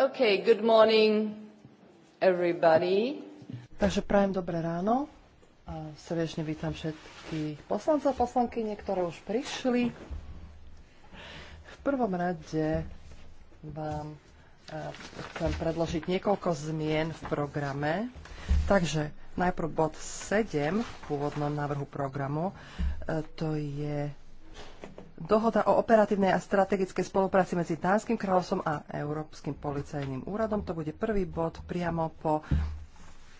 Okay, good morning, everybody. Takže prajem dobré ráno a srdečne vítam všetky poslanca a poslanky, niektoré už prišli. V prvom rade vám e, chcem predložiť niekoľko zmien v programe. Takže najprv bod 7 v pôvodnom návrhu programu, e, to je dohoda o operatívnej a strategickej spolupráci medzi Dánskym kráľovstvom a Európskym policajným úradom. To bude prvý bod priamo po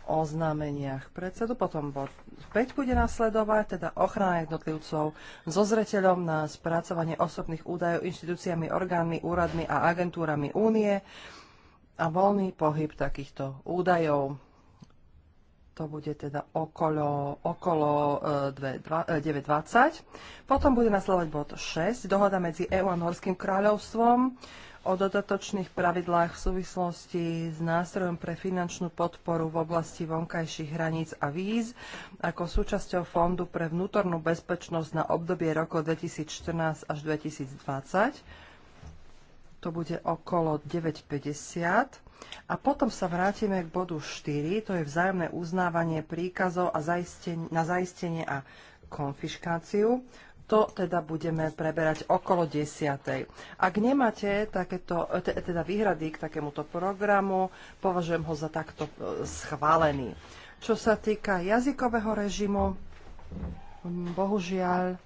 oznámeniach predsedu. Potom bod 5 bude nasledovať, teda ochrana jednotlivcov so zreteľom na spracovanie osobných údajov inštitúciami, orgánmi, úradmi a agentúrami únie a voľný pohyb takýchto údajov to bude teda okolo, okolo 9.20. E, e, Potom bude nasledovať bod 6, dohoda medzi EU a Norským kráľovstvom o dodatočných pravidlách v súvislosti s nástrojom pre finančnú podporu v oblasti vonkajších hraníc a víz ako súčasťou Fondu pre vnútornú bezpečnosť na obdobie roku 2014 až 2020. To bude okolo 950 a potom sa vrátime k bodu 4, to je vzájomné uznávanie príkazov a zaisten- na zaistenie a konfiškáciu. To teda budeme preberať okolo 10. Ak nemáte takéto, teda výhrady k takémuto programu, považujem ho za takto e, schválený. Čo sa týka jazykového režimu, bohužiaľ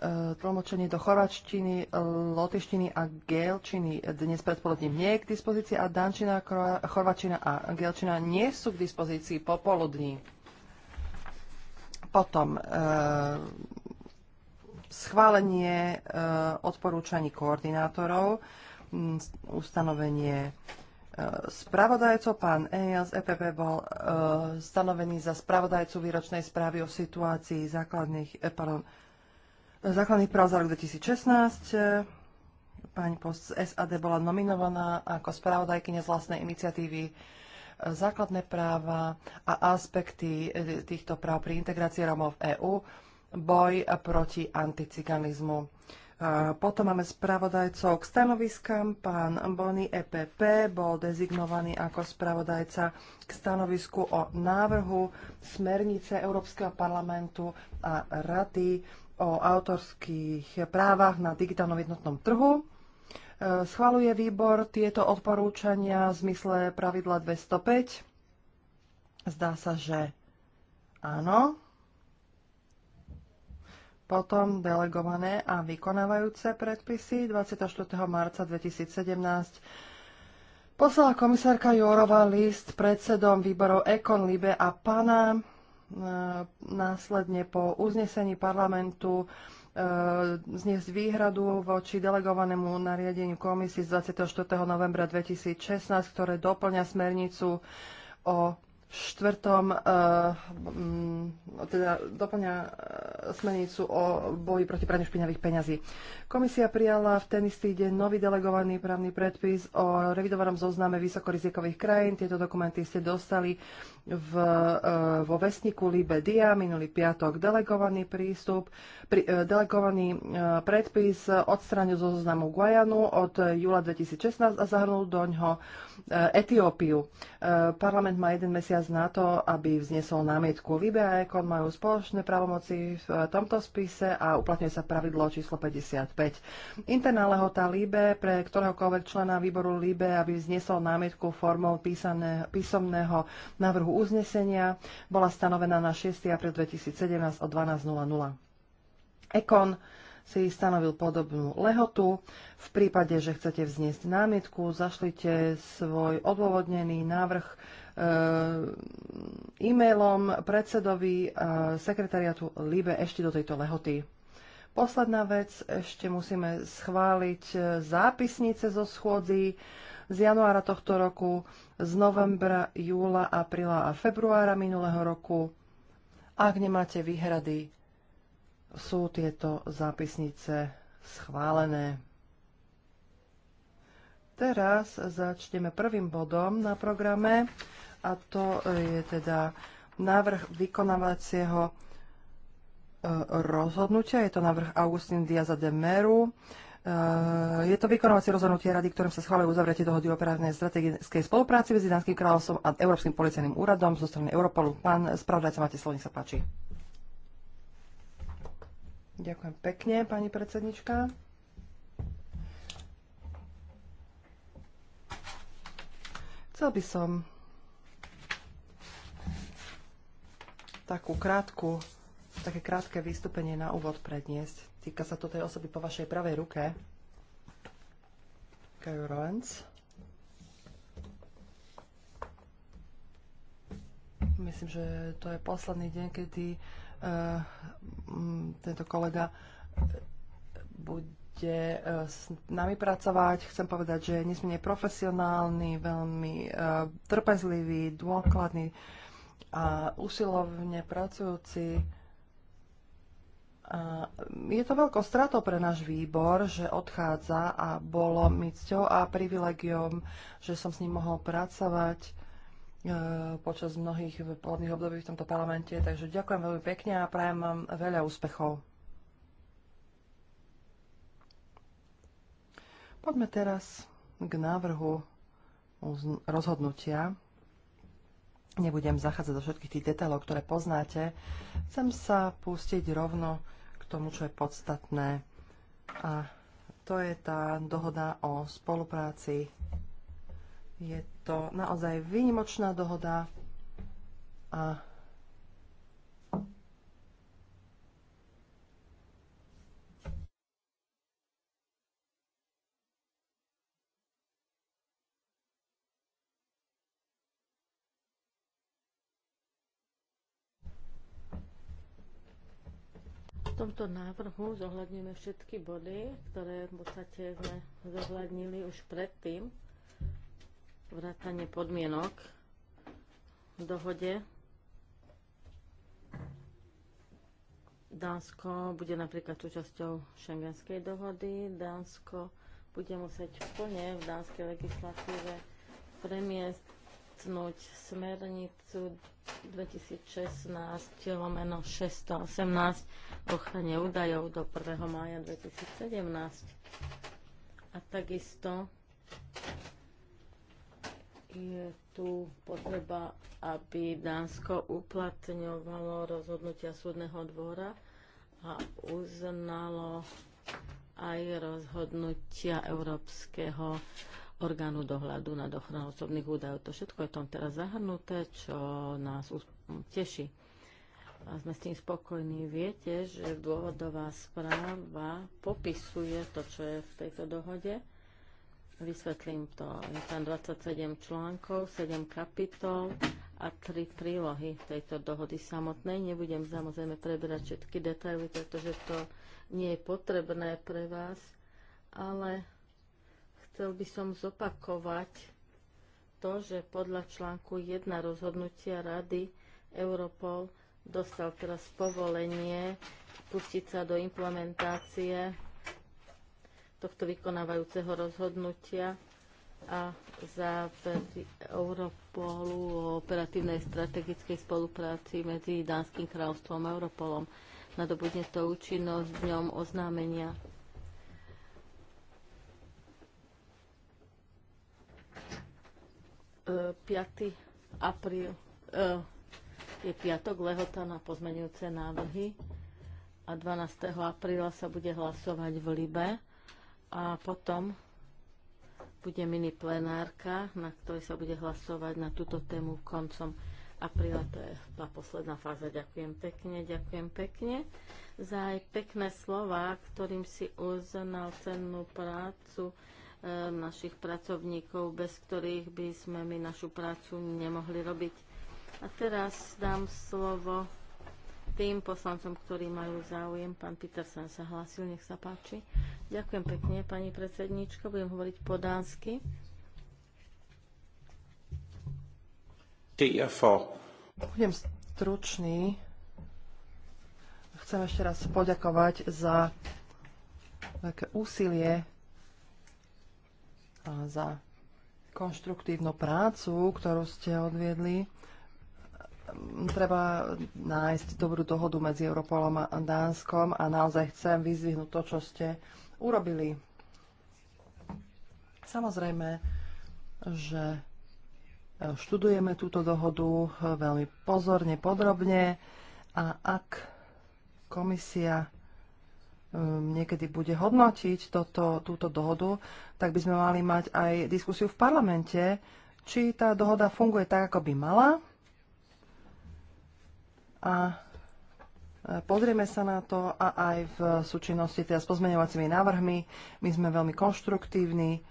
E, tlmočenie do chorvačtiny, lotištiny a gelčiny dnes predpoludním nie je k dispozícii a dančina, chorvačina a gelčina nie sú k dispozícii popoludní. Potom e, schválenie e, odporúčaní koordinátorov, ustanovenie e, spravodajcov. Pán Eniel EPP bol e, stanovený za spravodajcu výročnej správy o situácii základných, e, pardon, základných práv za rok 2016. Pani post z SAD bola nominovaná ako spravodajkyňa z vlastnej iniciatívy e, základné práva a aspekty e, týchto práv pri integrácii Romov v EÚ, boj proti anticiganizmu. E, potom máme spravodajcov k stanoviskám. Pán Bony EPP bol dezignovaný ako spravodajca k stanovisku o návrhu smernice Európskeho parlamentu a rady o autorských právach na digitálnom jednotnom trhu. E, schvaluje výbor tieto odporúčania v zmysle pravidla 205. Zdá sa, že áno. Potom delegované a vykonávajúce predpisy 24. marca 2017 poslala komisárka Jorová list predsedom výborov Ekon, Libe a Pana E, následne po uznesení parlamentu e, zniesť výhradu voči delegovanému nariadeniu komisie z 24. novembra 2016, ktoré doplňa smernicu o štvrtom eh, teda doplňa eh, smernicu o boji proti praniu špinavých peňazí. Komisia prijala v ten istý deň nový delegovaný právny predpis o revidovanom zozname vysokorizikových krajín. Tieto dokumenty ste dostali v, eh, vo vesniku Libe Dia minulý piatok. Delegovaný prístup, pri, delegovaný predpis odstranil zo zoznamu Guajanu od júla 2016 a zahrnul ňoho Etiópiu. Parlament má jeden mesiac čas na to, aby vznesol námietku. Libe a Ekon majú spoločné právomoci v tomto spise a uplatňuje sa pravidlo číslo 55. Interná lehota Libe pre ktoréhokoľvek člena výboru Libe, aby vznesol námietku formou písané, písomného návrhu uznesenia, bola stanovená na 6. apríl 2017 o 12.00. Ekon si stanovil podobnú lehotu. V prípade, že chcete vzniesť námietku, zašlite svoj odôvodnený návrh Eh, e-mailom predsedovi eh, sekretariatu LIBE ešte do tejto lehoty. Posledná vec, ešte musíme schváliť eh, zápisnice zo schôdzi z januára tohto roku, z novembra, júla, apríla a februára minulého roku. Ak nemáte výhrady, sú tieto zápisnice schválené. Teraz začneme prvým bodom na programe a to e, je teda návrh vykonávacieho e, rozhodnutia. Je to návrh Augustín Diaza de Meru. E, je to vykonávacie rozhodnutie rady, ktorým sa schváluje uzavretie dohody o operatívnej strategickej spolupráci medzi danským kráľovstvom a Európskym policajným úradom zo strany Europolu. Pán spravodajca, máte slovník, sa páči. Ďakujem pekne, pani predsednička. Chcel by som takú krátku, také krátke vystúpenie na úvod predniesť. Týka sa to tej osoby po vašej pravej ruke. Kajo Myslím, že to je posledný deň, kedy uh, tento kolega bude uh, s nami pracovať. Chcem povedať, že je nesmierne profesionálny, veľmi uh, trpezlivý, dôkladný. Uh, a usilovne pracujúci. A je to veľkou stratou pre náš výbor, že odchádza a bolo mi cťou a privilegiom, že som s ním mohol pracovať e, počas mnohých plodných období v tomto parlamente. Takže ďakujem veľmi pekne a prajem vám veľa úspechov. Poďme teraz k návrhu rozhodnutia Nebudem zachádzať do všetkých tých detailov, ktoré poznáte. Chcem sa pustiť rovno k tomu, čo je podstatné. A to je tá dohoda o spolupráci. Je to naozaj výnimočná dohoda a tomto návrhu zohľadníme všetky body, ktoré v podstate sme zohľadnili už predtým. Vrátanie podmienok v dohode. Dánsko bude napríklad súčasťou šengenskej dohody. Dánsko bude musieť plne v dánskej legislatíve premiesť zamietnúť smernicu 2016 lomeno 618 o ochrane údajov do 1. mája 2017. A takisto je tu potreba, aby Dánsko uplatňovalo rozhodnutia súdneho dvora a uznalo aj rozhodnutia Európskeho orgánu dohľadu nad ochranou osobných údajov. To všetko je tom teraz zahrnuté, čo nás teší. A sme s tým spokojní. Viete, že dôvodová správa popisuje to, čo je v tejto dohode. Vysvetlím to. Je tam 27 článkov, 7 kapitol a 3 prílohy tejto dohody samotnej. Nebudem samozrejme preberať všetky detaily, pretože to nie je potrebné pre vás, ale Chcel by som zopakovať to, že podľa článku 1 rozhodnutia Rady Europol dostal teraz povolenie pustiť sa do implementácie tohto vykonávajúceho rozhodnutia a závery Europolu o operatívnej strategickej spolupráci medzi Dánskym kráľovstvom a Europolom. Nadobudne to účinnosť dňom oznámenia 5. apríl e, je piatok lehota na pozmenujúce návrhy a 12. apríla sa bude hlasovať v Libe a potom bude mini plenárka, na ktorej sa bude hlasovať na túto tému koncom apríla. To je tá posledná fáza. Ďakujem pekne, ďakujem pekne za aj pekné slova, ktorým si uznal cennú prácu Eh, našich pracovníkov, bez ktorých by sme my našu prácu nemohli robiť. A teraz dám slovo tým poslancom, ktorí majú záujem. Pán Petersen sa hlásil, nech sa páči. Ďakujem pekne, pani predsednička. Budem hovoriť po dánsky. Budem stručný. Chcem ešte raz poďakovať za také úsilie za konštruktívnu prácu, ktorú ste odviedli. Treba nájsť dobrú dohodu medzi Europolom a Dánskom a naozaj chcem vyzvihnúť to, čo ste urobili. Samozrejme, že študujeme túto dohodu veľmi pozorne, podrobne a ak komisia Um, niekedy bude hodnotiť toto, túto dohodu, tak by sme mali mať aj diskusiu v parlamente, či tá dohoda funguje tak, ako by mala. A e, pozrieme sa na to a aj v súčinnosti teda s pozmeňovacími návrhmi. My sme veľmi konštruktívni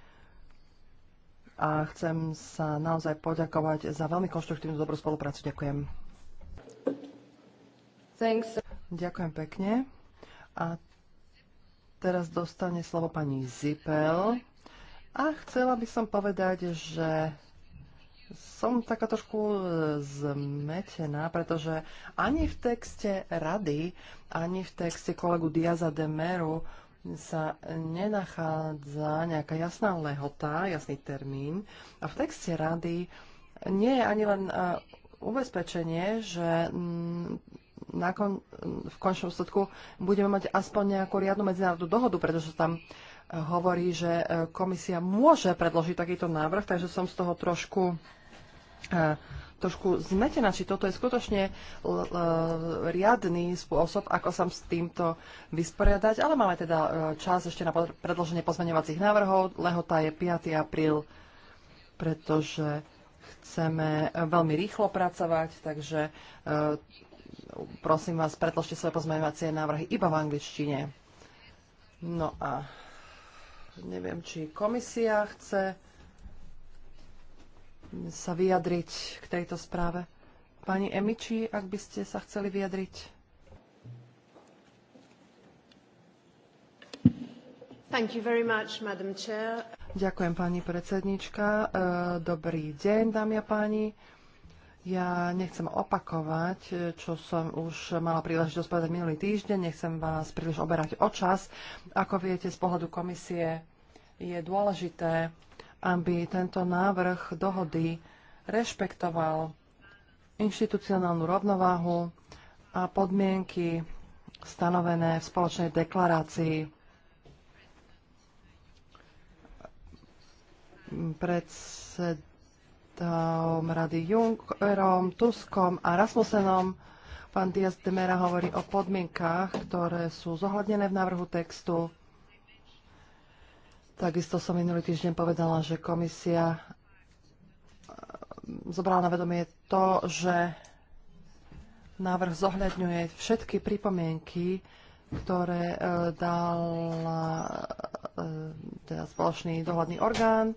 a chcem sa naozaj poďakovať za veľmi konštruktívnu dobrú spoluprácu. Ďakujem. Thanks. Ďakujem pekne. A Teraz dostane slovo pani Zipel. A chcela by som povedať, že som taká trošku e, zmetená, pretože ani v texte rady, ani v texte kolegu Diaza de Meru sa nenachádza nejaká jasná lehota, jasný termín. A v texte rady nie je ani len e, ubezpečenie, že nakon, v končnom sledku budeme mať aspoň nejakú riadnu medzinárodnú dohodu, pretože tam eh, hovorí, že eh, komisia môže predložiť takýto návrh, takže som z toho trošku eh, trošku zmetená, či toto je skutočne riadný spôsob, ako sa s týmto vysporiadať, ale máme teda čas ešte na predloženie pozmeňovacích návrhov. Lehota je 5. apríl, pretože chceme veľmi rýchlo pracovať, takže prosím vás, predložte svoje pozmeňovacie návrhy iba v angličtine. No a neviem, či komisia chce sa vyjadriť k tejto správe. Pani Emiči, ak by ste sa chceli vyjadriť. Much, Ďakujem, pani predsednička. E, dobrý deň, dámy a páni. Ja nechcem opakovať, čo som už mala príležitosť povedať minulý týždeň, nechcem vás príliš oberať o čas. Ako viete, z pohľadu komisie je dôležité, aby tento návrh dohody rešpektoval inštitucionálnu rovnováhu a podmienky stanovené v spoločnej deklarácii predsed predsedom rady Junckerom, Tuskom a Rasmusenom. Pán Dias de Mera hovorí o podmienkách, ktoré sú zohľadnené v návrhu textu. Takisto som minulý týždeň povedala, že komisia e, zobrala na vedomie to, že návrh zohľadňuje všetky pripomienky, ktoré e, dal e, teda spoločný dohľadný orgán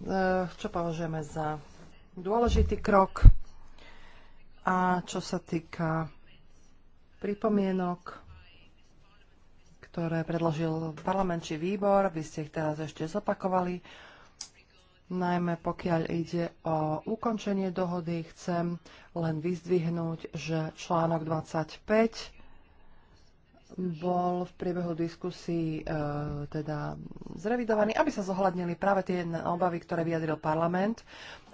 Eh, čo považujeme za dôležitý krok. A čo sa týka pripomienok, ktoré predložil parlament či výbor, vy ste ich teraz ešte zopakovali, najmä pokiaľ ide o ukončenie dohody, chcem len vyzdvihnúť, že článok 25 bol v priebehu diskusí e, teda zrevidovaný, aby sa zohľadnili práve tie obavy, ktoré vyjadril parlament.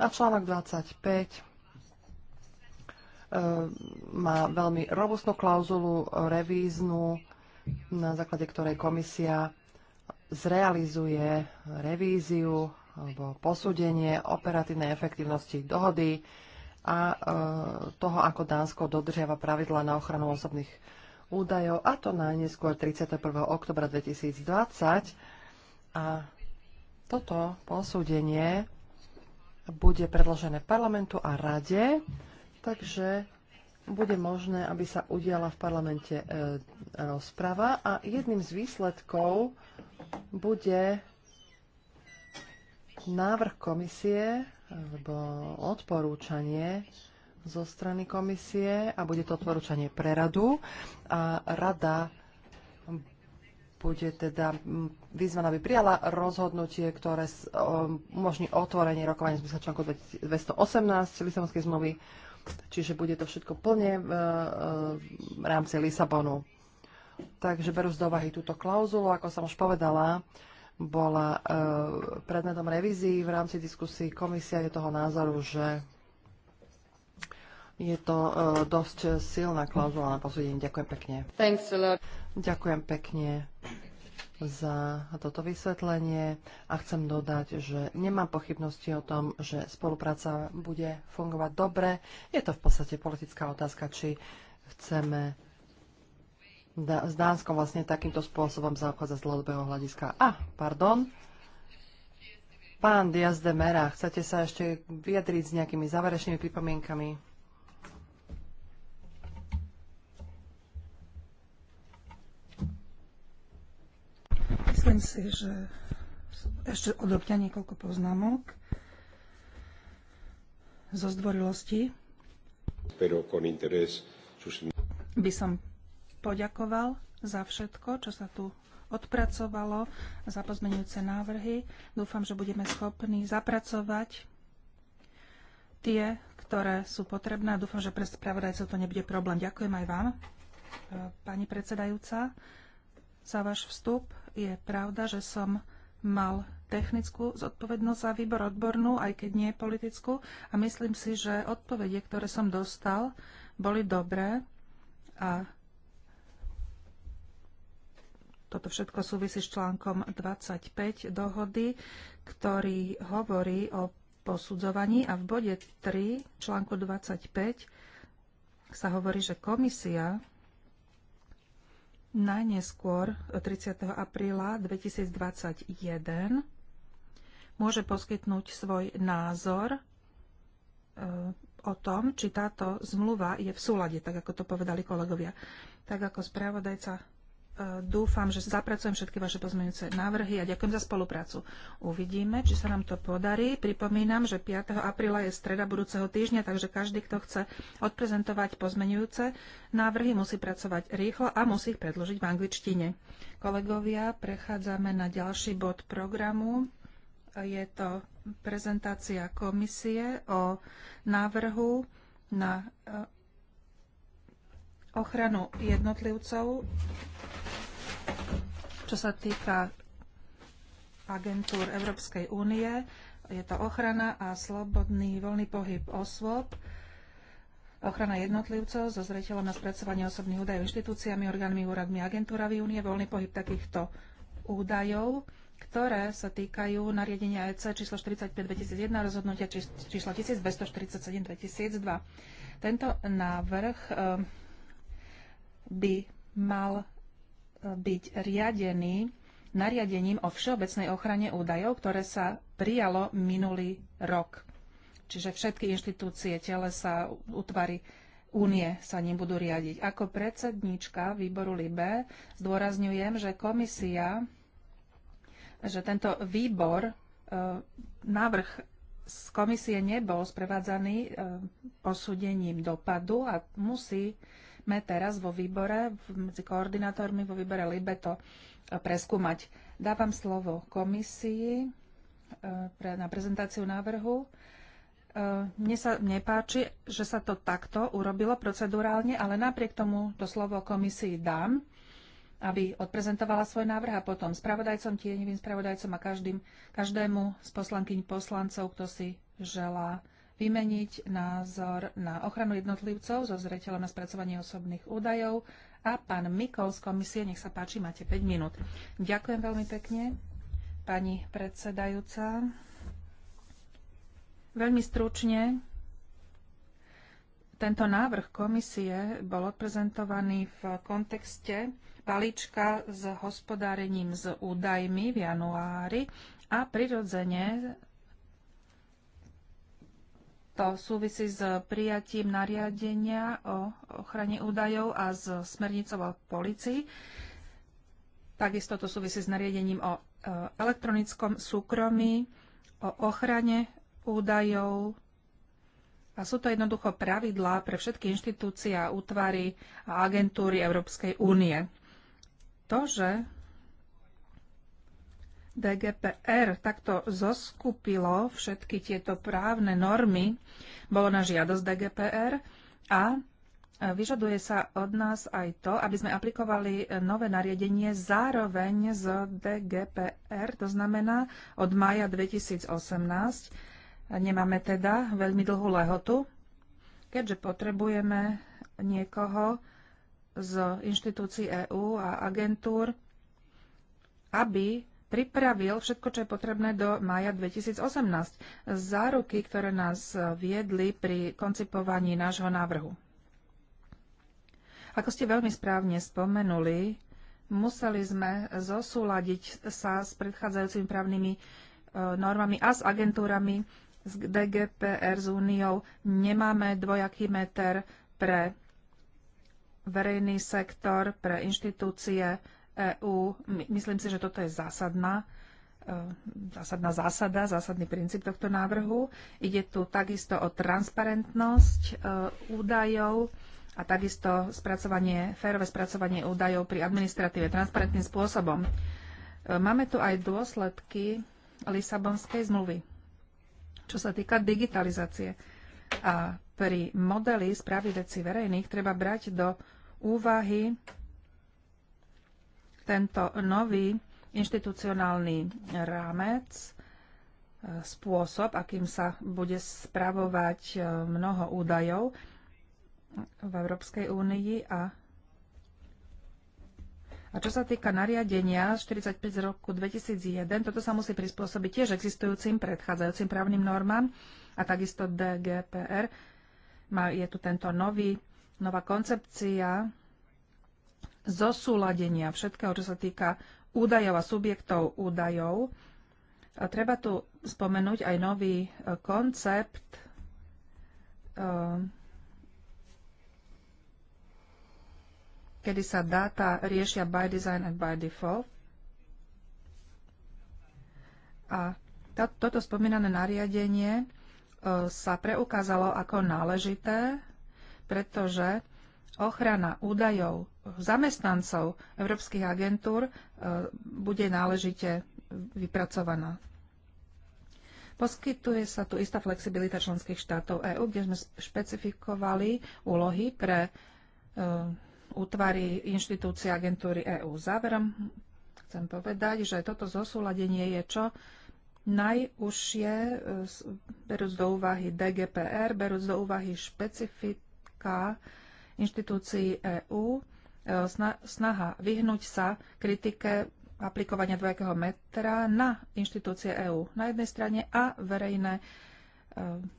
A článok 25 e, má veľmi robustnú klauzulu revíznu, na základe ktorej komisia zrealizuje revíziu alebo posúdenie operatívnej efektívnosti dohody a e, toho, ako Dánsko dodržiava pravidla na ochranu osobných údajov, a to najneskôr 31. oktobra 2020. A toto posúdenie bude predložené parlamentu a rade, takže bude možné, aby sa udiala v parlamente e, rozprava a jedným z výsledkov bude návrh komisie alebo odporúčanie zo strany komisie a bude to odporúčanie pre radu. A rada bude teda vyzvaná, aby prijala rozhodnutie, ktoré umožní otvorenie rokovania zmysle článku 218 Lisabonskej zmluvy, čiže bude to všetko plne v rámci Lisabonu. Takže berú z dovahy túto klauzulu, ako som už povedala, bola e, predmetom revízií v rámci diskusí. Komisia je toho názoru, že je to e, dosť silná klauzula na posúdenie. Ďakujem pekne. Thanks a lot. Ďakujem pekne za toto vysvetlenie a chcem dodať, že nemám pochybnosti o tom, že spolupráca bude fungovať dobre. Je to v podstate politická otázka, či chceme s Dánskom vlastne takýmto spôsobom zaobchádzať z dlhodobého hľadiska. A, ah, pardon. Pán Diaz de Mera, chcete sa ešte vyjadriť s nejakými záverečnými pripomienkami? Myslím si, že ešte odrobňa niekoľko poznámok zo zdvorilosti. By som poďakoval za všetko, čo sa tu odpracovalo, za pozmenujúce návrhy. Dúfam, že budeme schopní zapracovať tie, ktoré sú potrebné. Dúfam, že pre spravodajcov to nebude problém. Ďakujem aj vám, pani predsedajúca za váš vstup. Je pravda, že som mal technickú zodpovednosť za výbor odbornú, aj keď nie politickú. A myslím si, že odpovede, ktoré som dostal, boli dobré. A toto všetko súvisí s článkom 25 dohody, ktorý hovorí o posudzovaní a v bode 3 článku 25 sa hovorí, že komisia najneskôr 30. Eh, apríla 2021 môže poskytnúť svoj názor eh, o tom, či táto zmluva je v súlade, tak ako to povedali kolegovia. Tak ako spravodajca dúfam, že zapracujem všetky vaše pozmeňujúce návrhy a ďakujem za spoluprácu. Uvidíme, či sa nám to podarí. Pripomínam, že 5. apríla je streda budúceho týždňa, takže každý, kto chce odprezentovať pozmeňujúce návrhy, musí pracovať rýchlo a musí ich predložiť v angličtine. Kolegovia, prechádzame na ďalší bod programu. Je to prezentácia komisie o návrhu na eh, ochranu jednotlivcov čo sa týka agentúr Európskej únie. Je to ochrana a slobodný voľný pohyb osôb, ochrana jednotlivcov so zreteľom na spracovanie osobných údajov inštitúciami, orgánmi, úradmi, agentúrami únie, voľný pohyb takýchto údajov, ktoré sa týkajú nariadenia EC číslo 45-2001 rozhodnutia číslo 1247-2002. Tento návrh eh, by mal byť riadený nariadením o všeobecnej ochrane údajov, ktoré sa prijalo minulý rok. Čiže všetky inštitúcie, telesa, útvary únie sa ním budú riadiť. Ako predsednička výboru LIBE zdôrazňujem, že komisia, že tento výbor, e, návrh z komisie nebol sprevádzaný e, posúdením dopadu a musí sme teraz vo výbore, medzi koordinátormi vo výbore Libeto e, preskúmať. Dávam slovo komisii e, pre, na prezentáciu návrhu. E, mne sa nepáči, že sa to takto urobilo procedurálne, ale napriek tomu to slovo komisii dám, aby odprezentovala svoj návrh a potom spravodajcom, tieňovým spravodajcom a každým, každému z poslankyň poslancov, kto si želá vymeniť názor na ochranu jednotlivcov so zreteľom na spracovanie osobných údajov. A pán Mikol z komisie, nech sa páči, máte 5 minút. Ďakujem veľmi pekne, pani predsedajúca. Veľmi stručne, tento návrh komisie bol odprezentovaný v kontexte balíčka s hospodárením s údajmi v januári a prirodzene to súvisí s prijatím nariadenia o ochrane údajov a s smernicou o policii. Takisto to súvisí s nariadením o e, elektronickom súkromí, o ochrane údajov. A sú to jednoducho pravidlá pre všetky inštitúcie a útvary a agentúry Európskej únie. To, že DGPR takto zoskupilo všetky tieto právne normy, bolo na žiadosť DGPR a vyžaduje sa od nás aj to, aby sme aplikovali nové nariadenie zároveň z DGPR, to znamená od maja 2018. Nemáme teda veľmi dlhú lehotu, keďže potrebujeme niekoho z inštitúcií EÚ a agentúr, aby pripravil všetko, čo je potrebné do mája 2018. Záruky, ktoré nás viedli pri koncipovaní nášho návrhu. Ako ste veľmi správne spomenuli, museli sme zosúľadiť sa s predchádzajúcimi právnymi e, normami a s agentúrami z DGPR s Úniou. Nemáme dvojaký meter pre verejný sektor, pre inštitúcie EÚ. Myslím si, že toto je zásadná e, zásadná zásada, zásadný princíp tohto návrhu. Ide tu takisto o transparentnosť e, údajov a takisto spracovanie, férové spracovanie údajov pri administratíve transparentným spôsobom. E, máme tu aj dôsledky Lisabonskej zmluvy, čo sa týka digitalizácie. A pri modeli správy veci verejných treba brať do úvahy tento nový inštitucionálny rámec, e, spôsob, akým sa bude spravovať e, mnoho údajov v Európskej únii a a čo sa týka nariadenia 45 z roku 2001, toto sa musí prispôsobiť tiež existujúcim predchádzajúcim právnym normám a takisto DGPR. Má, je tu tento nový, nová koncepcia zosúladenia všetkého, čo sa týka údajov a subjektov údajov. A treba tu spomenúť aj nový e, koncept e, kedy sa dáta riešia by design and by default. A toto spomínané nariadenie e, sa preukázalo ako náležité, pretože ochrana údajov zamestnancov európskych agentúr e, bude náležite vypracovaná. Poskytuje sa tu istá flexibilita členských štátov EÚ, kde sme špecifikovali úlohy pre e, útvary inštitúcie agentúry EÚ. Záverom chcem povedať, že toto zosúladenie je čo najúžšie, e, berúc do úvahy DGPR, berúc do úvahy špecifika inštitúcií EÚ e, snaha vyhnúť sa kritike aplikovania dvojakého metra na inštitúcie EÚ na jednej strane a verejné e,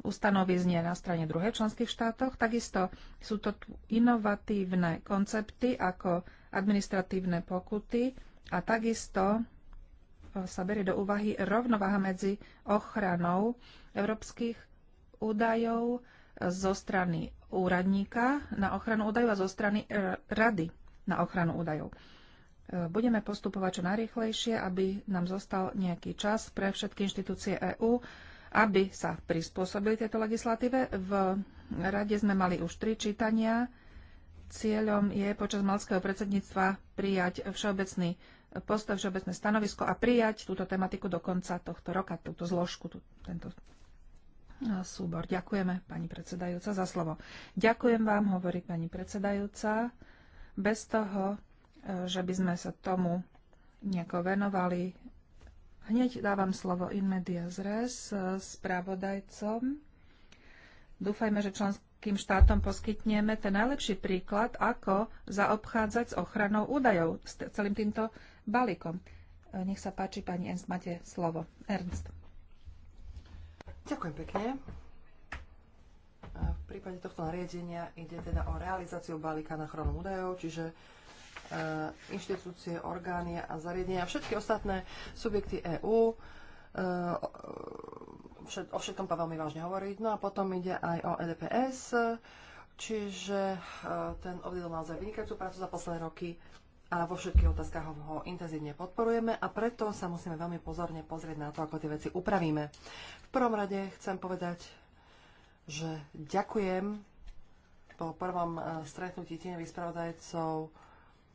ustanovizne na strane druhej členských štátoch. Takisto sú to inovatívne koncepty ako administratívne pokuty a takisto e, sa berie do úvahy rovnováha medzi ochranou európskych údajov zo strany úradníka na ochranu údajov a zo strany e, rady na ochranu údajov. E, budeme postupovať čo najrychlejšie, aby nám zostal nejaký čas pre všetky inštitúcie EÚ, aby sa prispôsobili tejto legislatíve. V rade sme mali už tri čítania. Cieľom je počas malského predsedníctva prijať všeobecný postav, všeobecné stanovisko a prijať túto tematiku do konca tohto roka, túto zložku, tú, tento súbor. Ďakujeme, pani predsedajúca, za slovo. Ďakujem vám, hovorí pani predsedajúca. Bez toho, e, že by sme sa tomu nejako venovali, hneď dávam slovo in zres s e, spravodajcom. Dúfajme, že členským štátom poskytneme ten najlepší príklad, ako zaobchádzať s ochranou údajov, s celým týmto balíkom. E, nech sa páči, pani Ernst, máte slovo. Ernst. Ďakujem pekne. V prípade tohto nariadenia ide teda o realizáciu balíka na chronom údajov, čiže e, inštitúcie, orgány a zariadenia, všetky ostatné subjekty EÚ. E, o všetkom to veľmi vážne hovoriť. No a potom ide aj o EDPS, čiže e, ten odvedol naozaj vynikajúcu prácu za posledné roky a vo všetkých otázkach ho intenzívne podporujeme a preto sa musíme veľmi pozorne pozrieť na to, ako tie veci upravíme. V prvom rade chcem povedať, že ďakujem po prvom e, stretnutí tieňových spravodajcov,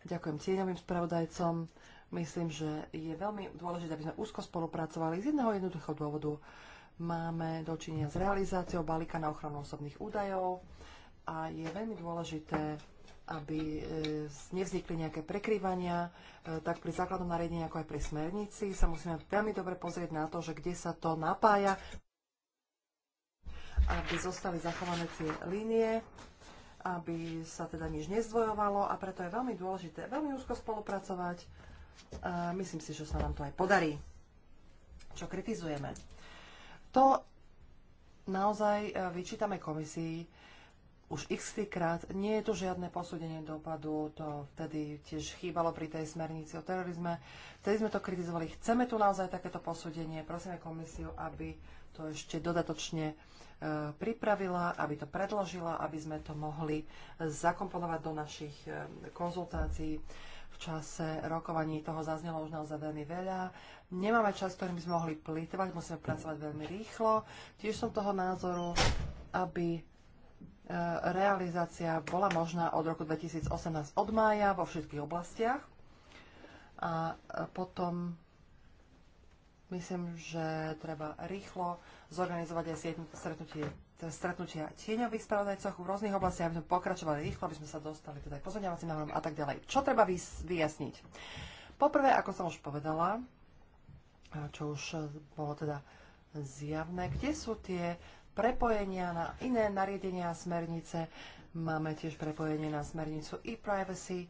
ďakujem tieňovým spravodajcom. Myslím, že je veľmi dôležité, aby sme úzko spolupracovali z jedného jednoduchého dôvodu. Máme dočinenia s realizáciou balíka na ochranu osobných údajov a je veľmi dôležité aby eh, nevznikli nejaké prekryvania, eh, tak pri základnom nariadení, ako aj pri smernici sa musíme veľmi dobre pozrieť na to, že kde sa to napája, aby zostali zachované tie línie, aby sa teda nič nezdvojovalo a preto je veľmi dôležité veľmi úzko spolupracovať. A myslím si, že sa nám to aj podarí. Čo kritizujeme? To naozaj eh, vyčítame komisii, už x krát. Nie je to žiadne posúdenie dopadu, to vtedy tiež chýbalo pri tej smernici o terorizme. Vtedy sme to kritizovali. Chceme tu naozaj takéto posúdenie. Prosíme komisiu, aby to ešte dodatočne e, pripravila, aby to predložila, aby sme to mohli zakomponovať do našich e, konzultácií. V čase rokovaní toho zaznelo už naozaj veľmi veľa. Nemáme čas, ktorým by sme mohli plýtovať, musíme pracovať veľmi rýchlo. Tiež som toho názoru, aby realizácia bola možná od roku 2018 od mája vo všetkých oblastiach. A e, potom myslím, že treba rýchlo zorganizovať aj stretnutie, stretnutia tieňových spravodajcov v rôznych oblastiach, aby sme pokračovali rýchlo, aby sme sa dostali teda k pozorňovacím návrhom a tak ďalej. Čo treba vyjasniť? Poprvé, ako som už povedala, čo už bolo teda zjavné, kde sú tie prepojenia na iné nariadenia a smernice. Máme tiež prepojenie na smernicu e-privacy, e,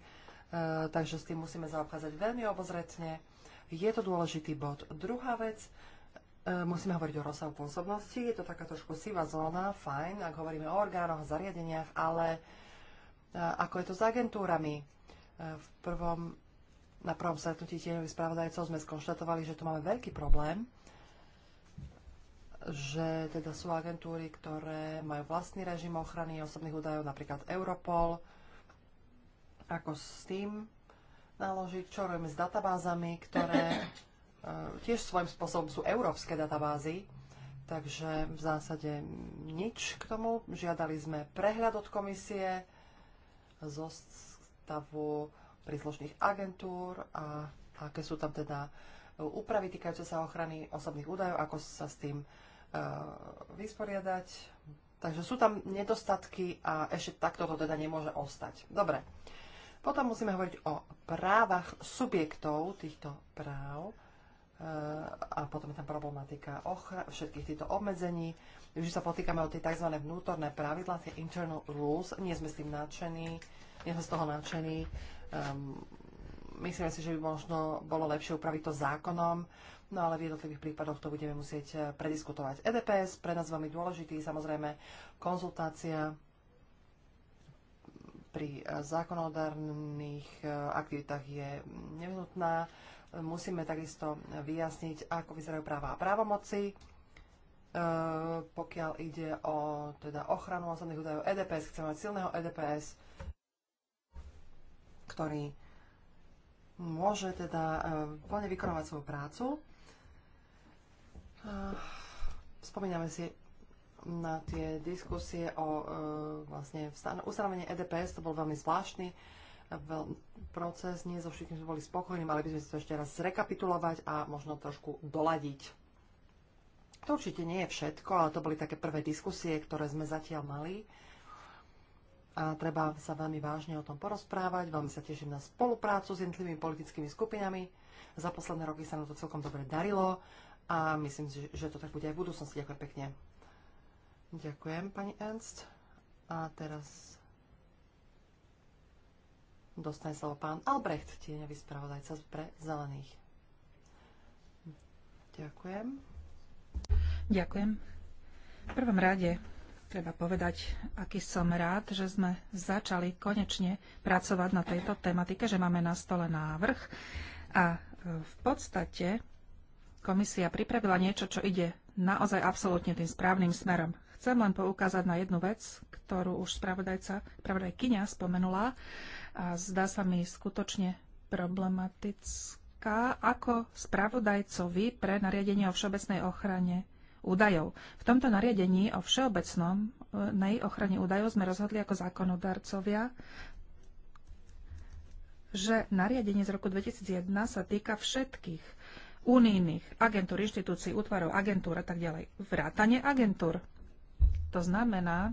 takže s tým musíme zaobchádzať veľmi obozretne. Je to dôležitý bod. Druhá vec, e, musíme hovoriť o rozsahu pôsobnosti. Je to taká trošku sivá zóna, fajn, ak hovoríme o orgánoch a zariadeniach, ale e, ako je to s agentúrami? v prvom, na prvom stretnutí tieňových spravodajcov sme skonštatovali, že tu máme veľký problém, že teda sú agentúry, ktoré majú vlastný režim ochrany osobných údajov, napríklad Europol. Ako s tým naložiť, čo robíme s databázami, ktoré eh, tiež svojím spôsobom sú európske databázy, takže v zásade nič k tomu. Žiadali sme prehľad od komisie zo stavu príslušných agentúr a aké sú tam teda úpravy týkajúce sa ochrany osobných údajov, ako sa s tým Eh, vysporiadať. Takže sú tam nedostatky a ešte takto to teda nemôže ostať. Dobre. Potom musíme hovoriť o právach subjektov týchto práv eh, a potom je tam problematika všetkých týchto obmedzení. Už sa potýkame o tie tzv. vnútorné pravidlá, tie internal rules. Nie sme s tým nadšení, nie sme z toho nadšení. Um, myslíme si, že by možno bolo lepšie upraviť to zákonom. No ale v jednotlivých prípadoch to budeme musieť e, prediskutovať. EDPS pre nás veľmi dôležitý, samozrejme konzultácia pri e, zákonodárnych e, aktivitách je nevyhnutná. Musíme takisto vyjasniť, ako vyzerajú práva a právomoci. Pokiaľ ide o teda ochranu osobných údajov EDPS, chceme mať silného EDPS, ktorý môže teda plne vykonovať svoju prácu. Eh, spomíname si na tie diskusie o eh, vlastne ustanovení EDPS, to bol veľmi zvláštny eh, proces, nie so všetkým sme boli spokojní, mali by sme si to ešte raz zrekapitulovať a možno trošku doladiť. To určite nie je všetko, ale to boli také prvé diskusie, ktoré sme zatiaľ mali. A treba sa veľmi vážne o tom porozprávať. Veľmi sa teším na spoluprácu s jednotlivými politickými skupinami. Za posledné roky sa nám to celkom dobre darilo a myslím si, že to tak bude aj v budúcnosti. Ďakujem pekne. Ďakujem, pani Ernst. A teraz dostane slovo pán Albrecht, tieňový spravodajca pre zelených. Ďakujem. Ďakujem. V prvom rade treba povedať, aký som rád, že sme začali konečne pracovať na tejto tematike, že máme na stole návrh a e, v podstate komisia pripravila niečo, čo ide naozaj absolútne tým správnym smerom. Chcem len poukázať na jednu vec, ktorú už spravodajca, spravodajkyňa spomenula a zdá sa mi skutočne problematická ako spravodajcovi pre nariadenie o všeobecnej ochrane údajov. V tomto nariadení o všeobecnom nej ochrane údajov sme rozhodli ako zákonodarcovia, že nariadenie z roku 2001 sa týka všetkých unijných agentúr, inštitúcií, útvarov, agentúr a tak ďalej. Vrátanie agentúr. To znamená,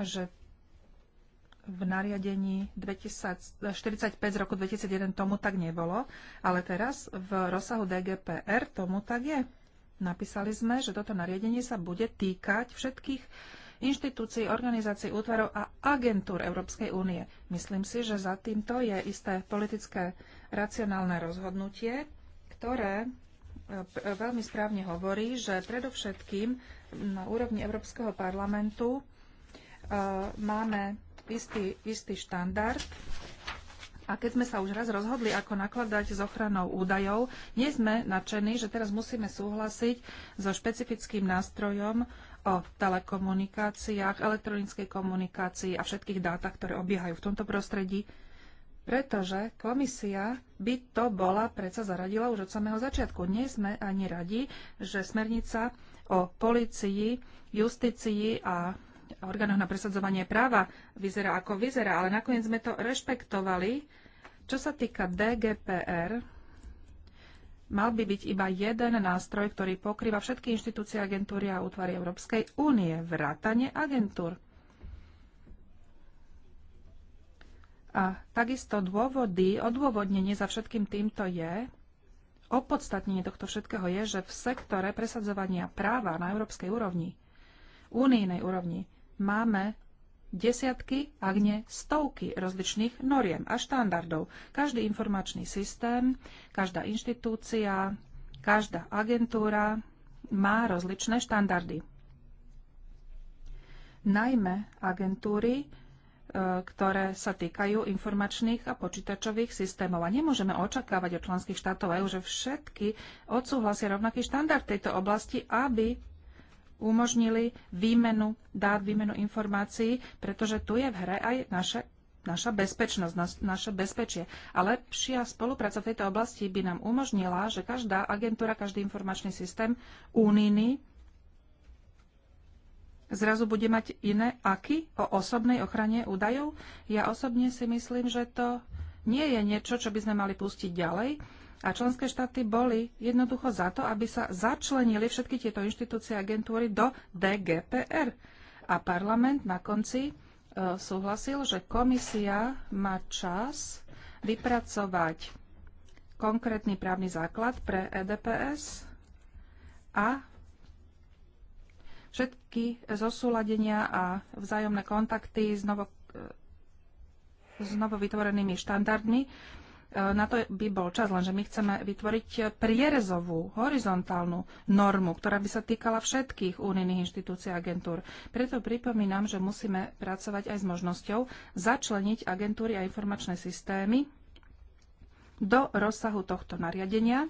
že v nariadení 2045 z roku 2001 tomu tak nebolo, ale teraz v rozsahu DGPR tomu tak je. Napísali sme, že toto nariadenie sa bude týkať všetkých inštitúcií, organizácií, útvarov a agentúr Európskej únie. Myslím si, že za týmto je isté politické racionálne rozhodnutie, ktoré e, e, veľmi správne hovorí, že predovšetkým na úrovni Európskeho parlamentu e, máme istý, istý štandard a keď sme sa už raz rozhodli, ako nakladať s ochranou údajov, nie sme nadšení, že teraz musíme súhlasiť so špecifickým nástrojom o telekomunikáciách, elektronickej komunikácii a všetkých dátach, ktoré obiehajú v tomto prostredí pretože komisia by to bola predsa zaradila už od samého začiatku. Nie sme ani radi, že smernica o policii, justícii a orgánoch na presadzovanie práva vyzerá ako vyzerá, ale nakoniec sme to rešpektovali. Čo sa týka DGPR, mal by byť iba jeden nástroj, ktorý pokrýva všetky inštitúcie, agentúry a útvary Európskej únie, vrátane agentúr. A takisto dôvody, odôvodnenie za všetkým týmto je, opodstatnenie tohto všetkého je, že v sektore presadzovania práva na európskej úrovni, unijnej úrovni, máme desiatky, ak nie stovky rozličných noriem a štandardov. Každý informačný systém, každá inštitúcia, každá agentúra má rozličné štandardy. Najmä agentúry E, ktoré sa týkajú informačných a počítačových systémov. A nemôžeme očakávať od členských štátov EU, že všetky odsúhlasia rovnaký štandard tejto oblasti, aby umožnili výmenu dát, výmenu informácií, pretože tu je v hre aj naše, naša bezpečnosť, naše bezpečie. A lepšia spolupráca v tejto oblasti by nám umožnila, že každá agentúra, každý informačný systém únijný zrazu bude mať iné aky o osobnej ochrane údajov? Ja osobne si myslím, že to nie je niečo, čo by sme mali pustiť ďalej. A členské štáty boli jednoducho za to, aby sa začlenili všetky tieto inštitúcie a agentúry do DGPR. A parlament na konci e, súhlasil, že komisia má čas vypracovať konkrétny právny základ pre EDPS a Všetky zosúladenia a vzájomné kontakty s, novo, s novovytvorenými štandardmi, e, na to by bol čas, lenže my chceme vytvoriť prierezovú, horizontálnu normu, ktorá by sa týkala všetkých únijných inštitúcií a agentúr. Preto pripomínam, že musíme pracovať aj s možnosťou začleniť agentúry a informačné systémy do rozsahu tohto nariadenia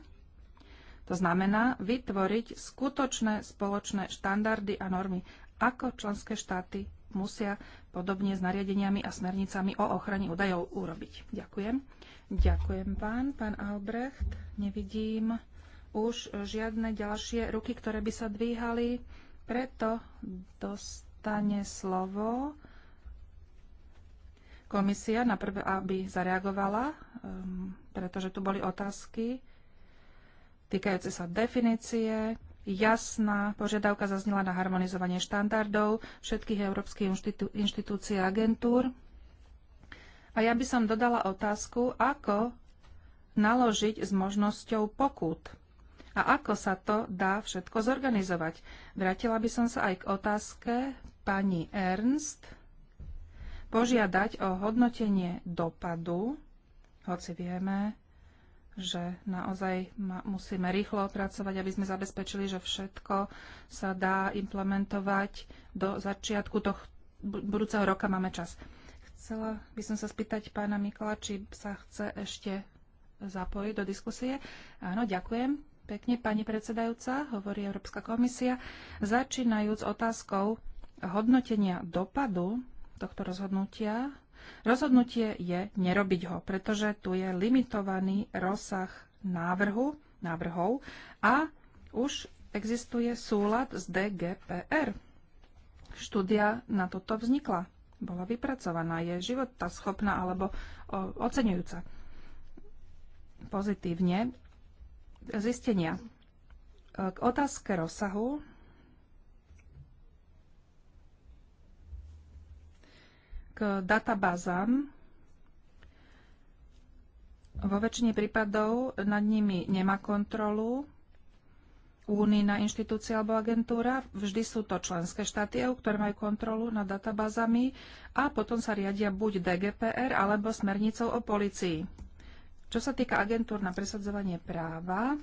to znamená vytvoriť skutočné spoločné štandardy a normy, ako členské štáty musia podobne s nariadeniami a smernicami o ochrane údajov urobiť. Ďakujem. Ďakujem pán, pán Albrecht. Nevidím už žiadne ďalšie ruky, ktoré by sa dvíhali, preto dostane slovo komisia, na prvé, aby zareagovala, ehm, pretože tu boli otázky týkajúce sa definície. Jasná požiadavka zaznela na harmonizovanie štandardov všetkých európskych inštitú- inštitúcií a agentúr. A ja by som dodala otázku, ako naložiť s možnosťou pokút a ako sa to dá všetko zorganizovať. Vrátila by som sa aj k otázke pani Ernst požiadať o hodnotenie dopadu, hoci vieme, že naozaj musíme rýchlo pracovať, aby sme zabezpečili, že všetko sa dá implementovať do začiatku tohto budúceho roka máme čas. Chcela by som sa spýtať pána Mikola, či sa chce ešte zapojiť do diskusie. Áno, ďakujem. Pekne, pani predsedajúca, hovorí Európska komisia. Začínajúc otázkou hodnotenia dopadu tohto rozhodnutia Rozhodnutie je nerobiť ho, pretože tu je limitovaný rozsah návrhu, návrhov a už existuje súlad s DGPR. Štúdia na toto vznikla. Bola vypracovaná. Je života schopná alebo oceňujúca pozitívne zistenia. K otázke rozsahu k databázam. Vo väčšine prípadov nad nimi nemá kontrolu únijná inštitúcia alebo agentúra. Vždy sú to členské štáty EU, ktoré majú kontrolu nad databázami a potom sa riadia buď DGPR alebo smernicou o policii. Čo sa týka agentúr na presadzovanie práva,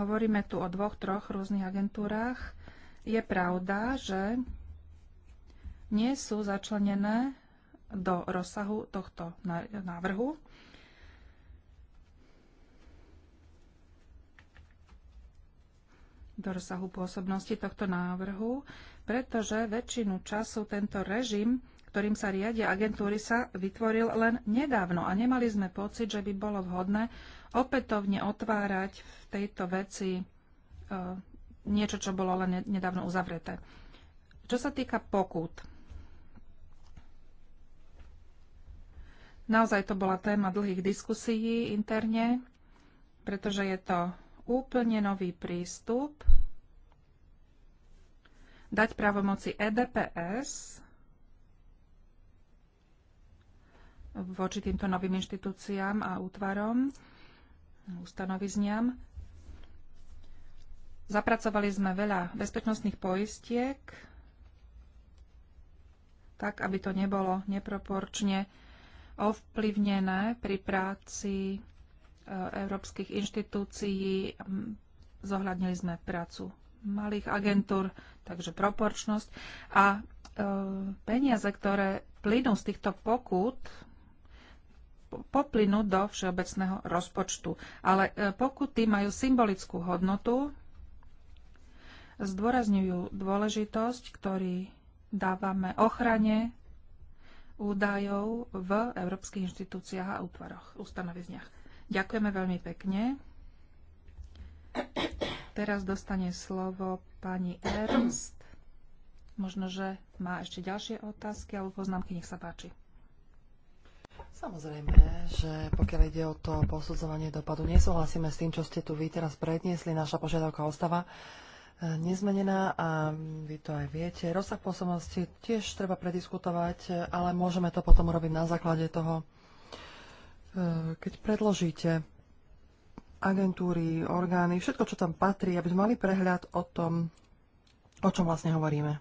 hovoríme tu o dvoch, troch rôznych agentúrách. Je pravda, že nie sú začlenené do rozsahu tohto návrhu. do rozsahu pôsobnosti tohto návrhu, pretože väčšinu času tento režim, ktorým sa riadia agentúry, sa vytvoril len nedávno a nemali sme pocit, že by bolo vhodné opätovne otvárať v tejto veci e, niečo, čo bolo len nedávno uzavreté. Čo sa týka pokút, Naozaj to bola téma dlhých diskusií interne, pretože je to úplne nový prístup. Dať právomoci EDPS voči týmto novým inštitúciám a útvarom, ustanovizniam. Zapracovali sme veľa bezpečnostných poistiek, tak aby to nebolo neproporčne ovplyvnené pri práci e, európskych inštitúcií. Zohľadnili sme prácu malých agentúr, takže proporčnosť. A e, peniaze, ktoré plynú z týchto pokút, poplynú do všeobecného rozpočtu. Ale e, pokuty majú symbolickú hodnotu, zdôrazňujú dôležitosť, ktorý dávame ochrane údajov v európskych inštitúciách a útvaroch, ustanovizniach. Ďakujeme veľmi pekne. Teraz dostane slovo pani Ernst. Možno, že má ešte ďalšie otázky alebo poznámky, nech sa páči. Samozrejme, že pokiaľ ide o to posudzovanie dopadu, nesúhlasíme s tým, čo ste tu vy teraz predniesli, naša požiadavka ostáva nezmenená a vy to aj viete. Rozsah pôsobnosti tiež treba prediskutovať, ale môžeme to potom urobiť na základe toho, e, keď predložíte agentúry, orgány, všetko, čo tam patrí, aby sme mali prehľad o tom, o čom vlastne hovoríme.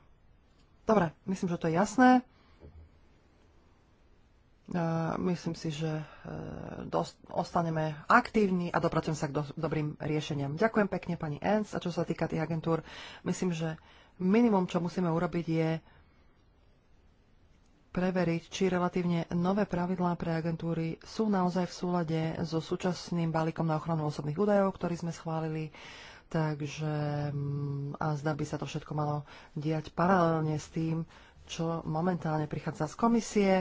Dobre, myslím, že to je jasné. E, myslím si, že e, dost, ostaneme aktívni a dopracujem sa k do, dobrým riešeniam. Ďakujem pekne pani Ens a čo sa týka tých agentúr, myslím, že minimum, čo musíme urobiť, je preveriť, či relatívne nové pravidlá pre agentúry sú naozaj v súlade so súčasným balíkom na ochranu osobných údajov, ktorý sme schválili. Takže mm, a zdá by sa to všetko malo diať paralelne s tým, čo momentálne prichádza z komisie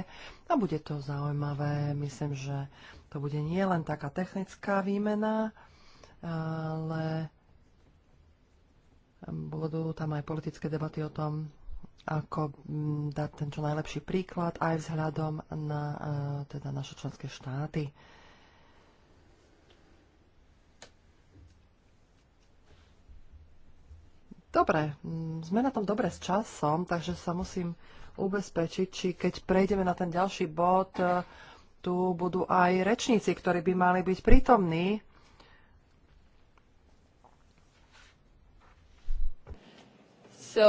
a bude to zaujímavé. Myslím, že to bude nie len taká technická výmena, ale budú tam aj politické debaty o tom, ako mm, dať ten čo najlepší príklad aj vzhľadom na e, teda naše členské štáty. Dobre, mm, sme na tom dobre s časom, takže sa musím ubezpečiť, či keď prejdeme na ten ďalší bod, e, tu budú aj rečníci, ktorí by mali byť prítomní. So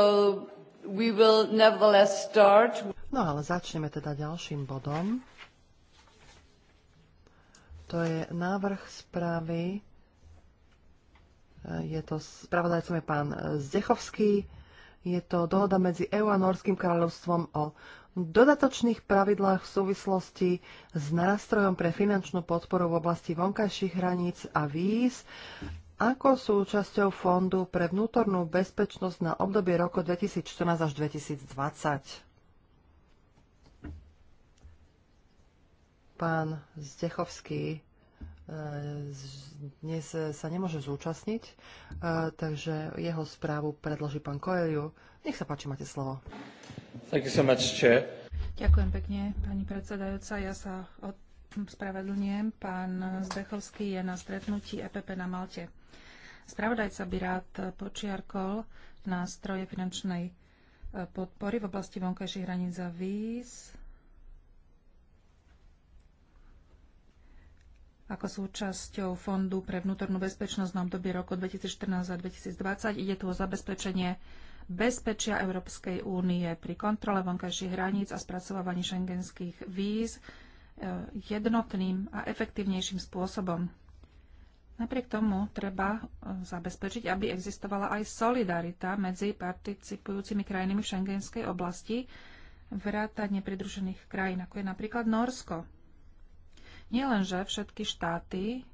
we will nevertheless start. No ale začneme teda ďalším bodom. To je návrh správy je to, spravodajcom je pán Zdechovský. Je to dohoda medzi EU a Norským kráľovstvom o dodatočných pravidlách v súvislosti s nástrojom pre finančnú podporu v oblasti vonkajších hraníc a víz ako súčasťou Fondu pre vnútornú bezpečnosť na obdobie roku 2014 až 2020. Pán Zdechovský dnes sa nemôže zúčastniť, e, takže jeho správu predloží pán Koeliu. Nech sa páči, máte slovo. So much, Ďakujem pekne, pani predsedajúca. Ja sa od... spravedlňujem. Pán Zdechovský je na stretnutí EPP na Malte. Spravodajca by rád počiarkol nástroje finančnej podpory v oblasti vonkajších hraníc a víz ako súčasťou Fondu pre vnútornú bezpečnosť na obdobie roku 2014 a 2020. Ide tu o zabezpečenie bezpečia Európskej únie pri kontrole vonkajších hraníc a spracovávaní šengenských víz eh, jednotným a efektívnejším spôsobom. Napriek tomu treba eh, zabezpečiť, aby existovala aj solidarita medzi participujúcimi krajinami v šengenskej oblasti, vrátane pridružených krajín, ako je napríklad Norsko. Nielenže všetky štáty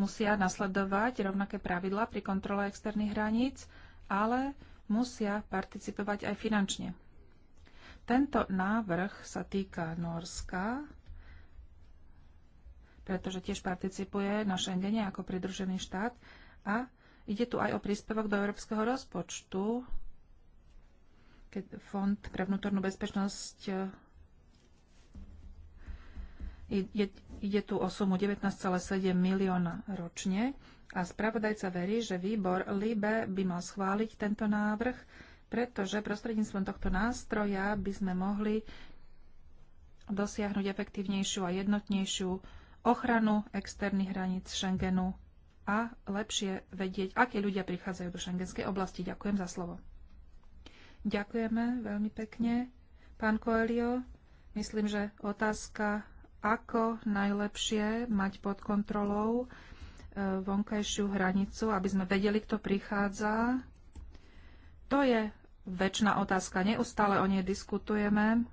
musia nasledovať rovnaké pravidlá pri kontrole externých hraníc, ale musia participovať aj finančne. Tento návrh sa týka Norska, pretože tiež participuje na Schengene ako pridružený štát a ide tu aj o príspevok do európskeho rozpočtu, keď Fond pre vnútornú bezpečnosť Ide, ide tu o sumu 19,7 milióna ročne a spravodajca verí, že výbor LIBE by mal schváliť tento návrh, pretože prostredníctvom tohto nástroja by sme mohli dosiahnuť efektívnejšiu a jednotnejšiu ochranu externých hraníc Schengenu a lepšie vedieť, aké ľudia prichádzajú do šengenskej oblasti. Ďakujem za slovo. Ďakujeme veľmi pekne. Pán Koelio, myslím, že otázka ako najlepšie mať pod kontrolou e, vonkajšiu hranicu, aby sme vedeli, kto prichádza. To je väčšina otázka. Neustále o nej diskutujeme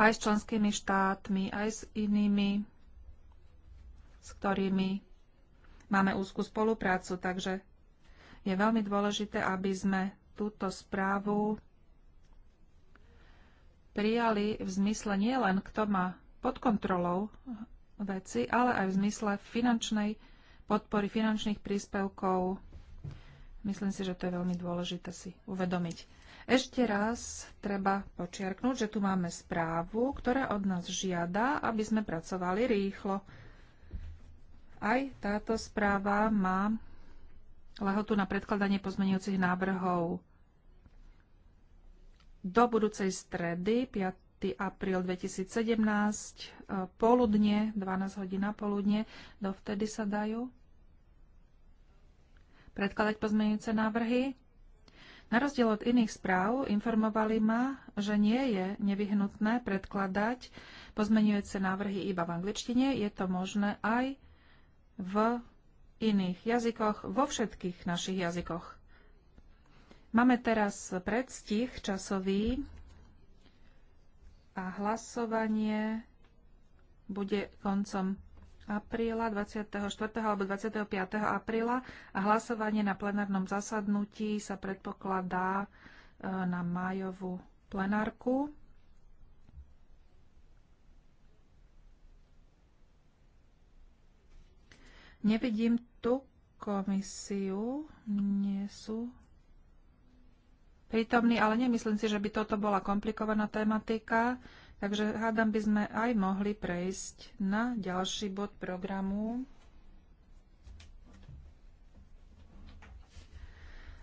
aj s členskými štátmi, aj s inými, s ktorými máme úzkú spoluprácu. Takže je veľmi dôležité, aby sme túto správu prijali v zmysle nielen, kto má pod kontrolou veci, ale aj v zmysle finančnej podpory, finančných príspevkov. Myslím si, že to je veľmi dôležité si uvedomiť. Ešte raz treba počiarknúť, že tu máme správu, ktorá od nás žiada, aby sme pracovali rýchlo. Aj táto správa má lehotu na predkladanie pozmenujúcich návrhov do budúcej stredy, 5. apríl 2017, e, poludne, 12 hodina poludne, dovtedy sa dajú predkladať pozmeňujúce návrhy. Na rozdiel od iných správ informovali ma, že nie je nevyhnutné predkladať pozmeňujúce návrhy iba v angličtine. Je to možné aj v iných jazykoch, vo všetkých našich jazykoch. Máme teraz predstih časový a hlasovanie bude koncom apríla, 24. alebo 25. apríla a hlasovanie na plenárnom zasadnutí sa predpokladá e, na májovú plenárku. Nevidím tu komisiu, nie sú prítomní, ale nemyslím si, že by toto bola komplikovaná tematika, takže hádam by sme aj mohli prejsť na ďalší bod programu.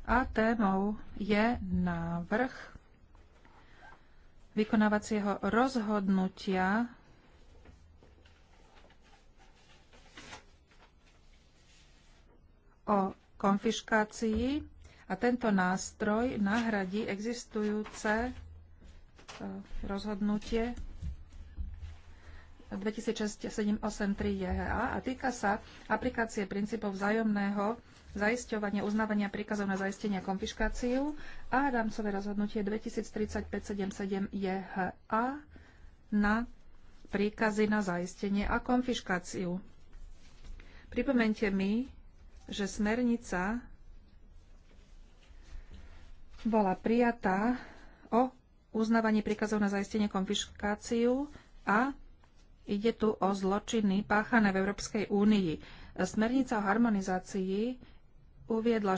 A témou je návrh vykonávacieho rozhodnutia o konfiškácii a tento nástroj nahradí existujúce e, rozhodnutie 2006-783 JHA a týka sa aplikácie princípov vzájomného zaisťovania uznávania príkazov na zaistenie a konfiškáciu a rámcové rozhodnutie 2035-77 JHA na príkazy na zaistenie a konfiškáciu. Pripomente mi, že smernica bola prijatá o uznávanie príkazov na zaistenie konfiškáciu a ide tu o zločiny páchané v Európskej únii. Smernica o harmonizácii uviedla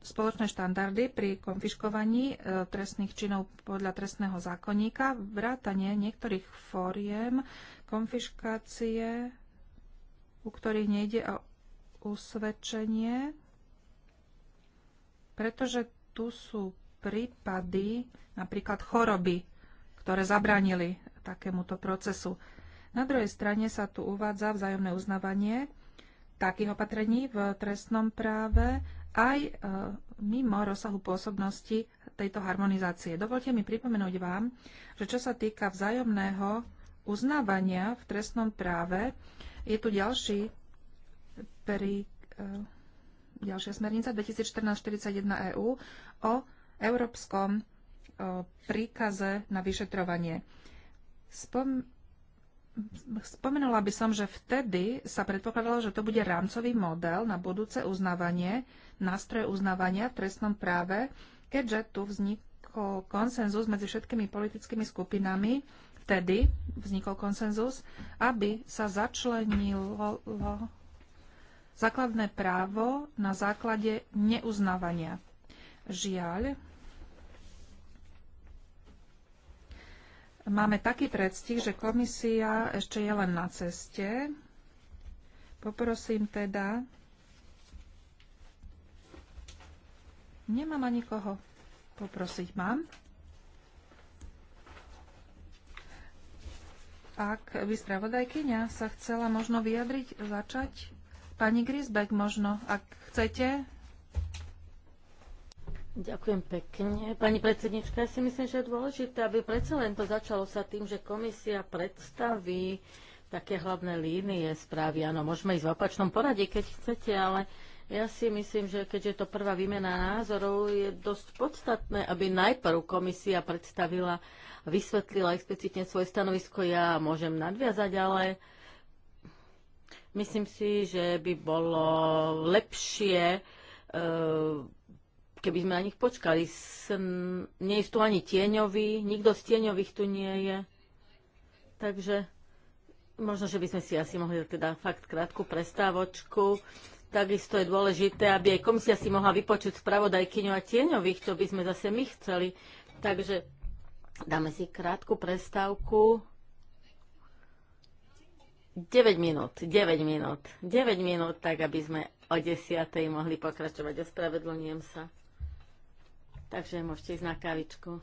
spoločné štandardy pri konfiškovaní e, trestných činov podľa trestného zákonníka, vrátanie niektorých fóriem konfiškácie, u ktorých nejde o usvedčenie, pretože tu sú prípady, napríklad choroby, ktoré zabránili takémuto procesu. Na druhej strane sa tu uvádza vzájomné uznávanie takých opatrení v trestnom práve aj e, mimo rozsahu pôsobnosti tejto harmonizácie. Dovolte mi pripomenúť vám, že čo sa týka vzájomného uznávania v trestnom práve, je tu ďalší pri, e, ďalšia smernica 2014-41 EU o európskom príkaze na vyšetrovanie. Spom- spomenula by som, že vtedy sa predpokladalo, že to bude rámcový model na budúce uznávanie, nástroje uznávania v trestnom práve, keďže tu vznikol konsenzus medzi všetkými politickými skupinami, vtedy vznikol konsenzus, aby sa začlenilo základné právo na základe neuznávania. Žiaľ, máme taký predstih, že komisia ešte je len na ceste. Poprosím teda. Nemám ani koho poprosiť. Mám? Ak by spravodajkyňa sa chcela možno vyjadriť, začať Pani Grisbeck, možno, ak chcete. Ďakujem pekne. Pani predsednička, ja si myslím, že je dôležité, aby predsa len to začalo sa tým, že komisia predstaví také hlavné línie správy. Áno, môžeme ísť v opačnom poradí, keď chcete, ale ja si myslím, že keďže je to prvá výmena názorov, je dosť podstatné, aby najprv komisia predstavila, vysvetlila explicitne svoje stanovisko. Ja môžem nadviazať, ale Myslím si, že by bolo lepšie, e, keby sme na nich počkali. Nie je tu ani tieňový, nikto z tieňových tu nie je. Takže možno, že by sme si asi mohli teda fakt krátku prestávočku. Takisto je dôležité, aby aj komisia si mohla vypočuť spravodajkyňu a tieňových, čo by sme zase my chceli. Takže dáme si krátku prestávku. 9 minút, 9 minút, 9 minút, tak aby sme o 10. mohli pokračovať. Ospravedlňujem sa. Takže môžete ísť na kavičku.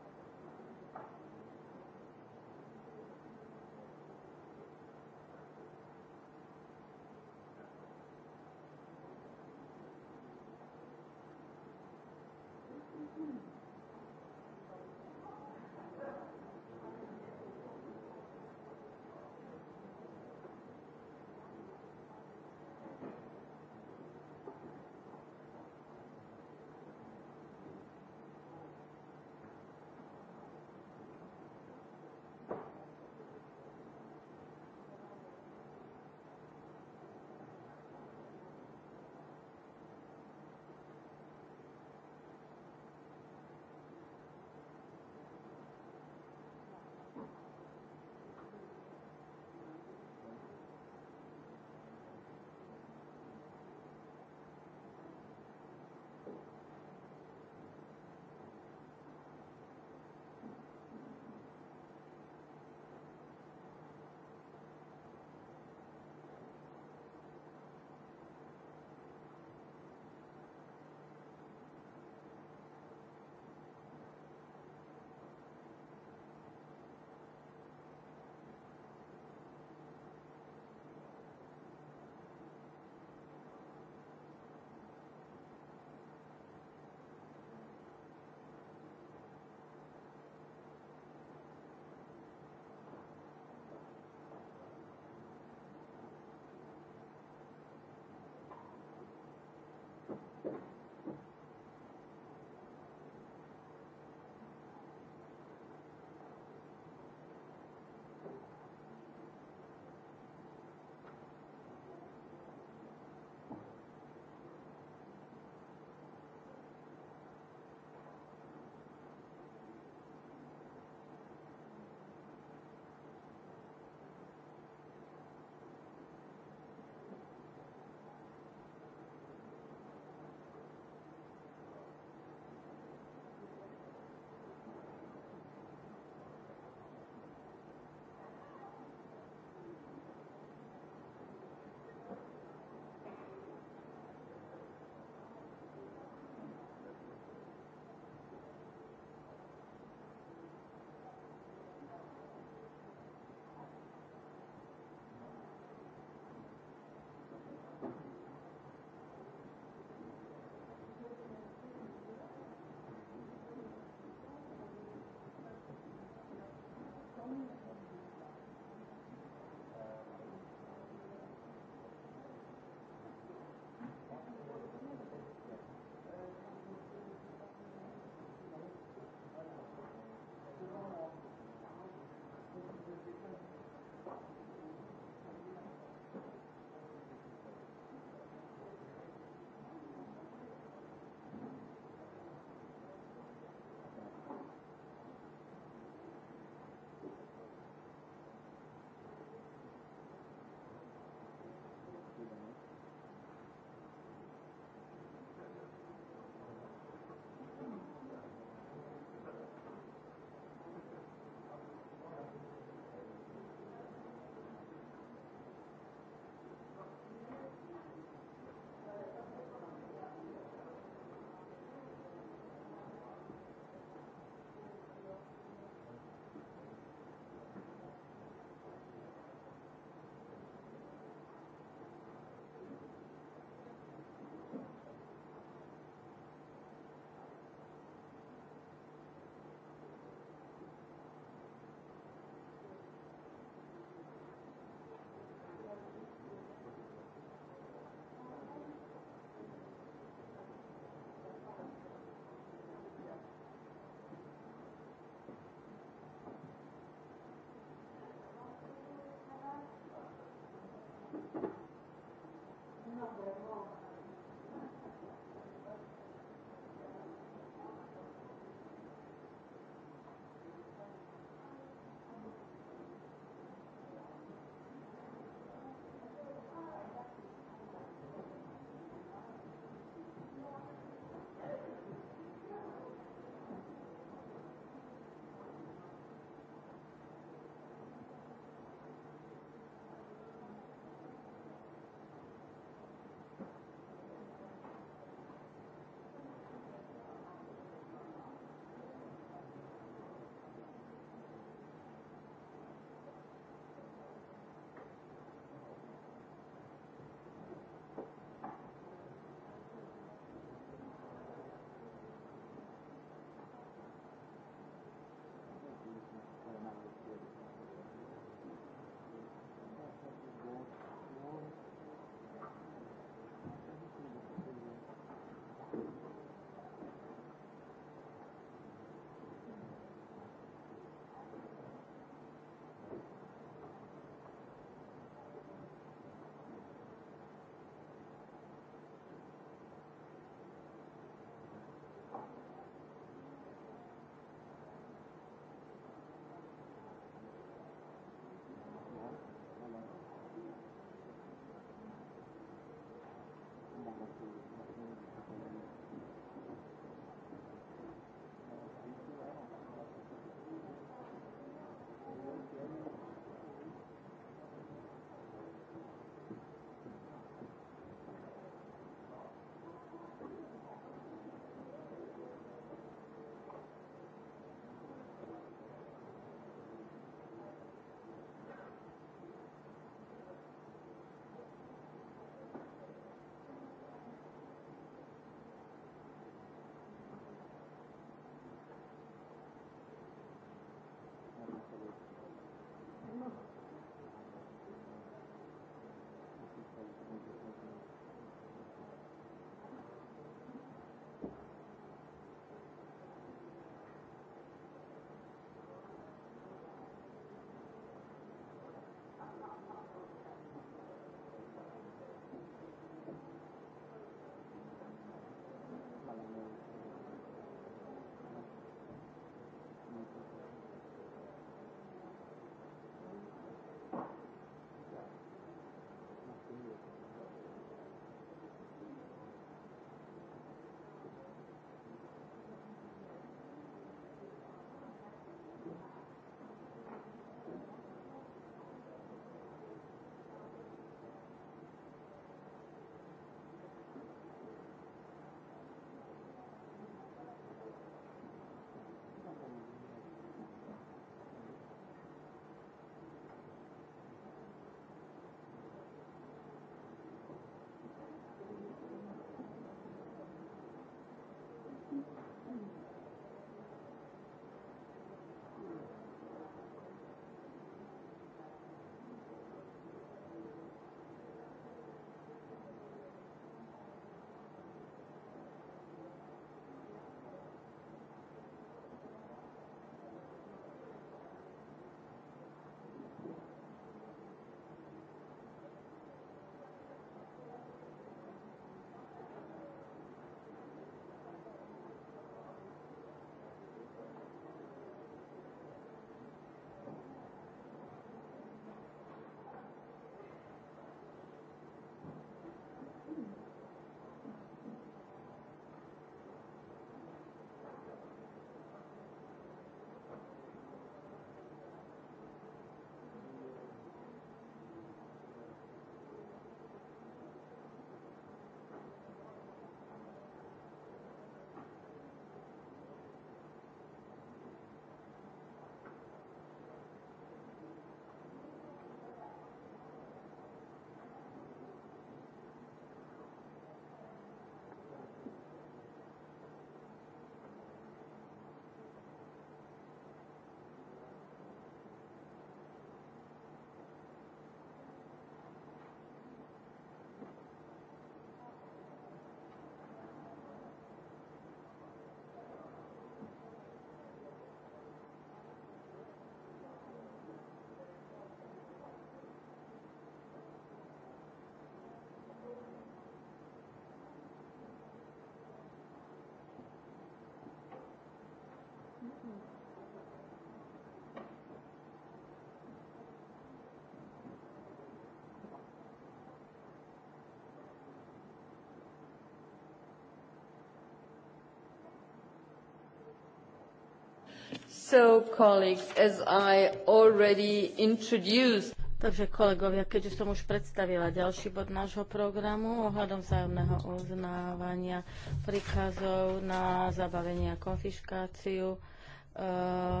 So, colleagues, as I already introduced... Takže kolegovia, keďže som už predstavila ďalší bod nášho programu ohľadom vzájomného uznávania príkazov na zabavenie a konfiškáciu, eh,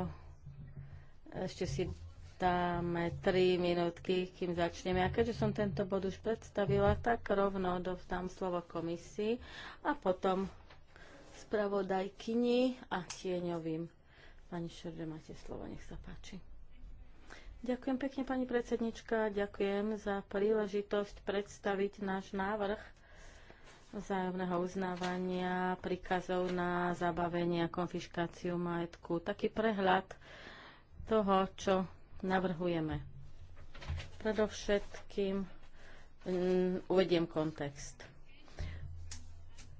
ešte si dáme 3 minútky, kým začneme. A keďže som tento bod už predstavila, tak rovno dovzdám slovo komisii a potom spravodajkyni a tieňovým Pani Šerde, máte slovo, nech sa páči. Ďakujem pekne, pani predsednička. Ďakujem za príležitosť predstaviť náš návrh vzájomného uznávania príkazov na zabavenie a konfiškáciu majetku. Taký prehľad toho, čo navrhujeme. Predovšetkým mm, uvediem kontext.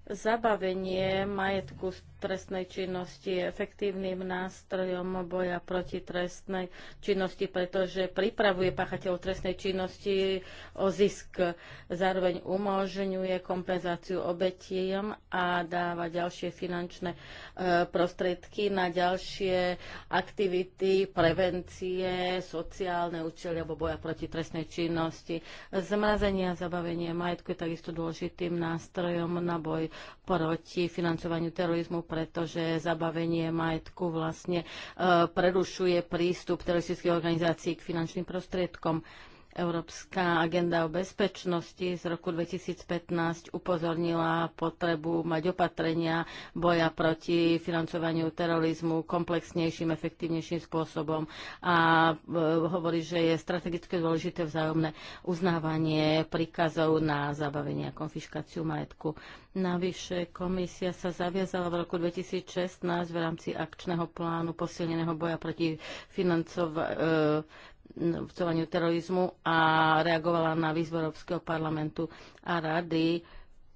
Zabavenie majetku trestnej činnosti je efektívnym nástrojom boja proti trestnej činnosti, pretože pripravuje páchateľov trestnej činnosti o zisk. Zároveň umožňuje kompenzáciu obetiem a dáva ďalšie finančné e, prostriedky na ďalšie aktivity prevencie, sociálne účely alebo boja proti trestnej činnosti. Zmrazenie a zabavenie majetku je takisto dôležitým nástrojom na boj proti financovaniu terorizmu pretože zabavenie majetku vlastne e, prerušuje prístup teroristických organizácií k finančným prostriedkom. Európska agenda o bezpečnosti z roku 2015 upozornila potrebu mať opatrenia boja proti financovaniu terorizmu komplexnejším, efektívnejším spôsobom a e, hovorí, že je strategicky dôležité vzájomné uznávanie príkazov na zabavenie a konfiškáciu majetku. Navyše komisia sa zaviazala v roku 2016 v rámci akčného plánu posilneného boja proti financovaniu. E, obcovaniu terorizmu a reagovala na výzvu Európskeho parlamentu a rady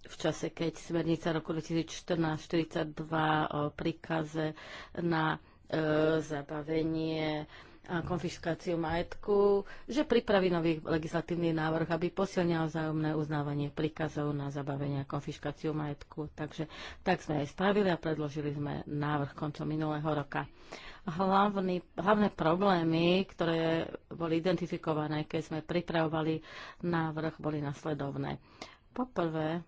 v čase, keď smernica roku 2014-42 o príkaze na e, zabavenie konfiskáciu konfiškáciu majetku, že pripraví nový legislatívny návrh, aby posilňal vzájomné uznávanie príkazov na zabavenie a konfiškáciu majetku. Takže tak sme aj spravili a predložili sme návrh koncom minulého roka. Hlavný, hlavné problémy, ktoré boli identifikované, keď sme pripravovali návrh, boli nasledovné. Poprvé,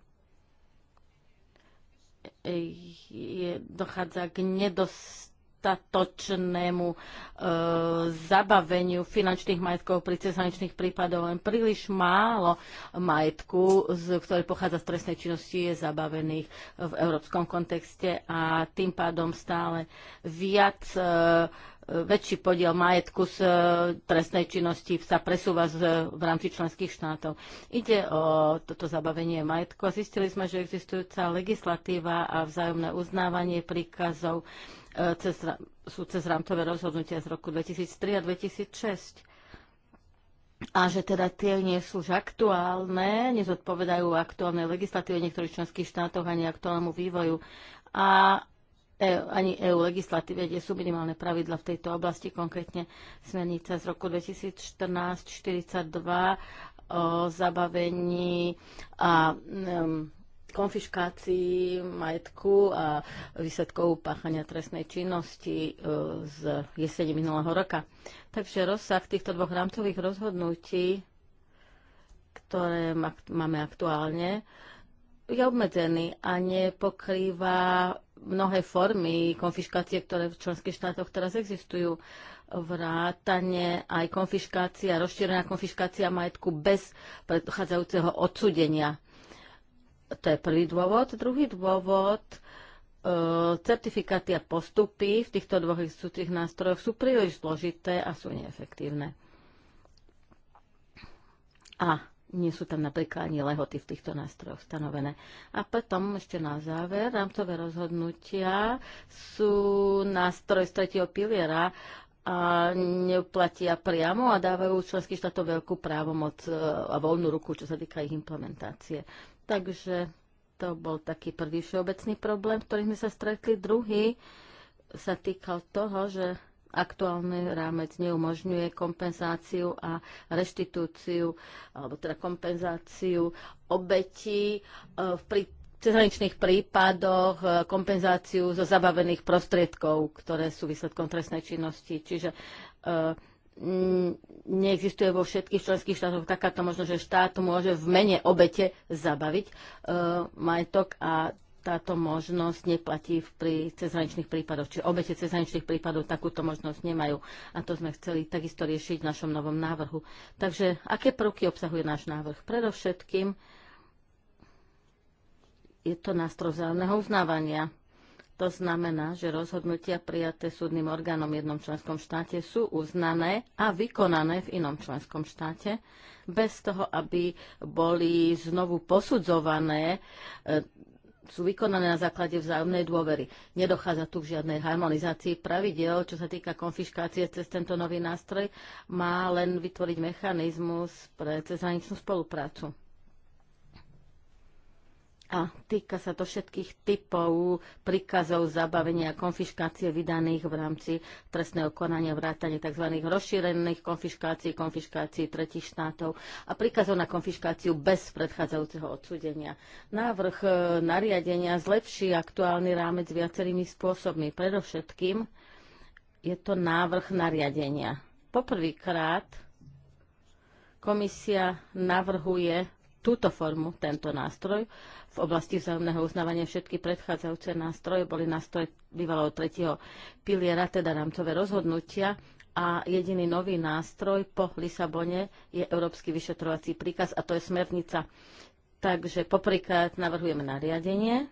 je, dochádza k nedostatku dostatočnému e, zabaveniu finančných majetkov pri cezhraničných prípadoch. Len príliš málo majetku, z, ktorý pochádza z trestnej činnosti, je zabavených v európskom kontexte a tým pádom stále viac e, väčší podiel majetku z e, trestnej činnosti sa presúva z, v rámci členských štátov. Ide o toto zabavenie majetku a zistili sme, že existujúca legislatíva a vzájomné uznávanie príkazov cez, sú cez rámcové rozhodnutia z roku 2003 a 2006 a že teda tie nie sú už aktuálne, nezodpovedajú aktuálnej legislatíve niektorých členských štátoch ani aktuálnemu vývoju a e, ani EU legislatíve, kde sú minimálne pravidla v tejto oblasti, konkrétne smernica z roku 2014-42 o zabavení a um, konfiškácii majetku a výsledkov páchania trestnej činnosti e, z jesene minulého roka. Takže rozsah týchto dvoch rámcových rozhodnutí, ktoré máme aktuálne, je obmedzený a nepokrýva mnohé formy konfiškácie, ktoré v členských štátoch teraz existujú vrátanie aj konfiškácia, rozšírená konfiškácia majetku bez predchádzajúceho odsudenia to je prvý dôvod. Druhý dôvod, e, certifikáty a postupy v týchto dvoch existujúcich nástrojoch sú príliš zložité a sú neefektívne. A nie sú tam napríklad ani lehoty v týchto nástrojoch stanovené. A potom ešte na záver, rámcové rozhodnutia sú nástroj z tretieho piliera a neuplatia priamo a dávajú členským štátom veľkú právomoc e, a voľnú ruku, čo sa týka ich implementácie. Takže to bol taký prvý všeobecný problém, v ktorým sme sa stretli. Druhý sa týkal toho, že aktuálny rámec neumožňuje kompenzáciu a reštitúciu, alebo teda kompenzáciu obetí e, v prí- cezhraničných prípadoch, e, kompenzáciu zo zabavených prostriedkov, ktoré sú výsledkom trestnej činnosti. Čiže e, Mm, neexistuje vo všetkých členských štátoch takáto možnosť, že štát môže v mene obete zabaviť uh, majetok a táto možnosť neplatí pri cezhraničných prípadoch. Čiže obete cezhraničných prípadov takúto možnosť nemajú. A to sme chceli takisto riešiť v našom novom návrhu. Takže aké prvky obsahuje náš návrh? Predovšetkým je to nástroj vzájomného uznávania to znamená, že rozhodnutia prijaté súdnym orgánom v jednom členskom štáte sú uznané a vykonané v inom členskom štáte bez toho, aby boli znovu posudzované e, sú vykonané na základe vzájomnej dôvery. Nedochádza tu k žiadnej harmonizácii pravidel, čo sa týka konfiškácie cez tento nový nástroj, má len vytvoriť mechanizmus pre cezhraničnú spoluprácu a týka sa to všetkých typov príkazov zabavenia a konfiškácie vydaných v rámci trestného konania vrátane tzv. rozšírených konfiškácií, konfiškácií tretich štátov a príkazov na konfiškáciu bez predchádzajúceho odsúdenia. Návrh e, nariadenia zlepší aktuálny rámec viacerými spôsobmi. Predovšetkým je to návrh nariadenia. Poprvýkrát komisia navrhuje túto formu, tento nástroj. V oblasti vzájomného uznávania všetky predchádzajúce nástroje boli nástroj bývalého tretieho piliera, teda rámcové rozhodnutia, a jediný nový nástroj po Lisabone je Európsky vyšetrovací príkaz a to je smernica. Takže poprýkrát navrhujeme nariadenie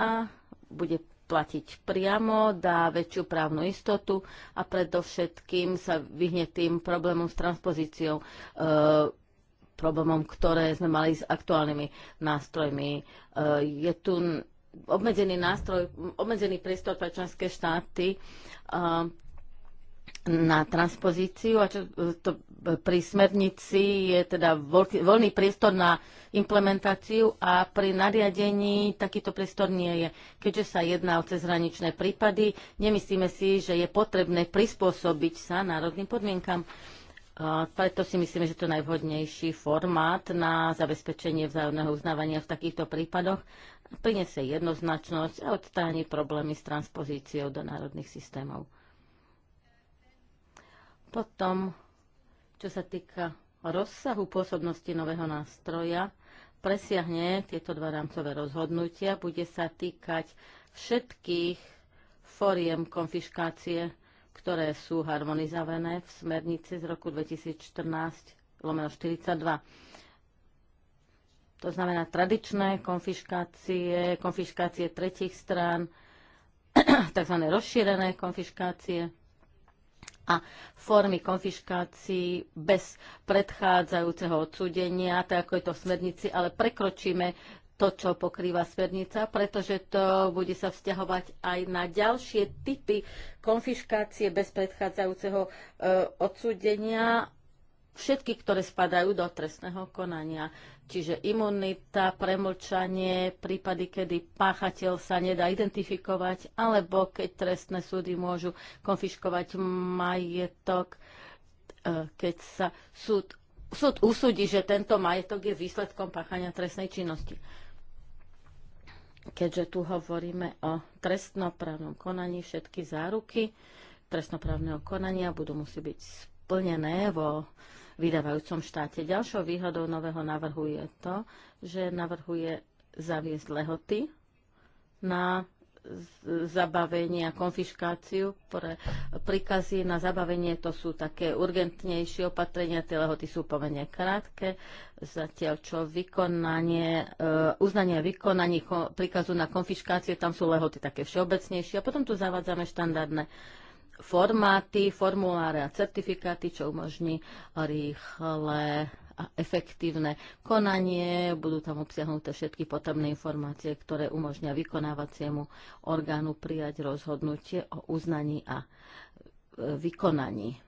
a bude platiť priamo, dá väčšiu právnu istotu a predovšetkým sa vyhne tým problémom s transpozíciou e, problémom, ktoré sme mali s aktuálnymi nástrojmi. E, je tu obmedzený nástroj, obmedzený priestor pre členské štáty e, na transpozíciu a čo, to e, pri smernici je teda voľký, voľný priestor na implementáciu a pri nariadení takýto priestor nie je. Keďže sa jedná o cezhraničné prípady, nemyslíme si, že je potrebné prispôsobiť sa národným podmienkam preto si myslíme, že to je najvhodnejší formát na zabezpečenie vzájomného uznávania v takýchto prípadoch prinesie jednoznačnosť a odstráni problémy s transpozíciou do národných systémov. Potom, čo sa týka rozsahu pôsobnosti nového nástroja, presiahne tieto dva rámcové rozhodnutia, bude sa týkať všetkých fóriem konfiškácie ktoré sú harmonizované v smernici z roku 2014 lomeno 42. To znamená tradičné konfiškácie, konfiškácie tretich strán, tzv. rozšírené konfiškácie a formy konfiškácií bez predchádzajúceho odsúdenia, tak ako je to v smernici, ale prekročíme to, čo pokrýva smernica, pretože to bude sa vzťahovať aj na ďalšie typy konfiškácie bez predchádzajúceho e, odsúdenia, všetky, ktoré spadajú do trestného konania. Čiže imunita, premlčanie, prípady, kedy páchateľ sa nedá identifikovať, alebo keď trestné súdy môžu konfiškovať majetok, e, keď sa súd súd usúdi, že tento majetok je výsledkom páchania trestnej činnosti keďže tu hovoríme o trestnoprávnom konaní, všetky záruky trestnoprávneho konania budú musieť byť splnené vo vydávajúcom štáte. Ďalšou výhodou nového návrhu je to, že navrhuje zaviesť lehoty na zabavenie a konfiškáciu pre príkazy na zabavenie. To sú také urgentnejšie opatrenia, tie lehoty sú pomerne krátke, zatiaľ čo vykonanie, e, uznanie a vykonanie príkazu na konfiškáciu, tam sú lehoty také všeobecnejšie. A potom tu zavádzame štandardné formáty, formuláre a certifikáty, čo umožní rýchle a efektívne konanie. Budú tam obsiahnuté všetky potrebné informácie, ktoré umožňa vykonávaciemu orgánu prijať rozhodnutie o uznaní a e, vykonaní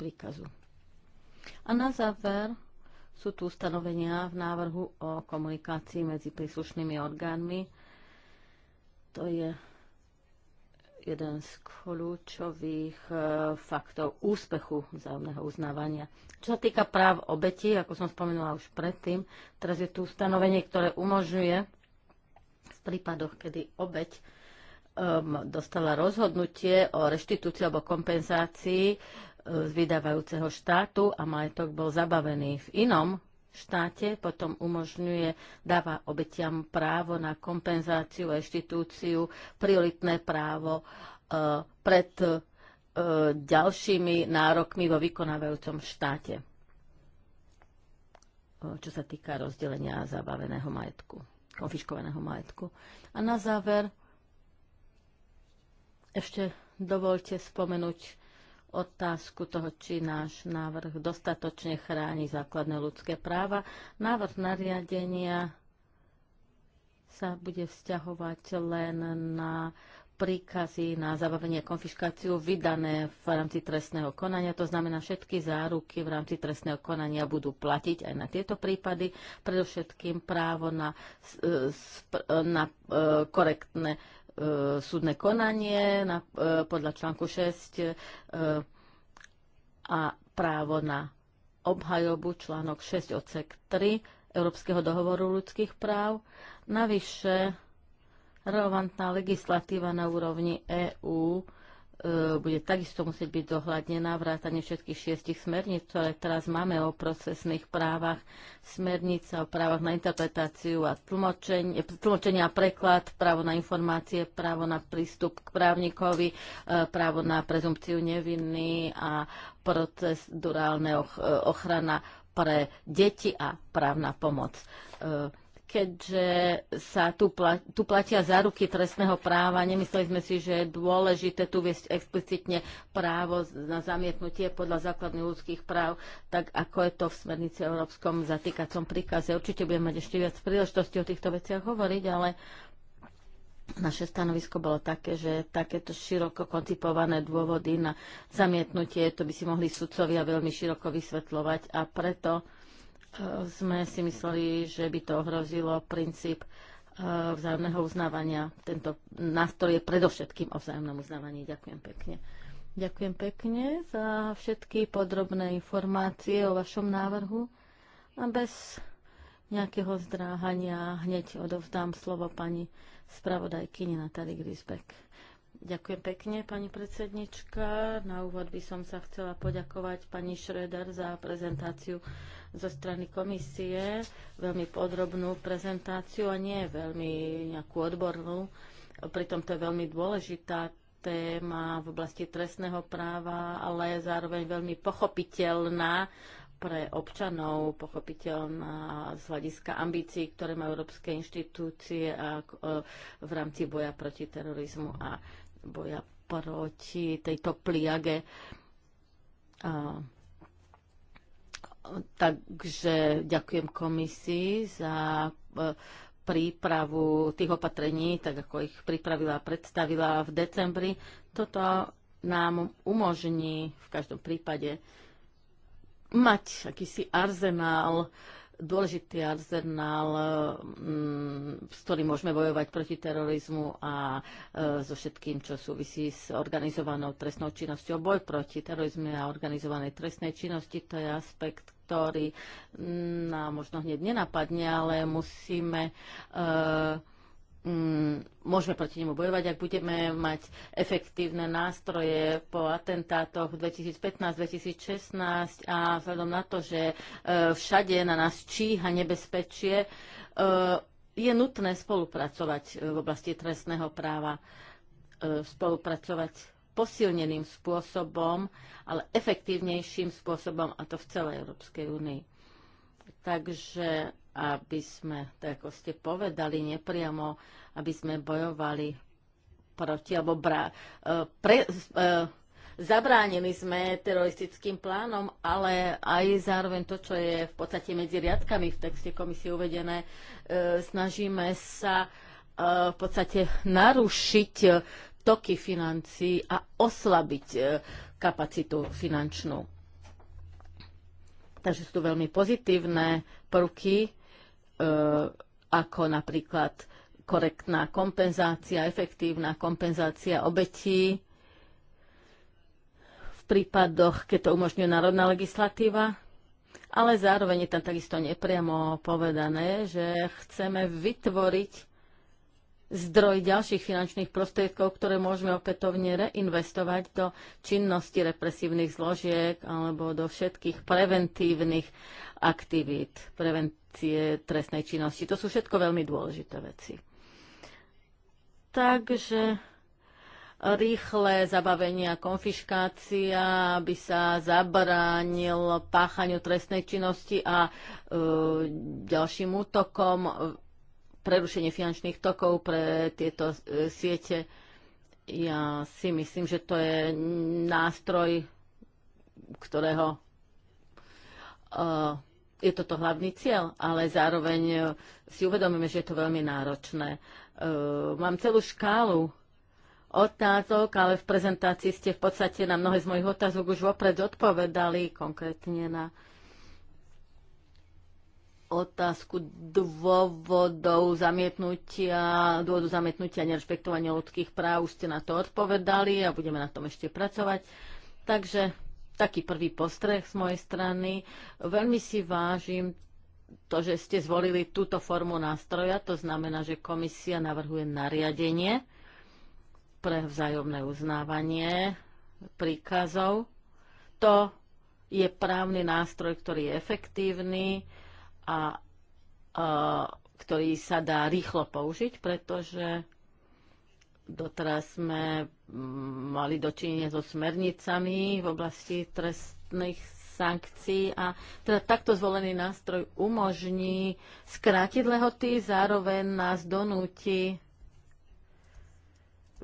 príkazu. A na záver sú tu ustanovenia v návrhu o komunikácii medzi príslušnými orgánmi. To je jeden z kľúčových e, faktov úspechu vzájomného uznávania. Čo sa týka práv obeti, ako som spomenula už predtým, teraz je tu ustanovenie, ktoré umožňuje v prípadoch, kedy obeť um, dostala rozhodnutie o reštitúcii alebo kompenzácii e, z vydávajúceho štátu a majetok bol zabavený v inom štáte, potom umožňuje, dáva obetiam právo na kompenzáciu a eštitúciu, prioritné právo e, pred e, ďalšími nárokmi vo vykonávajúcom štáte, e, čo sa týka rozdelenia zabaveného majetku, konfiškovaného majetku. A na záver ešte dovolte spomenúť otázku toho, či náš návrh dostatočne chráni základné ľudské práva. Návrh nariadenia sa bude vzťahovať len na príkazy na zabavenie a konfiškáciu vydané v rámci trestného konania. To znamená, všetky záruky v rámci trestného konania budú platiť aj na tieto prípady, predovšetkým právo na, na e, korektné E, súdne konanie na, e, podľa článku 6 e, a právo na obhajobu článok 6 odsek 3 Európskeho dohovoru ľudských práv. Navyše relevantná legislatíva na úrovni EÚ E, bude takisto musieť byť dohľadnená vrátanie všetkých šiestich smerníc, ktoré teraz máme o procesných právach, smernica o právach na interpretáciu a tlmočenie, tlmočenie a preklad, právo na informácie, právo na prístup k právnikovi, e, právo na prezumpciu neviny a procedurálne e, ochrana pre deti a právna pomoc keďže sa tu, pla- tu platia záruky trestného práva. Nemysleli sme si, že je dôležité tu viesť explicitne právo na zamietnutie podľa základných ľudských práv, tak ako je to v smernici Európskom zatýkacom príkaze. Určite budeme mať ešte viac príležitosti o týchto veciach hovoriť, ale naše stanovisko bolo také, že takéto široko koncipované dôvody na zamietnutie, to by si mohli sudcovia veľmi široko vysvetľovať a preto sme si mysleli, že by to ohrozilo princíp eh, vzájomného uznávania. Tento nástroj je predovšetkým o vzájomnom uznávaní. Ďakujem pekne. Ďakujem pekne za všetky podrobné informácie o vašom návrhu. A bez nejakého zdráhania hneď odovzdám slovo pani spravodajkyni Natali Grisbeck. Ďakujem pekne, pani predsednička. Na úvod by som sa chcela poďakovať pani Šreder za prezentáciu zo strany komisie veľmi podrobnú prezentáciu a nie veľmi nejakú odbornú. Pritom to je veľmi dôležitá téma v oblasti trestného práva, ale zároveň veľmi pochopiteľná pre občanov, pochopiteľná z hľadiska ambícií, ktoré majú európske inštitúcie a, e, v rámci boja proti terorizmu a boja proti tejto pliage. Takže ďakujem komisii za e, prípravu tých opatrení, tak ako ich pripravila a predstavila v decembri. Toto nám umožní v každom prípade mať akýsi arzenál, dôležitý arzenál, mm, s ktorým môžeme bojovať proti terorizmu a e, so všetkým, čo súvisí s organizovanou trestnou činnosťou. Boj proti terorizmu a organizovanej trestnej činnosti, to je aspekt, ktorý nám možno hneď nenapadne, ale musíme uh, môžeme proti nemu bojovať, ak budeme mať efektívne nástroje po atentátoch 2015-2016 a vzhľadom na to, že eh, všade na nás číha nebezpečie, eh, je nutné spolupracovať v oblasti trestného práva, spolupracovať posilneným spôsobom, ale efektívnejším spôsobom, a to v celej Európskej únii. Takže aby sme, tak ako ste povedali, nepriamo, aby sme bojovali proti, alebo bra, e, pre, e, zabránili sme teroristickým plánom, ale aj zároveň to, čo je v podstate medzi riadkami v texte komisie uvedené, e, snažíme sa v podstate narušiť toky financií a oslabiť e, kapacitu finančnú. Takže sú tu veľmi pozitívne prvky, e, ako napríklad korektná kompenzácia, efektívna kompenzácia obetí v prípadoch, keď to umožňuje národná legislatíva, ale zároveň je tam takisto nepriamo povedané, že chceme vytvoriť zdroj ďalších finančných prostriedkov, ktoré môžeme opätovne reinvestovať do činnosti represívnych zložiek alebo do všetkých preventívnych aktivít, prevencie trestnej činnosti. To sú všetko veľmi dôležité veci. Takže rýchle zabavenie a konfiškácia, aby sa zabránil páchaniu trestnej činnosti a e, ďalším útokom prerušenie finančných tokov pre tieto e, siete. Ja si myslím, že to je nástroj, ktorého e, je toto hlavný cieľ, ale zároveň e, si uvedomíme, že je to veľmi náročné. Mám celú škálu otázok, ale v prezentácii ste v podstate na mnohé z mojich otázok už vopred odpovedali, konkrétne na otázku dôvodov zamietnutia, dôvodu zamietnutia nerešpektovania ľudských práv. Už ste na to odpovedali a budeme na tom ešte pracovať. Takže taký prvý postreh z mojej strany. Veľmi si vážim to, že ste zvolili túto formu nástroja. To znamená, že komisia navrhuje nariadenie pre vzájomné uznávanie príkazov. To je právny nástroj, ktorý je efektívny a, a ktorý sa dá rýchlo použiť, pretože doteraz sme mm, mali dočinenie so smernicami v oblasti trestných sankcií a teda takto zvolený nástroj umožní skrátiť lehoty, zároveň nás donúti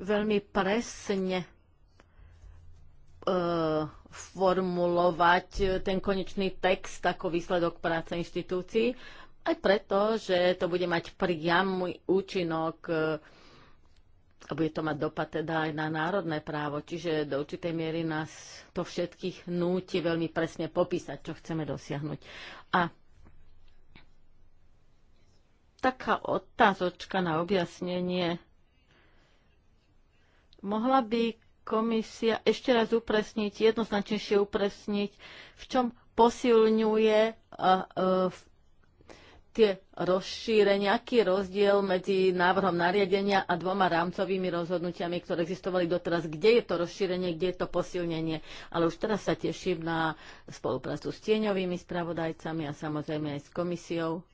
veľmi presne formulovať ten konečný text ako výsledok práce inštitúcií, aj preto, že to bude mať priamy účinok e, a bude to mať dopad teda aj na národné právo. Čiže do určitej miery nás to všetkých núti veľmi presne popísať, čo chceme dosiahnuť. A taká otázočka na objasnenie. Mohla by komisia ešte raz upresniť, jednoznačnejšie upresniť, v čom posilňuje a, a, v tie rozšírenia, aký je rozdiel medzi návrhom nariadenia a dvoma rámcovými rozhodnutiami, ktoré existovali doteraz, kde je to rozšírenie, kde je to posilnenie. Ale už teraz sa teším na spoluprácu s tieňovými spravodajcami a samozrejme aj s komisiou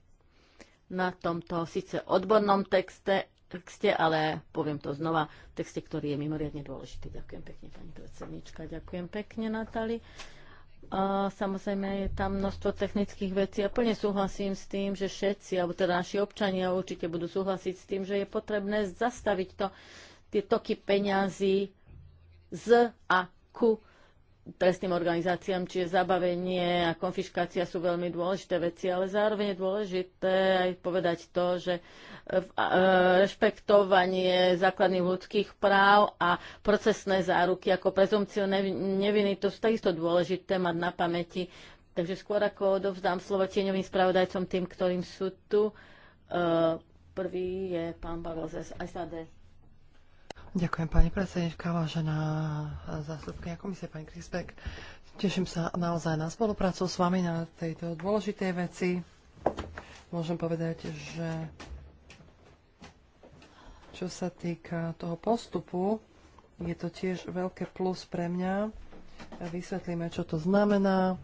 na tomto síce odbornom texte, texte, ale poviem to znova, texte, ktorý je mimoriadne dôležitý. Ďakujem pekne, pani predsednička. Ďakujem pekne, Natali. A samozrejme je tam množstvo technických vecí a plne súhlasím s tým, že všetci, alebo teda naši občania určite budú súhlasiť s tým, že je potrebné zastaviť to, tie toky peňazí z a ku trestným organizáciám, čiže zabavenie a konfiškácia sú veľmi dôležité veci, ale zároveň je dôležité aj povedať to, že e, e, rešpektovanie základných ľudských práv a procesné záruky ako prezumciu neviny, to sú takisto dôležité mať na pamäti. Takže skôr ako odovzdám slovo tieňovým spravodajcom, tým, ktorým sú tu, e, prvý je pán Bagel z SAD. Ďakujem pani predsednička, vážená zástupka komisie, pani Krispek, Teším sa naozaj na spoluprácu s vami na tejto dôležitej veci. Môžem povedať, že čo sa týka toho postupu, je to tiež veľké plus pre mňa, vysvetlíme, čo to znamená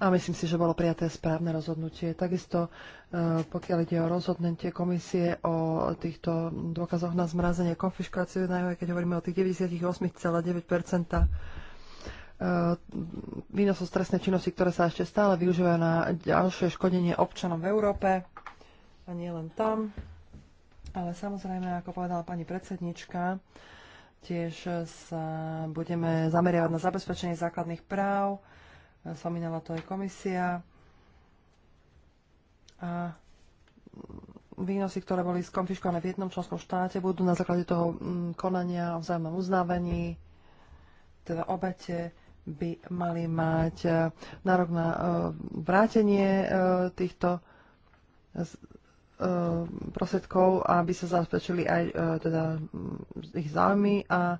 a myslím si, že bolo prijaté správne rozhodnutie. Takisto, e, pokiaľ ide o rozhodnutie komisie o týchto dôkazoch na zmrazenie konfiškáciu, najmä keď hovoríme o tých 98,9 výnosov stresnej činnosti, ktoré sa ešte stále využívajú na ďalšie škodenie občanom v Európe a nie len tam. Ale samozrejme, ako povedala pani predsednička, Tiež sa budeme zameriavať na zabezpečenie základných práv. Spomínala to aj komisia. A výnosy, ktoré boli skonfiškované v jednom členskom štáte, budú na základe toho mm, konania o vzájomnom uznávaní, teda obete, by mali mať eh, nárok na eh, vrátenie eh, týchto Eh, prosvedkov, aby sa zabezpečili aj eh, teda mm, ich záujmy a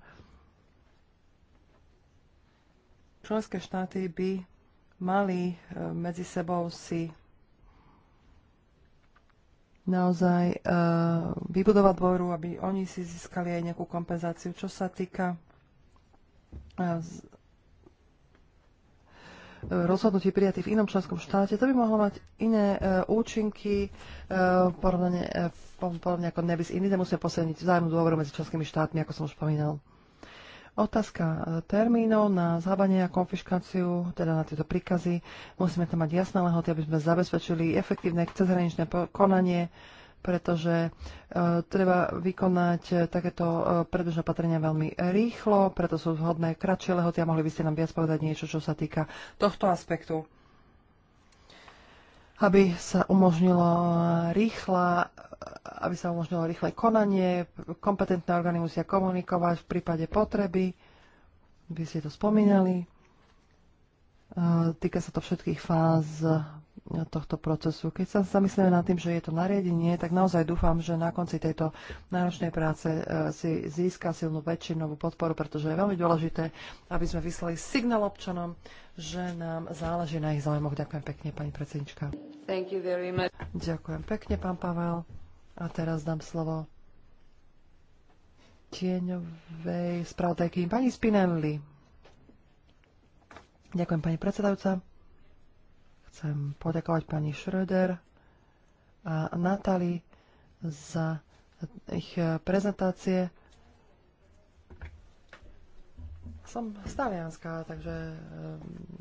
členské štáty by mali eh, medzi sebou si naozaj vybudovať dvoru, aby oni si získali aj nejakú kompenzáciu. Čo sa týka rozhodnutí prijatí v inom členskom štáte, to by mohlo mať iné e, účinky, e, porovne, e, ako nebis iný, musíme posledniť vzájomnú dôveru medzi členskými štátmi, ako som už spomínal. Otázka e, termínov na zhábanie a konfiškáciu, teda na tieto príkazy. Musíme tam mať jasné lehoty, aby sme zabezpečili efektívne cezhraničné konanie pretože e, treba vykonať e, takéto e, predbežné opatrenia veľmi rýchlo, preto sú vhodné kratšie lehoty a mohli by ste nám viac povedať niečo, čo sa týka tohto aspektu aby sa umožnilo rýchla, aby sa umožnilo rýchle konanie, kompetentné orgány musia komunikovať v prípade potreby, vy ste to spomínali. Týka sa to všetkých fáz tohto procesu. Keď sa zamyslíme nad tým, že je to nariadenie, tak naozaj dúfam, že na konci tejto náročnej práce e, si získa silnú väčšinovú podporu, pretože je veľmi dôležité, aby sme vyslali signál občanom, že nám záleží na ich záujmoch. Ďakujem pekne, pani predsednička. Thank you very much. Ďakujem pekne, pán Pavel. A teraz dám slovo tieňovej spravodajky pani Spinelli. Ďakujem, pani predsedajúca. Chcem poďakovať pani Schröder a Natali za ich prezentácie. Som z Talianska, takže eh,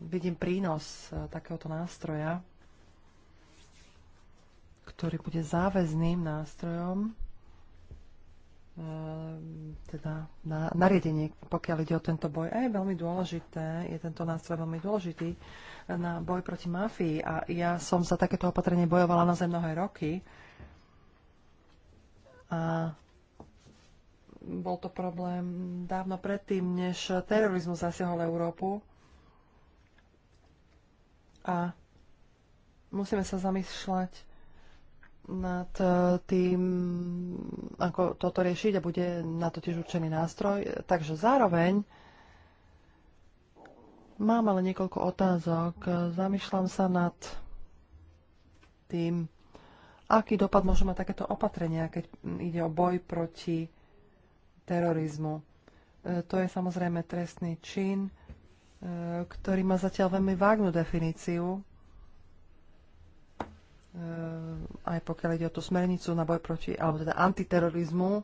vidím prínos eh, takéhoto nástroja, ktorý bude záväzným nástrojom Ehm, teda na, nariadenie, pokiaľ ide o tento boj. A je veľmi dôležité, je tento nástroj veľmi dôležitý eh, na boj proti mafii. A ja som za takéto opatrenie bojovala na mnohé roky. A bol to problém dávno predtým, než terorizmus zasiahol Európu. A musíme sa zamýšľať nad e, tým, ako toto riešiť a bude na to tiež určený nástroj. Takže zároveň mám ale niekoľko otázok. Zamýšľam sa nad tým, aký dopad môže mať takéto opatrenia, keď ide o boj proti terorizmu. E, to je samozrejme trestný čin, e, ktorý má zatiaľ veľmi vágnu definíciu aj pokiaľ ide o tú smernicu na boj proti, alebo teda antiterorizmu,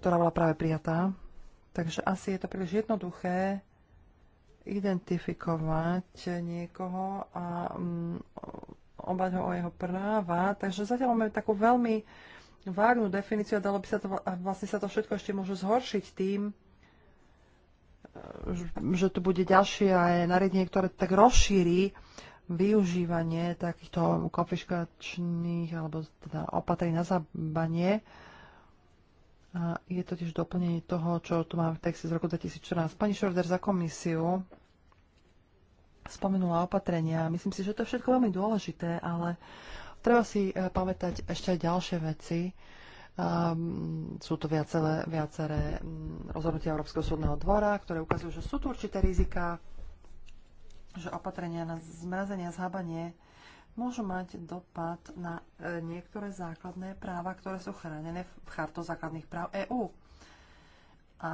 ktorá bola práve prijatá. Takže asi je to príliš jednoduché identifikovať niekoho a mm, obať ho o jeho práva. Takže zatiaľ máme takú veľmi vágnu definíciu a dalo by sa to, a vlastne sa to všetko ešte môže zhoršiť tým, e, že tu bude ďalšie aj nariadenie, ktoré tak rozšíri využívanie takýchto konfiškačných alebo teda opatrení na zabanie. A je to tiež doplnenie toho, čo tu máme v texte z roku 2014. Pani Šorder za komisiu spomenula opatrenia. Myslím si, že to je všetko veľmi dôležité, ale treba si e, pamätať ešte aj ďalšie veci. Um, sú to viaceré, viaceré mm, rozhodnutia Európskeho súdneho dvora, ktoré ukazujú, že sú tu určité rizika, že opatrenia na zmrazenie a zhabanie môžu mať dopad na e, niektoré základné práva, ktoré sú chránené v charto základných práv EÚ a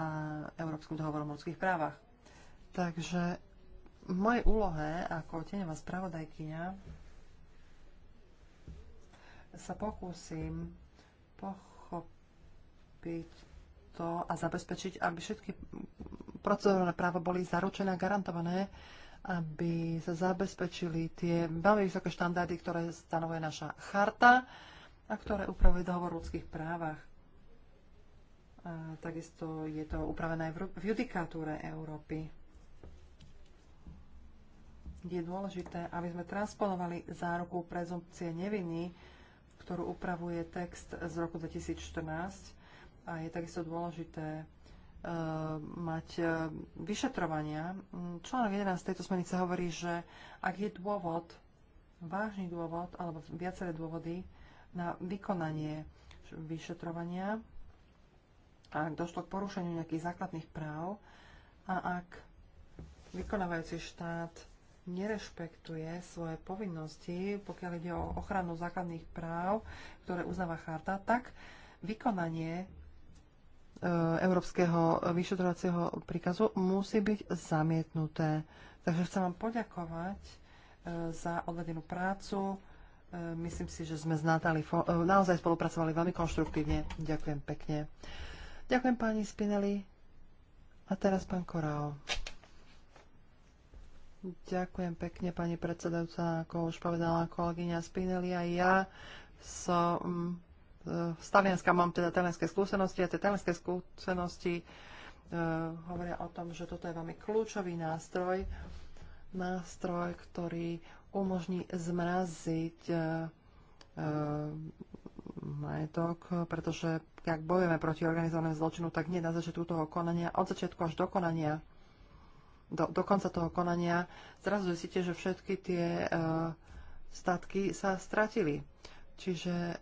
Európskym dohovorom o ľudských právach. Takže v mojej úlohe ako tenová spravodajkyňa sa pokúsim pochopiť to a zabezpečiť, aby všetky procedurálne práva boli zaručené a garantované aby sa zabezpečili tie veľmi vysoké štandardy, ktoré stanovuje naša charta a ktoré upravuje dohovor o ľudských právach. A takisto je to upravené aj v judikatúre Európy. Je dôležité, aby sme transponovali záruku prezumpcie neviny, ktorú upravuje text z roku 2014 a je takisto dôležité Eh, mať eh, vyšetrovania. Mm, článok 11 tejto smernice hovorí, že ak je dôvod, vážny dôvod alebo viaceré dôvody na vykonanie vyšetrovania, ak došlo k porušeniu nejakých základných práv a ak vykonávajúci štát nerešpektuje svoje povinnosti, pokiaľ ide o ochranu základných práv, ktoré uznáva charta, tak vykonanie E, európskeho vyšetrovacieho príkazu musí byť zamietnuté. Takže chcem vám poďakovať e, za odvedenú prácu. E, myslím si, že sme s naozaj spolupracovali veľmi konštruktívne. Ďakujem pekne. Ďakujem pani Spinelli. A teraz pán Korao. Ďakujem pekne, pani predsedajúca. Ako už povedala kolegyňa Spinelli, a ja som z Talianska mám teda talianské skúsenosti a tie talianské skúsenosti uh, hovoria o tom, že toto je veľmi kľúčový nástroj, nástroj, ktorý umožní zmraziť uh, majetok, pretože ak bojujeme proti organizovanému zločinu, tak nie na začiatku toho konania, od začiatku až do konania, do, do konca toho konania, zrazu zistíte, že všetky tie uh, statky sa stratili. Čiže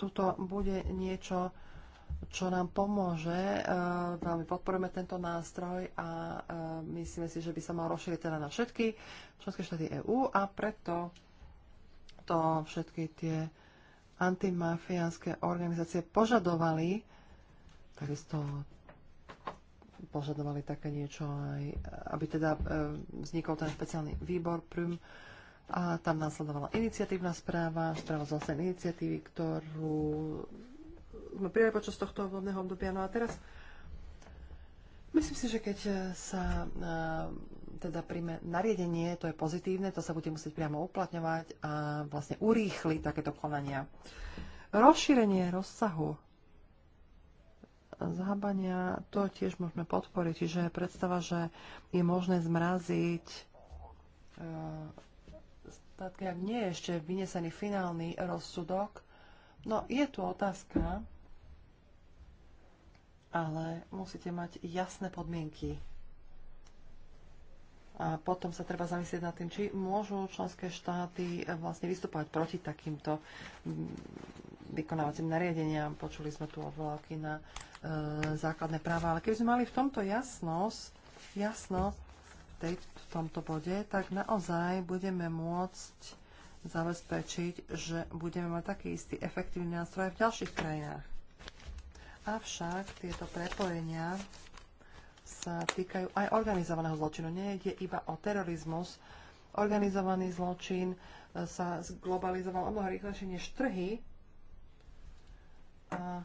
tuto bude niečo, čo nám pomôže. Veľmi podporujeme tento nástroj a e, myslíme si, že by sa mal rozšíriť teda na všetky členské štáty EÚ a preto to všetky tie antimafiánske organizácie požadovali, takisto požadovali také niečo aj, aby teda e, vznikol ten špeciálny výbor prüm, a tam následovala iniciatívna správa, správa z vlastnej iniciatívy, ktorú sme prijali počas tohto volebného obdobia. No a teraz myslím si, že keď sa e, teda príjme nariadenie, to je pozitívne, to sa bude musieť priamo uplatňovať a vlastne urýchli takéto konania. Rozšírenie rozsahu zhábania, to tiež môžeme podporiť, čiže predstava, že je možné zmraziť e, nedostatky, ak nie je ešte vynesený finálny rozsudok. No je tu otázka, ale musíte mať jasné podmienky. A potom sa treba zamyslieť nad tým, či môžu členské štáty vlastne vystupovať proti takýmto mm, vykonávacím nariadeniam. Počuli sme tu odvolávky na e, základné práva, ale keby sme mali v tomto jasnosť, jasno, tej, v tomto bode, tak naozaj budeme môcť zabezpečiť, že budeme mať taký istý efektívny nástroj v ďalších krajinách. Avšak tieto prepojenia sa týkajú aj organizovaného zločinu. Nejde iba o terorizmus. Organizovaný zločin e, sa zglobalizoval o mnoho rýchlejšie než trhy. A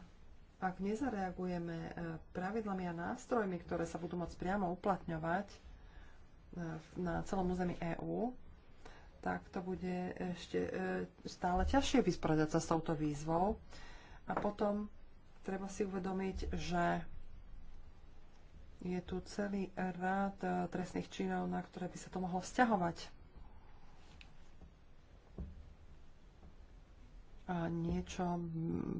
ak nezareagujeme e, pravidlami a nástrojmi, ktoré sa budú môcť priamo uplatňovať, E, na celom území EÚ, tak to bude ešte e, stále ťažšie vysporiadať sa s touto výzvou. A potom treba si uvedomiť, že je tu celý rád e, trestných činov, na ktoré by sa to mohlo vzťahovať. niečo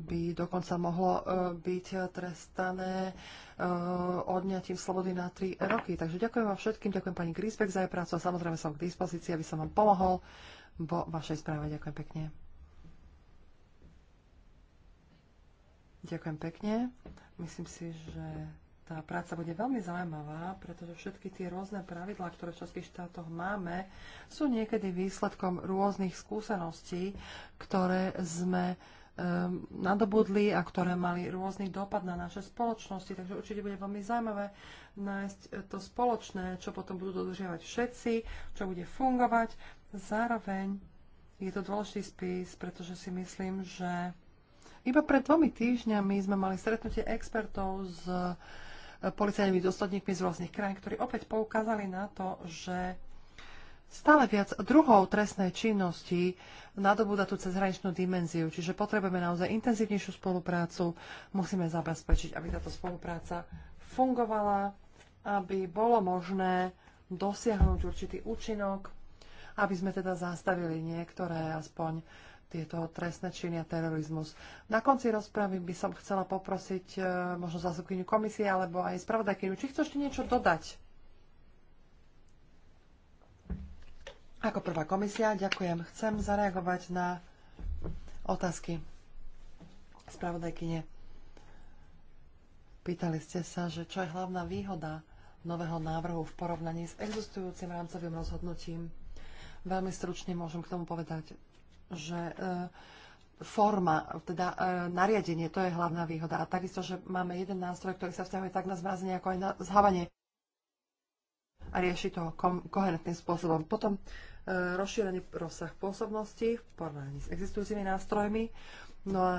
by dokonca mohlo e, byť trestané e, odňatím slobody na 3 roky. Takže ďakujem vám všetkým, ďakujem pani Grisbeck za jej prácu a samozrejme som k dispozícii, aby som vám pomohol vo vašej správe. Ďakujem pekne. Ďakujem pekne. Myslím si, že tá práca bude veľmi zaujímavá, pretože všetky tie rôzne pravidlá, ktoré v českých štátoch máme, sú niekedy výsledkom rôznych skúseností, ktoré sme ehm, nadobudli a ktoré mali rôzny dopad na naše spoločnosti. Takže určite bude veľmi zaujímavé nájsť to spoločné, čo potom budú dodržiavať všetci, čo bude fungovať. Zároveň je to dôležitý spis, pretože si myslím, že iba pred dvomi týždňami sme mali stretnutie expertov z uh, policajnými dôsledníkmi z rôznych krajín, ktorí opäť poukázali na to, že stále viac druhov trestnej činnosti nadobúda tú cezhraničnú dimenziu. Čiže potrebujeme naozaj intenzívnejšiu spoluprácu. Musíme zabezpečiť, aby táto spolupráca fungovala, aby bolo možné dosiahnuť určitý účinok, aby sme teda zastavili niektoré aspoň tieto trestné činy a terorizmus. Na konci rozpravy by som chcela poprosiť e, možno zásobkyniu komisie alebo aj spravodajkyniu, či chcú ešte niečo dodať. Ako prvá komisia, ďakujem. Chcem zareagovať na otázky spravodajkyne. Pýtali ste sa, že čo je hlavná výhoda nového návrhu v porovnaní s existujúcim rámcovým rozhodnutím. Veľmi stručne môžem k tomu povedať že e, forma, teda e, nariadenie, to je hlavná výhoda. A takisto, že máme jeden nástroj, ktorý sa vzťahuje tak na zmrazenie, ako aj na zhávanie a rieši to koherentným spôsobom. Potom e, rozšírený rozsah pôsobnosti v porovnaní s existujúcimi nástrojmi. No a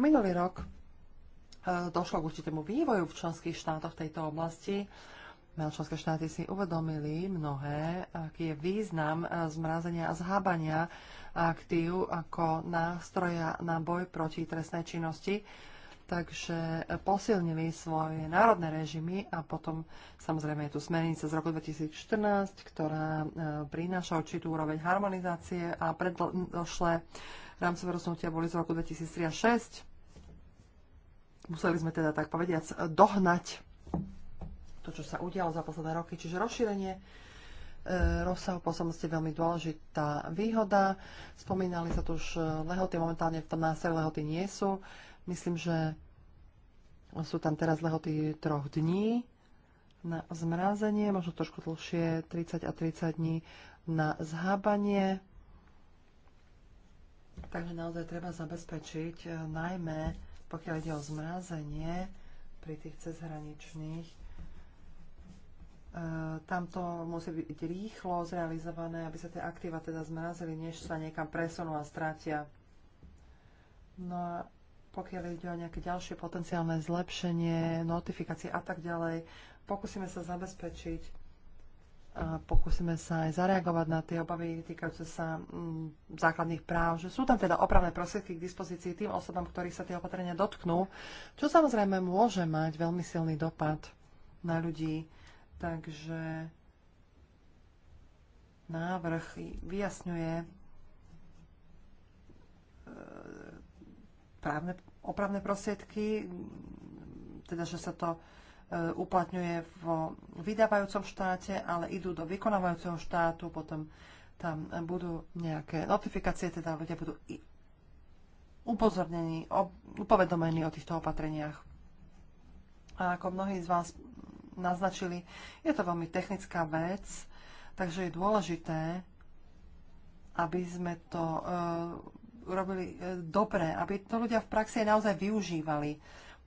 minulý rok došlo k určitému vývoju v členských štátoch tejto oblasti. No, členské štáty si uvedomili mnohé, aký je význam zmrazenia a zhábania aktív ako nástroja na boj proti trestnej činnosti. Takže posilnili svoje národné režimy a potom samozrejme je tu smernica z roku 2014, ktorá e, prináša určitú úroveň harmonizácie a predošlé rámcové rozhodnutia boli z roku 2003 a 2006. Museli sme teda tak povediac dohnať to, čo sa udialo za posledné roky, čiže rozšírenie E, rozsahu pôsobnosti veľmi dôležitá výhoda. Spomínali sa tu už e, lehoty, momentálne v nástroji lehoty nie sú. Myslím, že sú tam teraz lehoty troch dní na zmrazenie, možno trošku dlhšie, 30 a 30 dní na zhábanie. Takže naozaj treba zabezpečiť, e, najmä pokiaľ ide o zmrazenie pri tých cezhraničných tam to musí byť rýchlo zrealizované, aby sa tie aktíva teda zmrazili, než sa niekam presunú a stratia. No a pokiaľ ide o nejaké ďalšie potenciálne zlepšenie, notifikácie a tak ďalej, pokúsime sa zabezpečiť a pokúsime sa aj zareagovať na tie obavy týkajúce sa mm, základných práv, že sú tam teda opravné prostriedky k dispozícii tým osobám, ktorých sa tie opatrenia dotknú, čo samozrejme môže mať veľmi silný dopad na ľudí, Takže návrh vyjasňuje e, právne, opravné prostriedky, teda že sa to e, uplatňuje vo vydávajúcom štáte, ale idú do vykonávajúceho štátu, potom tam budú nejaké notifikácie, teda ľudia budú upozornení, upovedomení o týchto opatreniach. A ako mnohí z vás naznačili. Je to veľmi technická vec, takže je dôležité, aby sme to uh, robili uh, dobre, aby to ľudia v praxi naozaj využívali.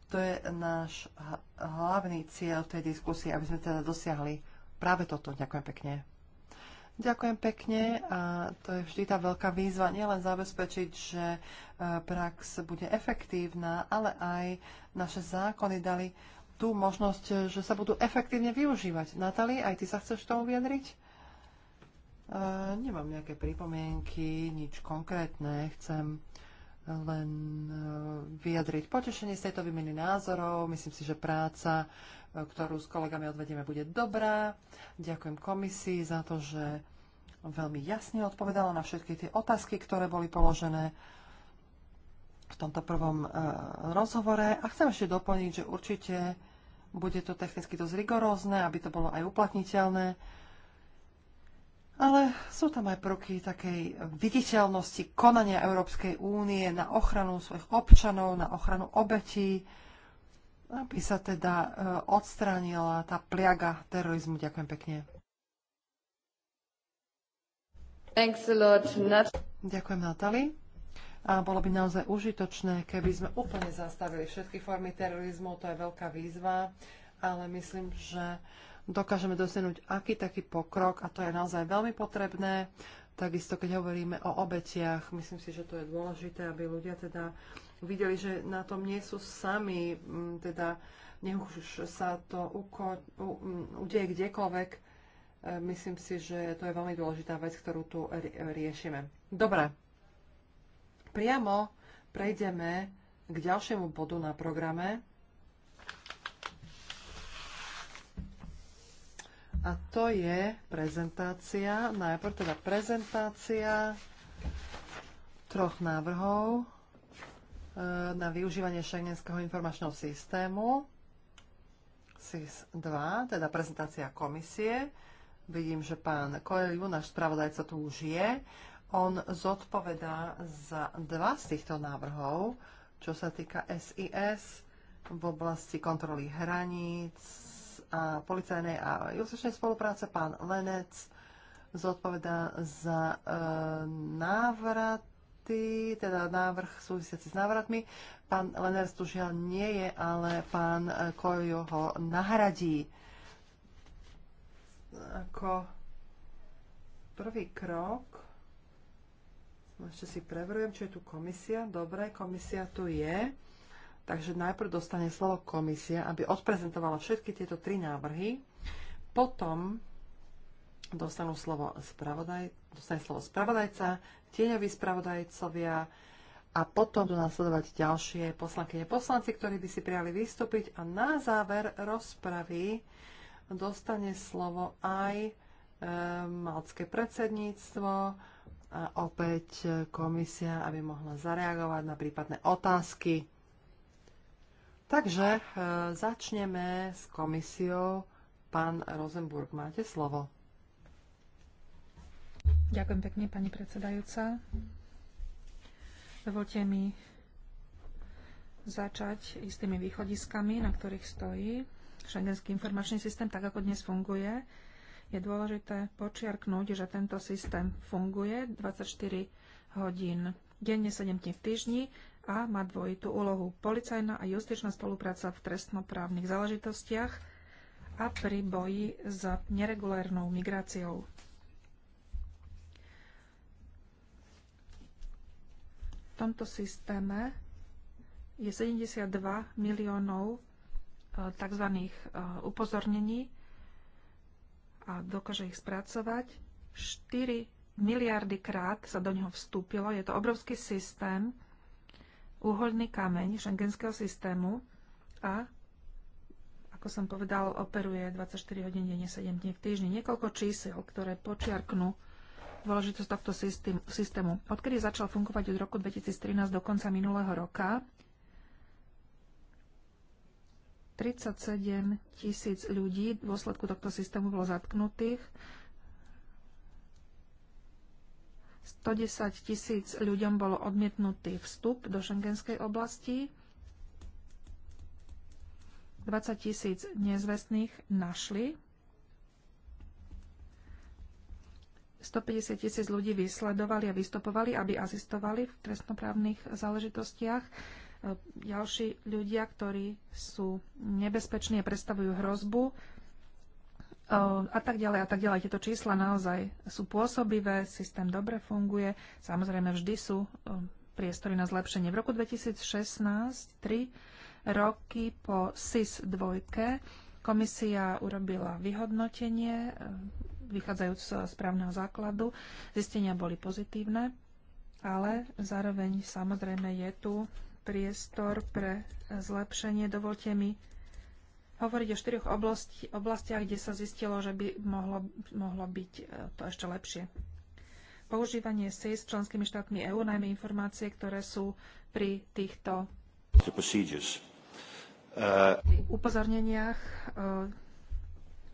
To je náš hlavný cieľ tej diskusie, aby sme teda dosiahli práve toto. Ďakujem pekne. Ďakujem pekne a to je vždy tá veľká výzva, nielen zabezpečiť, že e, prax bude efektívna, ale aj naše zákony dali tú možnosť, e, že sa budú efektívne využívať. Natali, aj ty sa chceš tomu vyjadriť? Uh, nemám nejaké pripomienky, nič konkrétne. Chcem len e, vyjadriť potešenie z tejto výmeny názorov. Myslím si, že práca, ktorú s kolegami odvedieme, bude dobrá. Ďakujem komisii za to, že veľmi jasne odpovedala na všetky tie otázky, ktoré boli položené v tomto prvom rozhovore. A chcem ešte doplniť, že určite bude to technicky dosť rigorózne, aby to bolo aj uplatniteľné. Ale sú tam aj prvky takej viditeľnosti konania Európskej únie na ochranu svojich občanov, na ochranu obetí, aby sa teda e, odstránila tá pliaga terorizmu. Ďakujem pekne. Thanks a lot, Ďakujem, Natali. A bolo by naozaj užitočné, keby sme úplne zastavili všetky formy terorizmu, to je veľká výzva, ale myslím, že dokážeme dosiahnuť aký taký pokrok a to je naozaj veľmi potrebné. Takisto, keď hovoríme o obetiach, myslím si, že to je dôležité, aby ľudia teda videli, že na tom nie sú sami, teda nech už sa to uko- u- udeje kdekoľvek, e, myslím si, že to je veľmi dôležitá vec, ktorú tu riešime. Dobre, priamo prejdeme k ďalšiemu bodu na programe. A to je prezentácia, najprv teda prezentácia troch návrhov e, na využívanie šengenského informačného systému SIS-2, teda prezentácia komisie. Vidím, že pán Koeliu, náš spravodajca, tu už je. On zodpovedá za dva z týchto návrhov, čo sa týka SIS v oblasti kontroly hraníc a policajnej a justičnej spolupráce. Pán Lenec zodpovedá za e, návraty, teda návrh súvisiaci s návratmi. Pán Lenec tu žiaľ nie je, ale pán e, Kojo ho nahradí. Ako prvý krok ešte si preverujem, či je tu komisia. Dobre, komisia tu je. Takže najprv dostane slovo komisia, aby odprezentovala všetky tieto tri návrhy. Potom dostanú slovo spravodaj, dostane slovo spravodajca, tieňoví spravodajcovia a potom budú nasledovať ďalšie poslankyne poslanci, ktorí by si prijali vystúpiť a na záver rozpravy dostane slovo aj e, eh, malcké predsedníctvo, opäť komisia, aby mohla zareagovať na prípadné otázky. Takže e, začneme s komisiou. Pán Rosenburg, máte slovo. Ďakujem pekne, pani predsedajúca. Dovolte mi začať istými východiskami, na ktorých stojí Schengenský informačný systém, tak ako dnes funguje je dôležité počiarknúť, že tento systém funguje 24 hodín denne 7 dní v týždni a má dvojitú úlohu policajná a justičná spolupráca v trestnoprávnych záležitostiach a pri boji s neregulérnou migráciou. V tomto systéme je 72 miliónov eh, tzv. Eh, upozornení a dokáže ich spracovať. 4 miliardy krát sa do neho vstúpilo. Je to obrovský systém, úhoľný kameň šengenského systému a ako som povedal, operuje 24 hodín denne, 7 dní v týždni. Niekoľko čísel, ktoré počiarknú dôležitosť tohto systému. Odkedy začal fungovať od roku 2013 do konca minulého roka, 37 tisíc ľudí v dôsledku tohto systému bolo zatknutých. 110 tisíc ľuďom bolo odmietnutý vstup do šengenskej oblasti. 20 tisíc nezvestných našli. 150 tisíc ľudí vysledovali a vystupovali, aby asistovali v trestnoprávnych záležitostiach ďalší ľudia, ktorí sú nebezpeční a predstavujú hrozbu a tak ďalej a tak ďalej. Tieto čísla naozaj sú pôsobivé, systém dobre funguje, samozrejme vždy sú priestory na zlepšenie. V roku 2016, tri roky po SIS 2, komisia urobila vyhodnotenie, e, vychádzajúc z správneho základu. Zistenia boli pozitívne, ale zároveň samozrejme je tu priestor pre zlepšenie. Dovolte mi hovoriť o štyroch oblasti, oblastiach, kde sa zistilo, že by mohlo, mohlo byť e, to ešte lepšie. Používanie SIS členskými štátmi EÚ, najmä informácie, ktoré sú pri týchto upozorneniach. E,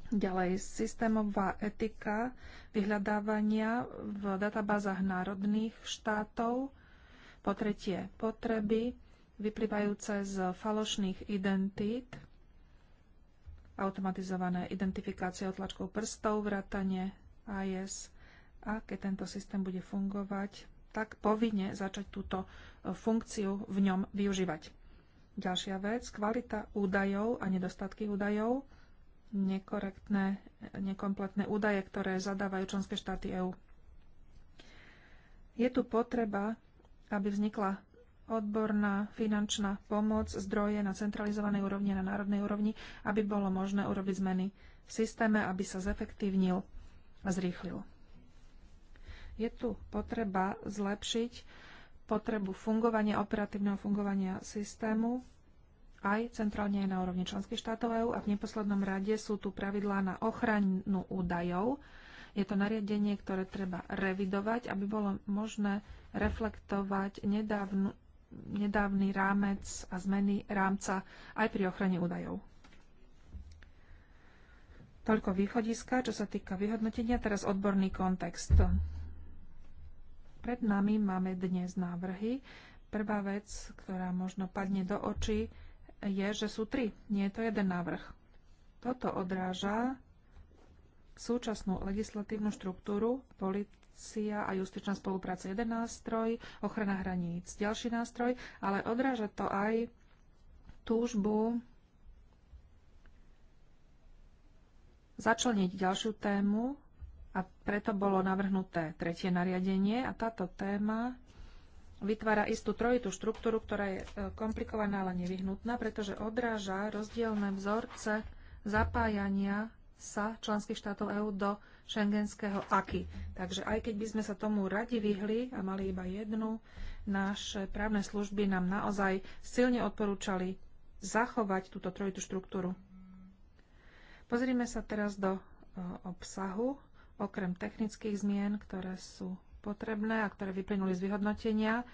ďalej, systémová etika vyhľadávania v databázach národných štátov. Po tretie, potreby vyplývajúce z falošných identít, automatizované identifikácie otlačkou prstov, vrátanie AIS a keď tento systém bude fungovať, tak povinne začať túto e, funkciu v ňom využívať. Ďalšia vec, kvalita údajov a nedostatky údajov, nekorektné, nekompletné údaje, ktoré zadávajú členské štáty EÚ. Je tu potreba, aby vznikla odborná finančná pomoc, zdroje na centralizovanej úrovni, na národnej úrovni, aby bolo možné urobiť zmeny v systéme, aby sa zefektívnil a zrýchlil. Je tu potreba zlepšiť potrebu fungovania, operatívneho fungovania systému aj centrálne aj na úrovni členských štátov EU a v neposlednom rade sú tu pravidlá na ochranu údajov. Je to nariadenie, ktoré treba revidovať, aby bolo možné reflektovať nedávnu, nedávny rámec a zmeny rámca aj pri ochrane údajov. Toľko východiska, čo sa týka vyhodnotenia, teraz odborný kontext. Pred nami máme dnes návrhy. Prvá vec, ktorá možno padne do očí, je, že sú tri. Nie je to jeden návrh. Toto odráža súčasnú legislatívnu štruktúru polit- migrácia a justičná spolupráca jeden nástroj, ochrana hraníc ďalší nástroj, ale odráža to aj túžbu začleniť ďalšiu tému a preto bolo navrhnuté tretie nariadenie a táto téma vytvára istú trojitú štruktúru, ktorá je e, komplikovaná, ale nevyhnutná, pretože odráža rozdielne vzorce zapájania sa členských štátov EÚ do šengenského AKI. Takže aj keď by sme sa tomu radi vyhli a mali iba jednu, naše právne služby nám naozaj silne odporúčali zachovať túto trojitú štruktúru. Pozrime sa teraz do e, obsahu, okrem technických zmien, ktoré sú potrebné a ktoré vyplynuli z vyhodnotenia.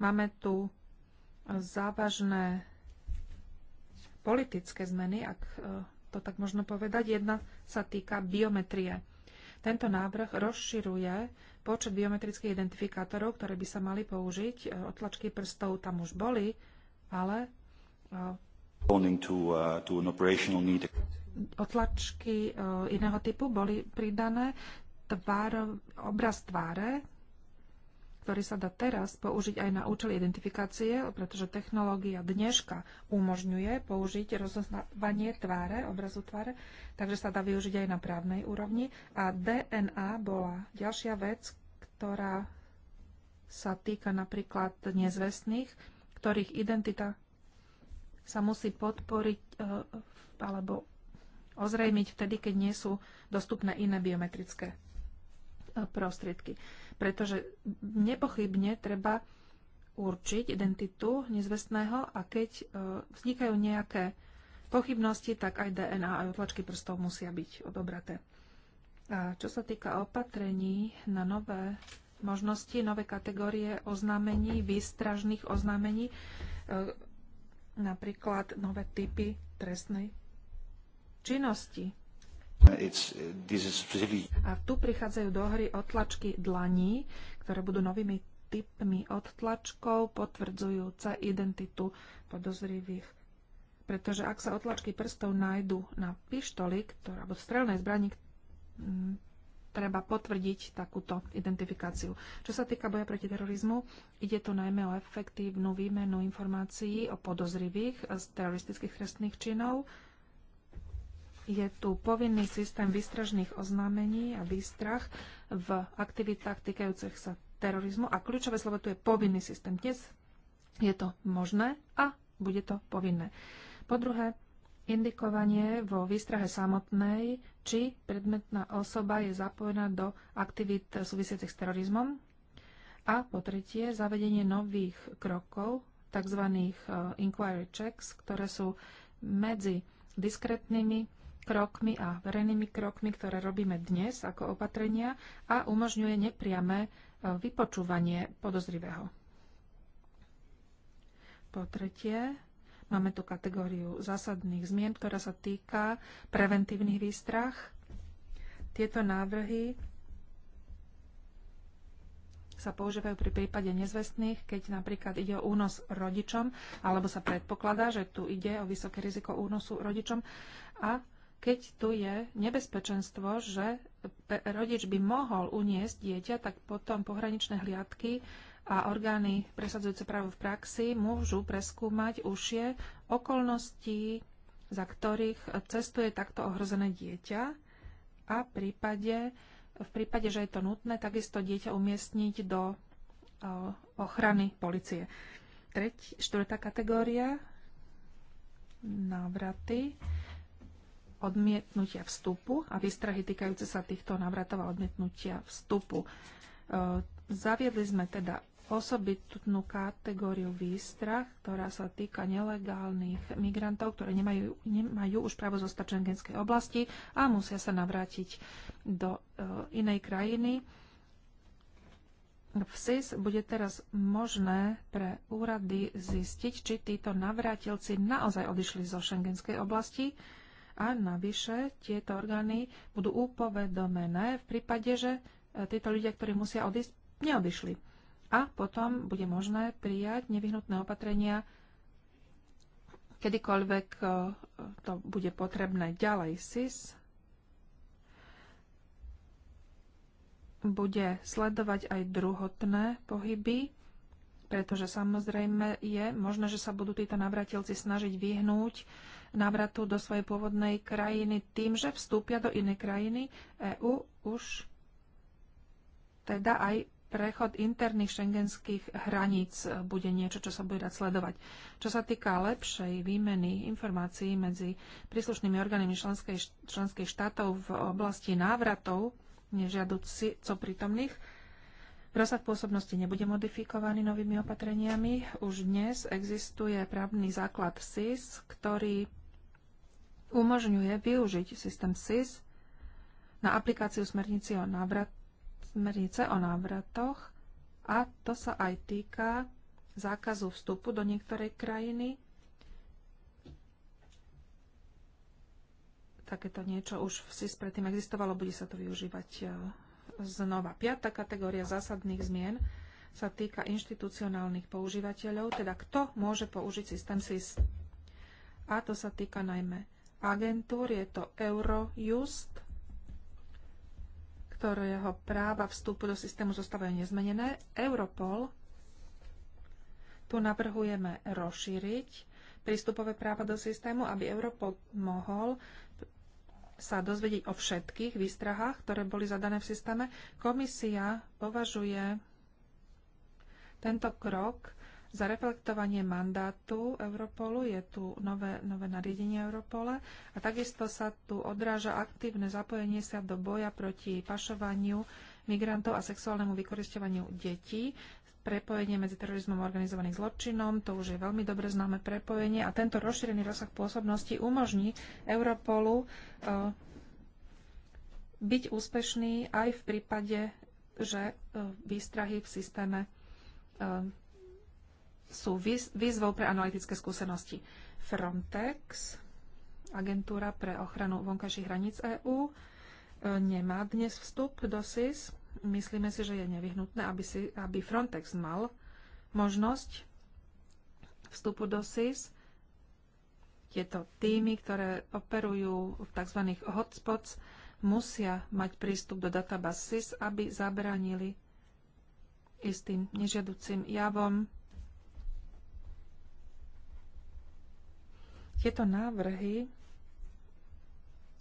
Máme tu závažné politické zmeny, ak e, to tak možno povedať. Jedna sa týka biometrie. Tento návrh rozširuje počet biometrických identifikátorov, ktoré by sa mali použiť. E, otlačky prstov tam už boli, ale e, uh, otlačky e, iného typu boli pridané. Tvár, obraz tváre ktorý sa dá teraz použiť aj na účel identifikácie, pretože technológia dneška umožňuje použiť rozoznávanie tváre, obrazu tváre, takže sa dá využiť aj na právnej úrovni. A DNA bola ďalšia vec, ktorá sa týka napríklad nezvestných, ktorých identita sa musí podporiť e, alebo ozrejmiť vtedy, keď nie sú dostupné iné biometrické e, prostriedky pretože nepochybne treba určiť identitu nezvestného a keď e, vznikajú nejaké pochybnosti, tak aj DNA a otlačky prstov musia byť odobraté. A čo sa týka opatrení na nové možnosti, nové kategórie oznámení, výstražných oznámení, e, napríklad nové typy trestnej činnosti, Uh, A tu prichádzajú do hry otlačky dlaní, ktoré budú novými typmi odtlačkov potvrdzujúce identitu podozrivých. Pretože ak sa otlačky prstov nájdu na pištoli, ktorá, alebo strelnej zbraní, treba potvrdiť takúto identifikáciu. Čo sa týka boja proti terorizmu, ide tu najmä o efektívnu výmenu informácií o podozrivých z teroristických trestných činov, je tu povinný systém výstražných oznámení a výstrah v aktivitách týkajúcich sa terorizmu a kľúčové slovo tu je povinný systém. Dnes je to možné a bude to povinné. Po druhé, indikovanie vo výstrahe samotnej, či predmetná osoba je zapojená do aktivít súvisiacich s terorizmom. A po tretie, zavedenie nových krokov, tzv. Eh, inquiry checks, ktoré sú medzi diskrétnymi krokmi a verejnými krokmi, ktoré robíme dnes ako opatrenia a umožňuje nepriame e, vypočúvanie podozrivého. Po tretie, máme tu kategóriu zásadných zmien, ktorá sa týka preventívnych výstrach. Tieto návrhy sa používajú pri prípade nezvestných, keď napríklad ide o únos rodičom, alebo sa predpokladá, že tu ide o vysoké riziko únosu rodičom a keď tu je nebezpečenstvo, že rodič by mohol uniesť dieťa, tak potom pohraničné hliadky a orgány presadzujúce právo v praxi môžu preskúmať užšie okolnosti, za ktorých cestuje takto ohrozené dieťa a v prípade, v prípade, že je to nutné, takisto dieťa umiestniť do ochrany policie. Treť, štvrtá kategória návraty odmietnutia vstupu a výstrahy týkajúce sa týchto návratov a odmietnutia vstupu. E, zaviedli sme teda osobitnú kategóriu výstrah, ktorá sa týka nelegálnych migrantov, ktorí nemajú, nemajú už právo zostať v šengenskej oblasti a musia sa navrátiť do e, inej krajiny. V SIS bude teraz možné pre úrady zistiť, či títo navrátilci naozaj odišli zo šengenskej oblasti, a navyše tieto orgány budú upovedomené v prípade, že e, títo ľudia, ktorí musia odísť, neodišli. A potom bude možné prijať nevyhnutné opatrenia, kedykoľvek e, to bude potrebné. Ďalej SIS bude sledovať aj druhotné pohyby, pretože samozrejme je možné, že sa budú títo navratilci snažiť vyhnúť návratu do svojej pôvodnej krajiny tým, že vstúpia do inej krajiny EÚ už teda aj prechod interných šengenských hraníc bude niečo, čo sa bude dať sledovať. Čo sa týka lepšej výmeny informácií medzi príslušnými orgánmi členských štátov v oblasti návratov co prítomných, rozsah pôsobnosti nebude modifikovaný novými opatreniami. Už dnes existuje právny základ SIS, ktorý umožňuje využiť systém SIS na aplikáciu smernice o, návrat, smernice o návratoch a to sa aj týka zákazu vstupu do niektorej krajiny. Takéto niečo už v SIS predtým existovalo, bude sa to využívať e, znova. Piatá kategória zásadných zmien sa týka inštitucionálnych používateľov, teda kto môže použiť systém SIS. A to sa týka najmä agentúr. Je to Eurojust, ktorého práva vstupu do systému zostávajú nezmenené. Europol, tu navrhujeme rozšíriť prístupové práva do systému, aby Europol mohol sa dozvedieť o všetkých výstrahách, ktoré boli zadané v systéme. Komisia považuje tento krok za reflektovanie mandátu Europolu. Je tu nové, nové nariadenie Europole a takisto sa tu odráža aktívne zapojenie sa do boja proti pašovaniu migrantov a sexuálnemu vykoristovaniu detí prepojenie medzi terorizmom a organizovaným zločinom, to už je veľmi dobre známe prepojenie a tento rozšírený rozsah pôsobnosti umožní Europolu uh, byť úspešný aj v prípade, že uh, výstrahy v systéme uh, sú výzvou pre analytické skúsenosti. Frontex, agentúra pre ochranu vonkajších hraníc EÚ, e, nemá dnes vstup do SIS. Myslíme si, že je nevyhnutné, aby, si, aby Frontex mal možnosť vstupu do SIS. Tieto týmy, ktoré operujú v tzv. hotspots, musia mať prístup do databas SIS, aby zabránili istým nežiaducim javom, Tieto návrhy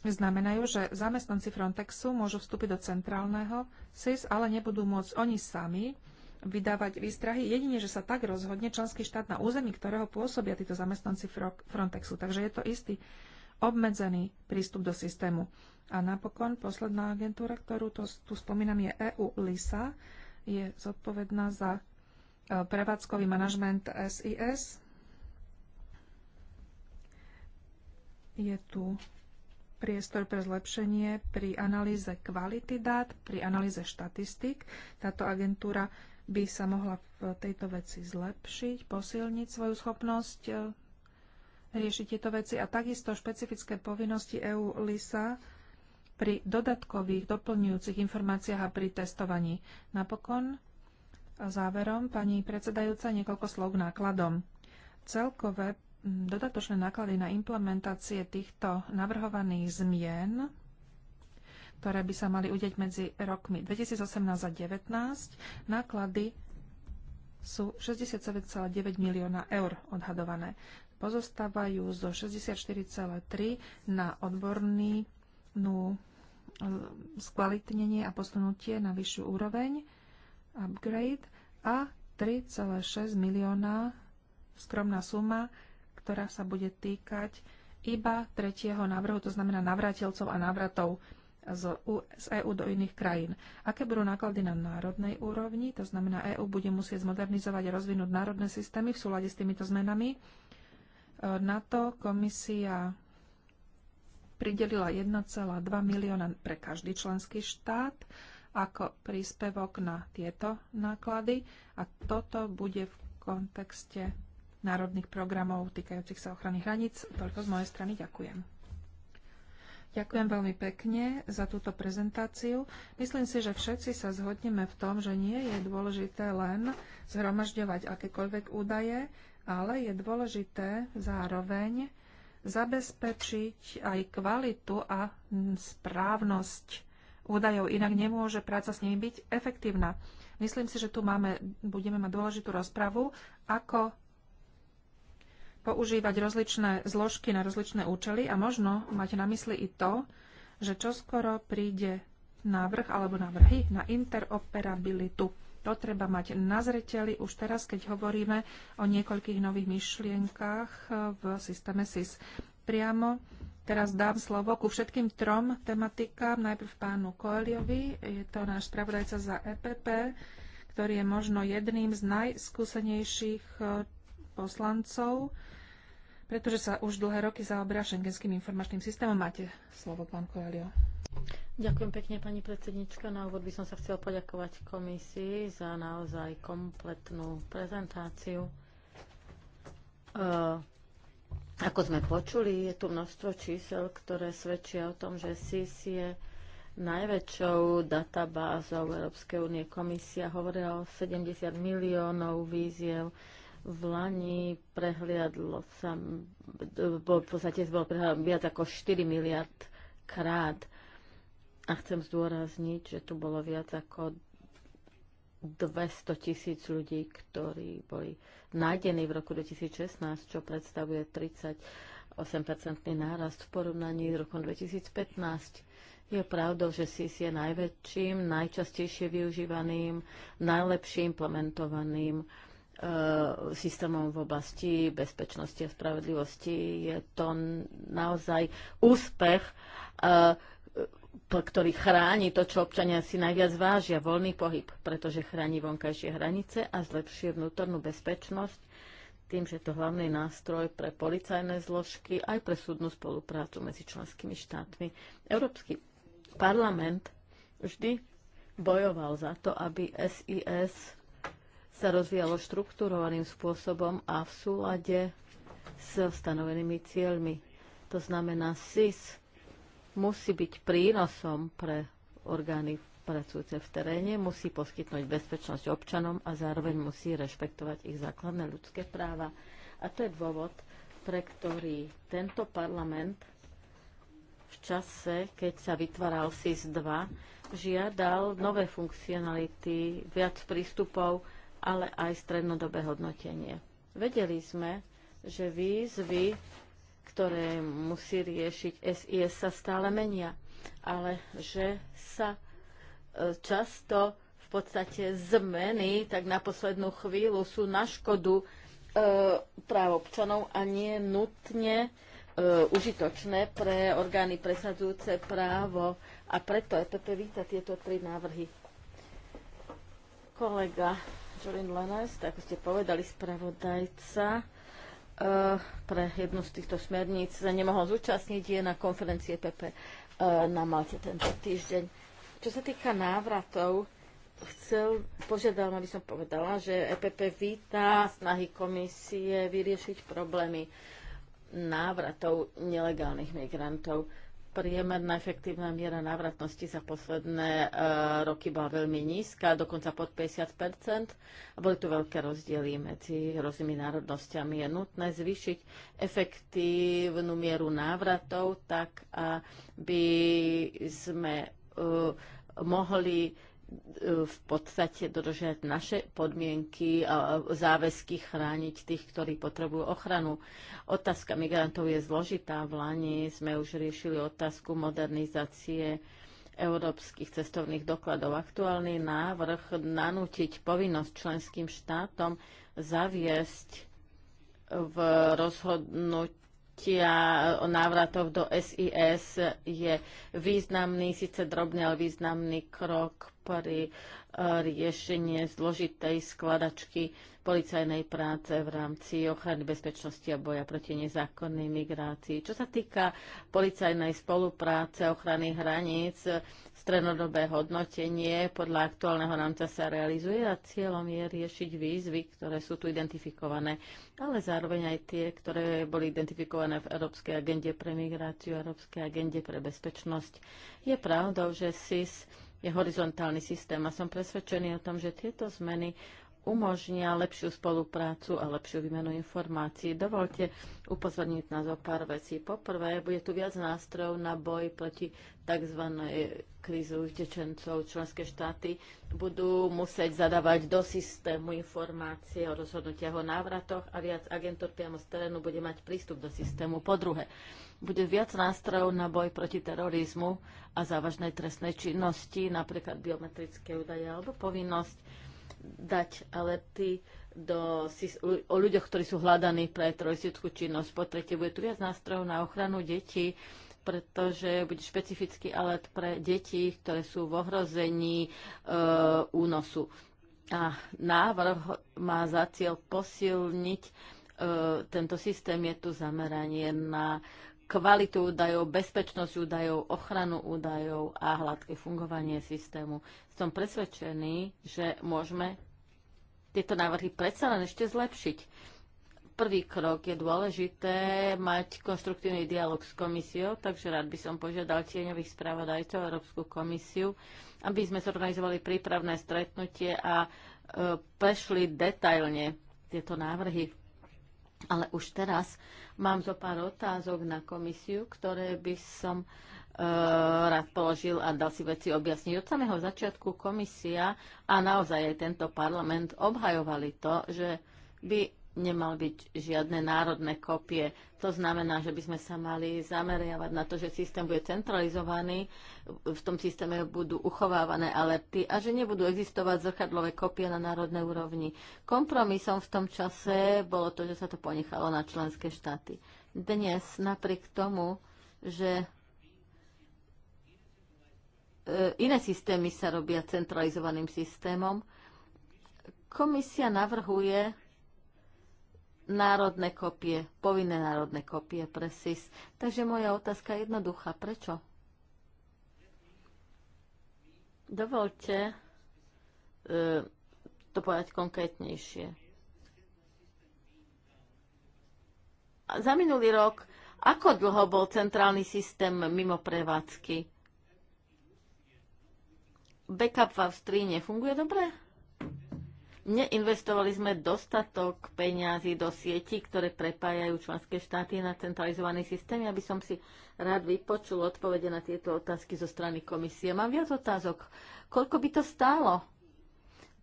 znamenajú, že zamestnanci Frontexu môžu vstúpiť do centrálneho SIS, ale nebudú môcť oni sami vydávať výstrahy, jedine, že sa tak rozhodne členský štát na území, ktorého pôsobia títo zamestnanci Frontexu. Takže je to istý obmedzený prístup do systému. A napokon posledná agentúra, ktorú to, tu spomínam, je EU LISA, je zodpovedná za e, prevádzkový manažment SIS, je tu priestor pre zlepšenie pri analýze kvality dát, pri analýze štatistik. Táto agentúra by sa mohla v tejto veci zlepšiť, posilniť svoju schopnosť e, riešiť tieto veci a takisto špecifické povinnosti EU LISA pri dodatkových doplňujúcich informáciách a pri testovaní. Napokon e, záverom, pani predsedajúca, niekoľko slov k nákladom. Celkové dodatočné náklady na implementácie týchto navrhovaných zmien, ktoré by sa mali udeť medzi rokmi 2018 a 2019, náklady sú 67,9 milióna eur odhadované. Pozostávajú zo 64,3 na odborný no, skvalitnenie a posunutie na vyššiu úroveň, upgrade, a 3,6 milióna, skromná suma, ktorá sa bude týkať iba tretieho návrhu, to znamená navrátilcov a návratov z, EU e do iných krajín. Aké budú náklady na národnej úrovni? To znamená, EÚ bude musieť zmodernizovať a rozvinúť národné systémy v súlade s týmito zmenami. E, na to komisia pridelila 1,2 milióna pre každý členský štát ako príspevok na tieto náklady a toto bude v kontexte národných programov týkajúcich sa ochrany hraníc. Toľko z mojej strany ďakujem. Ďakujem veľmi pekne za túto prezentáciu. Myslím si, že všetci sa zhodneme v tom, že nie je dôležité len zhromažďovať akékoľvek údaje, ale je dôležité zároveň zabezpečiť aj kvalitu a správnosť údajov, inak nemôže práca s nimi byť efektívna. Myslím si, že tu máme, budeme mať dôležitú rozpravu, ako používať rozličné zložky na rozličné účely a možno mať na mysli i to, že čoskoro príde návrh alebo návrhy na interoperabilitu. To treba mať na zreteli už teraz, keď hovoríme o niekoľkých nových myšlienkách v systéme SIS. Priamo teraz dám slovo ku všetkým trom tematikám. Najprv pánu Koeliovi, je to náš spravodajca za EPP, ktorý je možno jedným z najskúsenejších eh, poslancov pretože sa už dlhé roky zaoberá šengenským informačným systémom. Máte slovo, pán Koelio. Ďakujem pekne, pani predsednička. Na úvod by som sa chcel poďakovať komisii za naozaj kompletnú prezentáciu. E ako sme počuli, je tu množstvo čísel, ktoré svedčia o tom, že SIS je najväčšou databázou Európskej únie. Komisia hovorila o 70 miliónov víziev v Lani prehliadlo sa, bol, v podstate bolo prehliadlo viac ako 4 miliard krát. A chcem zdôrazniť, že tu bolo viac ako 200 tisíc ľudí, ktorí boli nájdení v roku 2016, čo predstavuje 38-percentný nárast v porovnaní s rokom 2015. Je pravdou, že SIS je najväčším, najčastejšie využívaným, najlepšie implementovaným E, systémom v oblasti bezpečnosti a spravedlivosti. Je to naozaj úspech, e, ktorý chráni to, čo občania si najviac vážia, voľný pohyb, pretože chráni vonkajšie hranice a zlepšuje vnútornú bezpečnosť tým, že je to hlavný nástroj pre policajné zložky aj pre súdnu spoluprácu medzi členskými štátmi. Európsky parlament vždy bojoval za to, aby SIS sa rozvíjalo štruktúrovaným spôsobom a v súlade s stanovenými cieľmi. To znamená, SIS musí byť prínosom pre orgány pracujúce v teréne, musí poskytnúť bezpečnosť občanom a zároveň musí rešpektovať ich základné ľudské práva. A to je dôvod, pre ktorý tento parlament v čase, keď sa vytváral SIS-2, žiadal nové funkcionality, viac prístupov ale aj strednodobé hodnotenie. Vedeli sme, že výzvy, ktoré musí riešiť SIS, sa stále menia, ale že sa e, často v podstate zmeny, tak na poslednú chvíľu sú na škodu e, práv občanov a nie nutne e, užitočné pre orgány presadzujúce právo a preto EPP víta tieto tri návrhy. Kolega Jolene Lenajs, ako ste povedali, spravodajca eh, pre jednu z týchto smerníc sa nemohol zúčastniť, je na konferencie PP eh, na Malte tento týždeň. Čo sa týka návratov, chcel, požiadal aby som povedala, že EPP víta snahy komisie vyriešiť problémy návratov nelegálnych migrantov Priemerná efektívna miera návratnosti za posledné e, roky bola veľmi nízka, dokonca pod 50 a boli tu veľké rozdiely medzi rôznymi národnosťami. Je nutné zvýšiť efektívnu mieru návratov tak, aby sme e, mohli v podstate dodržiať naše podmienky a záväzky chrániť tých, ktorí potrebujú ochranu. Otázka migrantov je zložitá. V Lani sme už riešili otázku modernizácie európskych cestovných dokladov. Aktuálny návrh nanútiť povinnosť členským štátom zaviesť v rozhodnutí rozhodnutia o návratoch do SIS je významný, síce drobný, ale významný krok podpory e, riešenie zložitej skladačky policajnej práce v rámci ochrany bezpečnosti a boja proti nezákonnej migrácii. Čo sa týka policajnej spolupráce, ochrany hraníc, strednodobé hodnotenie podľa aktuálneho rámca sa realizuje a cieľom je riešiť výzvy, ktoré sú tu identifikované, ale zároveň aj tie, ktoré boli identifikované v Európskej agende pre migráciu, Európskej agende pre bezpečnosť. Je pravdou, že SIS je horizontálny systém a som presvedčený o tom, že tieto zmeny umožnia lepšiu spoluprácu a lepšiu výmenu informácií. Dovolte upozorniť nás o pár vecí. Poprvé, bude tu viac nástrojov na boj proti tzv. krízu utečencov. Členské štáty budú musieť zadávať do systému informácie o rozhodnutiach o návratoch a viac agentúr priamo z terénu bude mať prístup do systému. Po druhé, bude viac nástrojov na boj proti terorizmu a závažnej trestnej činnosti, napríklad biometrické údaje alebo povinnosť dať alerty do, o ľuďoch, ktorí sú hľadaní pre teroristickú činnosť. Po tretie, bude tu viac nástrojov na ochranu detí, pretože bude špecifický alert pre deti, ktoré sú v ohrození e, únosu. A návrh má za cieľ posilniť e, tento systém. Je tu zameranie na kvalitu údajov, bezpečnosť údajov, ochranu údajov a hladké fungovanie systému. Som presvedčený, že môžeme tieto návrhy predsa len ešte zlepšiť. Prvý krok je dôležité mať konštruktívny dialog s komisiou, takže rád by som požiadal tieňových spravodajcov Európsku komisiu, aby sme zorganizovali prípravné stretnutie a e, prešli detailne tieto návrhy ale už teraz mám zo pár otázok na komisiu, ktoré by som e, rád položil a dal si veci objasniť. Od samého začiatku komisia a naozaj aj tento parlament obhajovali to, že by nemal byť žiadne národné kopie. To znamená, že by sme sa mali zameriavať na to, že systém bude centralizovaný, v tom systéme budú uchovávané alerty a že nebudú existovať zrkadlové kopie na národnej úrovni. Kompromisom v tom čase bolo to, že sa to ponechalo na členské štáty. Dnes napriek tomu, že e, iné systémy sa robia centralizovaným systémom, komisia navrhuje národné kopie, povinné národné kopie pre SIS. Takže moja otázka je jednoduchá. Prečo? Dovolte e, to povedať konkrétnejšie. A za minulý rok, ako dlho bol centrálny systém mimo prevádzky? Backup v Austrii nefunguje dobre? Neinvestovali sme dostatok peňazí do sietí, ktoré prepájajú členské štáty na centralizovaný systém. Ja by som si rád vypočul odpovede na tieto otázky zo strany komisie. Mám viac otázok. Koľko by to stálo?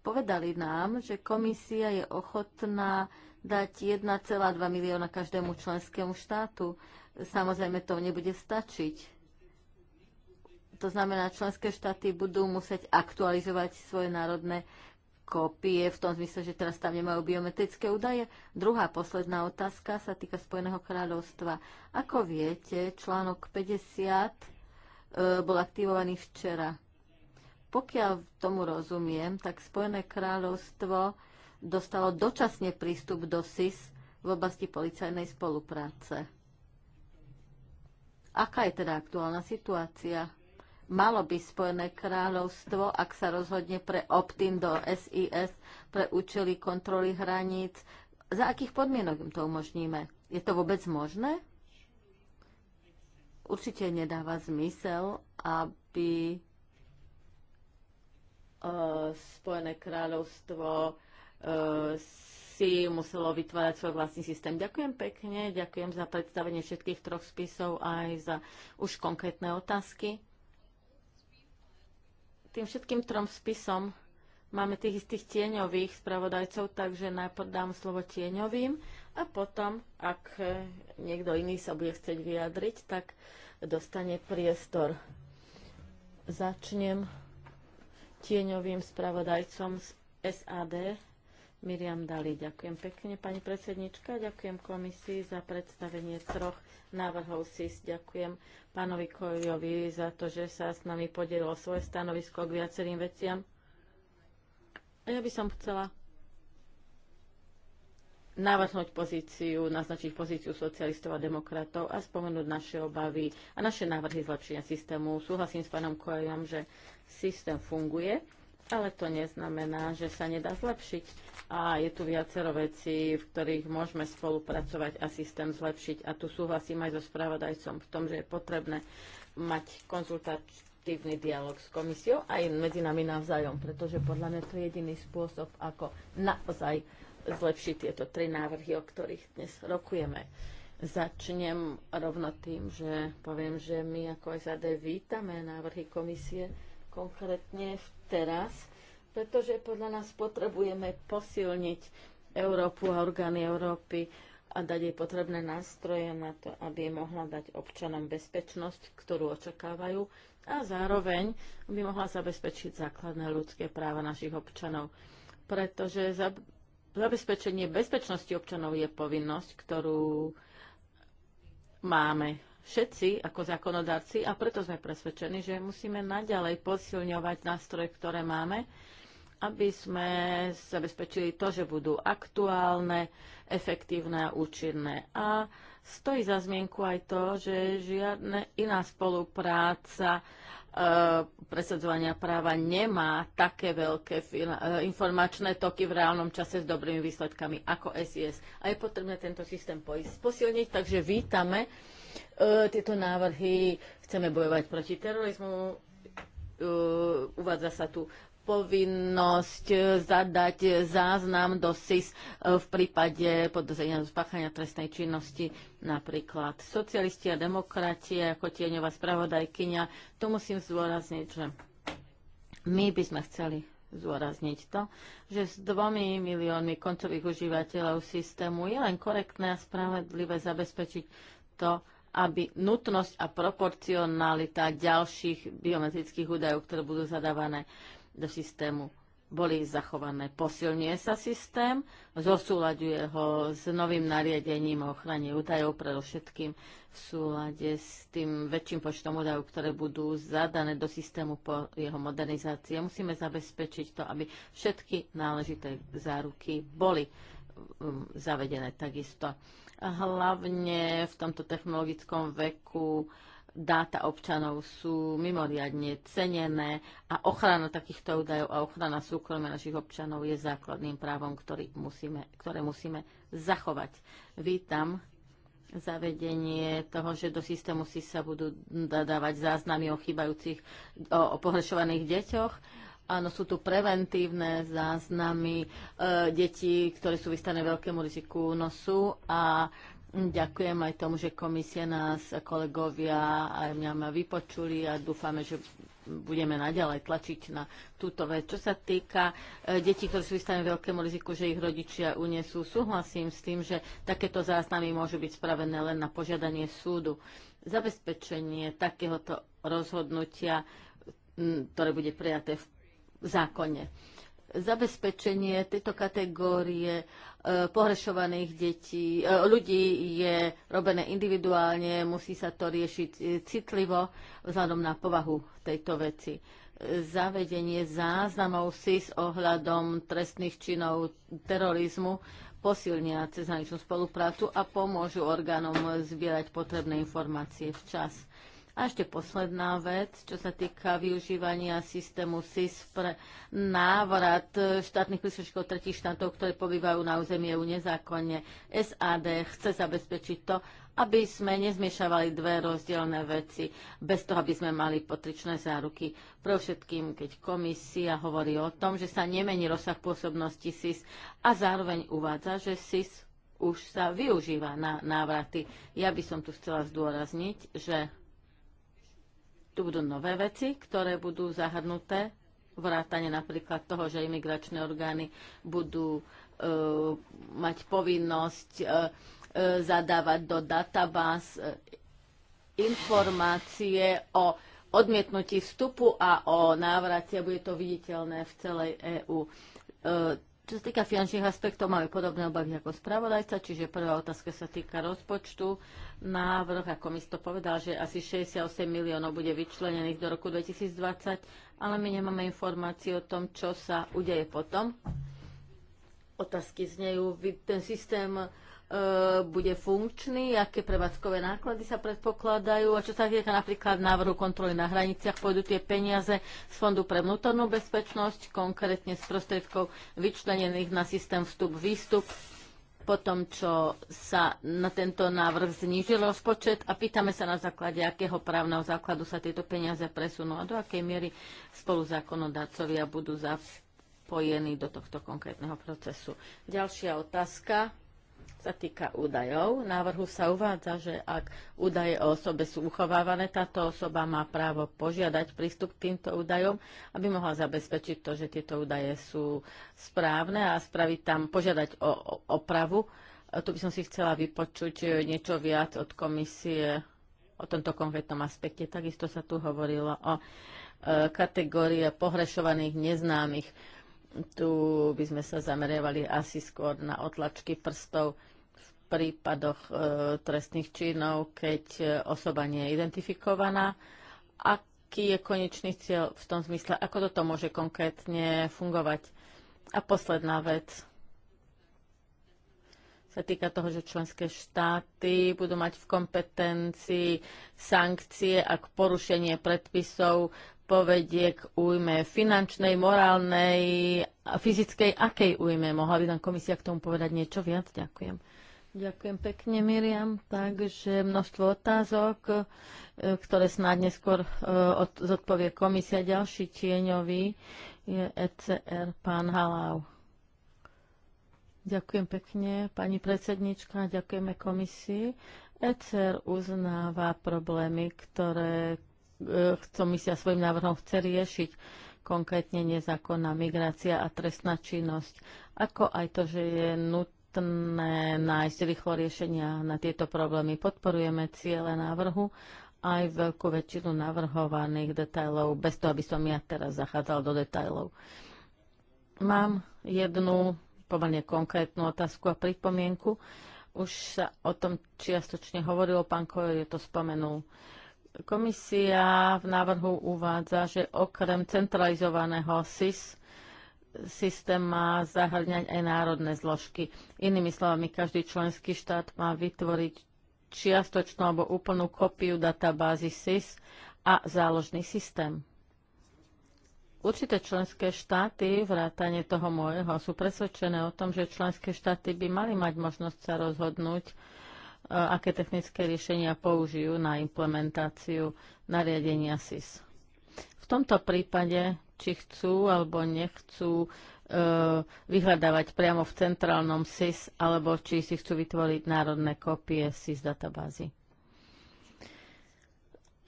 Povedali nám, že komisia je ochotná dať 1,2 milióna každému členskému štátu. Samozrejme, to nebude stačiť. To znamená, členské štáty budú musieť aktualizovať svoje národné kópie, v tom zmysle, že teraz tam nemajú biometrické údaje? Druhá posledná otázka sa týka Spojeného kráľovstva. Ako viete, článok 50 e, bol aktivovaný včera. Pokiaľ tomu rozumiem, tak Spojené kráľovstvo dostalo dočasne prístup do SIS v oblasti policajnej spolupráce. Aká je teda aktuálna situácia? malo by Spojené kráľovstvo, ak sa rozhodne pre opt-in do SIS, pre účely kontroly hraníc, za akých podmienok im to umožníme? Je to vôbec možné? Určite nedáva zmysel, aby e, Spojené kráľovstvo e, si muselo vytvárať svoj vlastný systém. Ďakujem pekne, ďakujem za predstavenie všetkých troch spisov aj za už konkrétne otázky tým všetkým trom spisom máme tých istých tieňových spravodajcov, takže najprv dám slovo tieňovým a potom, ak niekto iný sa bude chcieť vyjadriť, tak dostane priestor. Začnem tieňovým spravodajcom z SAD, Miriam Dali. Ďakujem pekne, pani predsednička. Ďakujem komisii za predstavenie troch návrhov SIS. Ďakujem pánovi Kojovi za to, že sa s nami podielilo svoje stanovisko k viacerým veciam. A ja by som chcela navrhnúť pozíciu, naznačiť pozíciu socialistov a demokratov a spomenúť naše obavy a naše návrhy zlepšenia systému. Súhlasím s pánom Kojom, že systém funguje ale to neznamená, že sa nedá zlepšiť. A je tu viacero vecí, v ktorých môžeme spolupracovať a systém zlepšiť. A tu súhlasím aj so spravodajcom v tom, že je potrebné mať konzultatívny dialog s komisiou aj medzi nami navzájom, pretože podľa mňa to je jediný spôsob, ako naozaj zlepšiť tieto tri návrhy, o ktorých dnes rokujeme. Začnem rovno tým, že poviem, že my ako SAD vítame návrhy komisie, konkrétne teraz, pretože podľa nás potrebujeme posilniť Európu a orgány Európy a dať jej potrebné nástroje na to, aby mohla dať občanom bezpečnosť, ktorú očakávajú a zároveň by mohla zabezpečiť základné ľudské práva našich občanov. Pretože zabezpečenie bezpečnosti občanov je povinnosť, ktorú máme všetci ako zákonodárci a preto sme presvedčení, že musíme naďalej posilňovať nástroje, ktoré máme, aby sme zabezpečili to, že budú aktuálne, efektívne a účinné. A stojí za zmienku aj to, že žiadna iná spolupráca e, presadzovania práva nemá také veľké e, informačné toky v reálnom čase s dobrými výsledkami ako SIS. A je potrebné tento systém posilniť, takže vítame E, tieto návrhy. Chceme bojovať proti terorizmu. E, uvádza sa tu povinnosť zadať záznam do SIS e, v prípade podozrenia spáchania trestnej činnosti, napríklad socialisti a demokratie ako tieňová spravodajkynia. Tu musím zdôrazniť, že my by sme chceli zdôrazniť to, že s dvomi miliónmi koncových užívateľov systému je len korektné a spravedlivé zabezpečiť to, aby nutnosť a proporcionalita ďalších biometrických údajov, ktoré budú zadávané do systému, boli zachované. Posilňuje sa systém, zosúľaďuje ho s novým nariadením o ochrane údajov, predovšetkým v súlade s tým väčším počtom údajov, ktoré budú zadané do systému po jeho modernizácii. Musíme zabezpečiť to, aby všetky náležité záruky boli um, zavedené takisto. Hlavne v tomto technologickom veku dáta občanov sú mimoriadne cenené a ochrana takýchto údajov a ochrana súkromia našich občanov je základným právom, ktorý musíme, ktoré musíme zachovať. Vítam zavedenie toho, že do systému si sa budú dávať záznamy o chýbajúcich, o, o pohrešovaných deťoch Áno, sú tu preventívne záznamy e, detí, ktoré sú vystané veľkému riziku nosu a Ďakujem aj tomu, že komisia nás, kolegovia aj mňa ma vypočuli a dúfame, že budeme naďalej tlačiť na túto vec. Čo sa týka e, detí, ktoré sú vystavené veľkému riziku, že ich rodičia unesú, súhlasím s tým, že takéto záznamy môžu byť spravené len na požiadanie súdu. Zabezpečenie takéhoto rozhodnutia, ktoré bude prijaté v zákone. Zabezpečenie tejto kategórie e, pohrešovaných detí, e, ľudí je robené individuálne, musí sa to riešiť e, citlivo vzhľadom na povahu tejto veci. Zavedenie záznamov SIS ohľadom trestných činov terorizmu posilnia cezhraničnú spoluprácu a pomôžu orgánom zbierať potrebné informácie včas a ešte posledná vec, čo sa týka využívania systému SIS pre návrat štátnych príslušníkov tretich štátov, ktoré pobývajú na území EU nezákonne. SAD chce zabezpečiť to, aby sme nezmiešavali dve rozdielne veci, bez toho, aby sme mali potričné záruky. Pro všetkým, keď komisia hovorí o tom, že sa nemení rozsah pôsobnosti SIS a zároveň uvádza, že SIS už sa využíva na návraty. Ja by som tu chcela zdôrazniť, že tu budú nové veci, ktoré budú zahrnuté, vrátane napríklad toho, že imigračné orgány budú e, mať povinnosť e, e, zadávať do databáz e, informácie o odmietnutí vstupu a o návrate. Bude to viditeľné v celej EÚ čo sa týka finančných aspektov, máme podobné obavy ako spravodajca, čiže prvá otázka sa týka rozpočtu. Návrh, ako mi to povedal, že asi 68 miliónov bude vyčlenených do roku 2020, ale my nemáme informácie o tom, čo sa udeje potom. Otázky znejú, ten systém E, bude funkčný, aké prevádzkové náklady sa predpokladajú a čo sa týka napríklad návrhu kontroly na hraniciach, pôjdu tie peniaze z Fondu pre vnútornú bezpečnosť, konkrétne z prostriedkov vyčlenených na systém vstup-výstup po tom, čo sa na tento návrh znížil rozpočet a pýtame sa na základe, akého právneho základu sa tieto peniaze presunú a do akej miery zákonodácovia budú zapojení do tohto konkrétneho procesu. Ďalšia otázka sa týka údajov. návrhu sa uvádza, že ak údaje o osobe sú uchovávané, táto osoba má právo požiadať prístup k týmto údajom, aby mohla zabezpečiť to, že tieto údaje sú správne a spraviť tam, požiadať o, opravu. tu by som si chcela vypočuť niečo viac od komisie o tomto konkrétnom aspekte. Takisto sa tu hovorilo o kategórii kategórie pohrešovaných neznámych tu by sme sa zameriavali asi skôr na otlačky prstov v prípadoch e, trestných činov, keď e, osoba nie je identifikovaná. Aký je konečný cieľ v tom zmysle, ako toto môže konkrétne fungovať? A posledná vec sa týka toho, že členské štáty budú mať v kompetencii sankcie, ak porušenie predpisov povedie k újme finančnej, morálnej a fyzickej, akej újme? Mohla by nám komisia k tomu povedať niečo viac? Ďakujem. Ďakujem pekne, Miriam. Takže množstvo otázok, e, ktoré snáď neskôr e, zodpovie komisia. Ďalší tieňový je ECR, pán Halau. Ďakujem pekne, pani predsednička. Ďakujeme komisii. ECR uznáva problémy, ktoré E, sa svojim návrhom chce riešiť, konkrétne nezákonná migrácia a trestná činnosť, ako aj to, že je nutné nájsť rýchlo riešenia na tieto problémy. Podporujeme ciele návrhu aj veľkú väčšinu navrhovaných detajlov, bez toho, aby som ja teraz zachádzal do detajlov. Mám jednu pomerne konkrétnu otázku a pripomienku. Už sa o tom čiastočne hovorilo, pán Kojo je to spomenul. Uh, Komisia v návrhu uvádza, že okrem centralizovaného SIS systém má zahrňať aj národné zložky. Inými slovami, každý členský štát má vytvoriť čiastočnú alebo úplnú kopiu databázy SIS a záložný systém. Určité členské štáty, vrátane toho môjho, sú presvedčené o tom, že členské štáty by mali mať možnosť sa rozhodnúť, E, aké technické riešenia použijú na implementáciu nariadenia SIS. V tomto prípade, či chcú alebo nechcú e, vyhľadávať priamo v centrálnom SIS, alebo či si chcú vytvoriť národné kopie SIS databázy.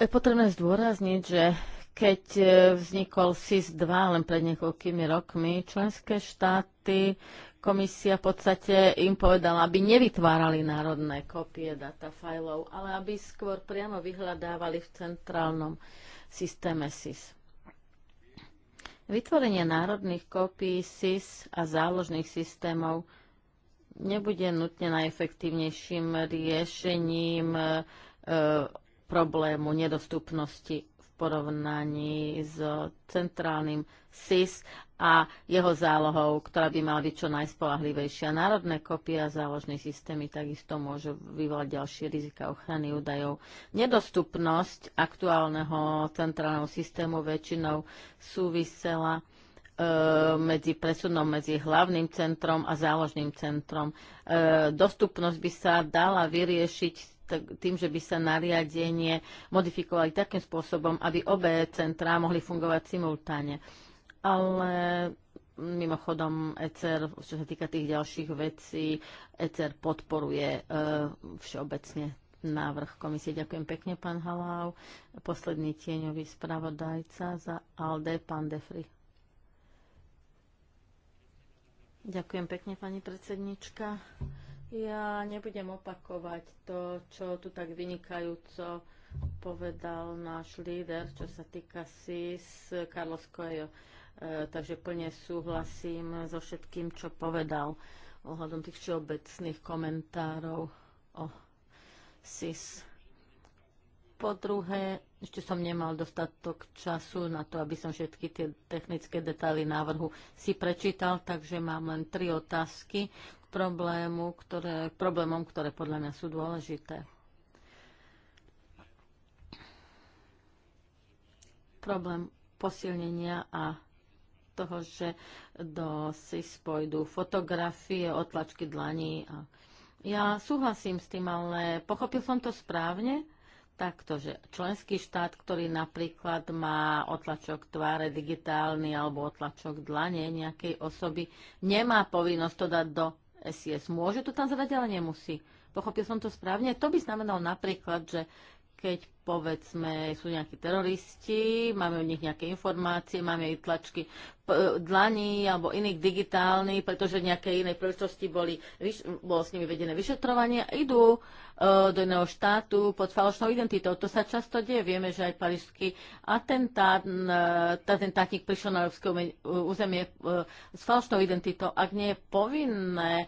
Je potrebné zdôrazniť, že keď e, vznikol SIS-2 len pred niekoľkými rokmi, členské štáty, komisia v podstate im povedala, aby nevytvárali národné kopie datafajlov, ale aby skôr priamo vyhľadávali v centrálnom systéme SIS. Vytvorenie národných kópií SIS a záložných systémov nebude nutne najefektívnejším riešením e, e problému nedostupnosti porovnaní s centrálnym SIS a jeho zálohou, ktorá by mala byť čo najspolahlivejšia. Národné kopie a záložné systémy takisto môžu vyvolať ďalšie rizika ochrany údajov. Nedostupnosť aktuálneho centrálneho systému väčšinou súvisela e, medzi presunom medzi hlavným centrom a záložným centrom. E, dostupnosť by sa dala vyriešiť tým, že by sa nariadenie modifikovali takým spôsobom, aby obe centrá mohli fungovať simultáne. Ale mimochodom ECR, čo sa týka tých ďalších vecí, ECR podporuje e, všeobecne návrh komisie. Ďakujem pekne, pán Halau. Posledný tieňový spravodajca za ALDE, pán Defri. Ďakujem pekne, pani predsednička. Ja nebudem opakovať to, čo tu tak vynikajúco povedal náš líder, čo sa týka SIS, Carlos Coelho. E, takže plne súhlasím so všetkým, čo povedal ohľadom tých všeobecných komentárov o SIS. Po druhé, ešte som nemal dostatok času na to, aby som všetky tie technické detaily návrhu si prečítal, takže mám len tri otázky, problému, ktoré, problémom, ktoré podľa mňa sú dôležité. Problém posilnenia a toho, že do SIS pôjdu fotografie, otlačky dlaní. A ja súhlasím s tým, ale pochopil som to správne takto, že členský štát, ktorý napríklad má otlačok tváre digitálny alebo otlačok dlane nejakej osoby, nemá povinnosť to dať do SIS. Môže to tam zadať, ale nemusí. Pochopil som to správne. To by znamenalo napríklad, že keď povedzme, sú nejakí teroristi, máme o nich nejaké informácie, máme aj tlačky dlaní alebo iných digitálnych, pretože v nejakej inej príležitosti boli, bolo s nimi vedené vyšetrovanie a idú e, do iného štátu pod falošnou identitou. To sa často deje. Vieme, že aj parížský atentát, atentátnik prišiel na európske územie e, s falošnou identitou. Ak nie je povinné e,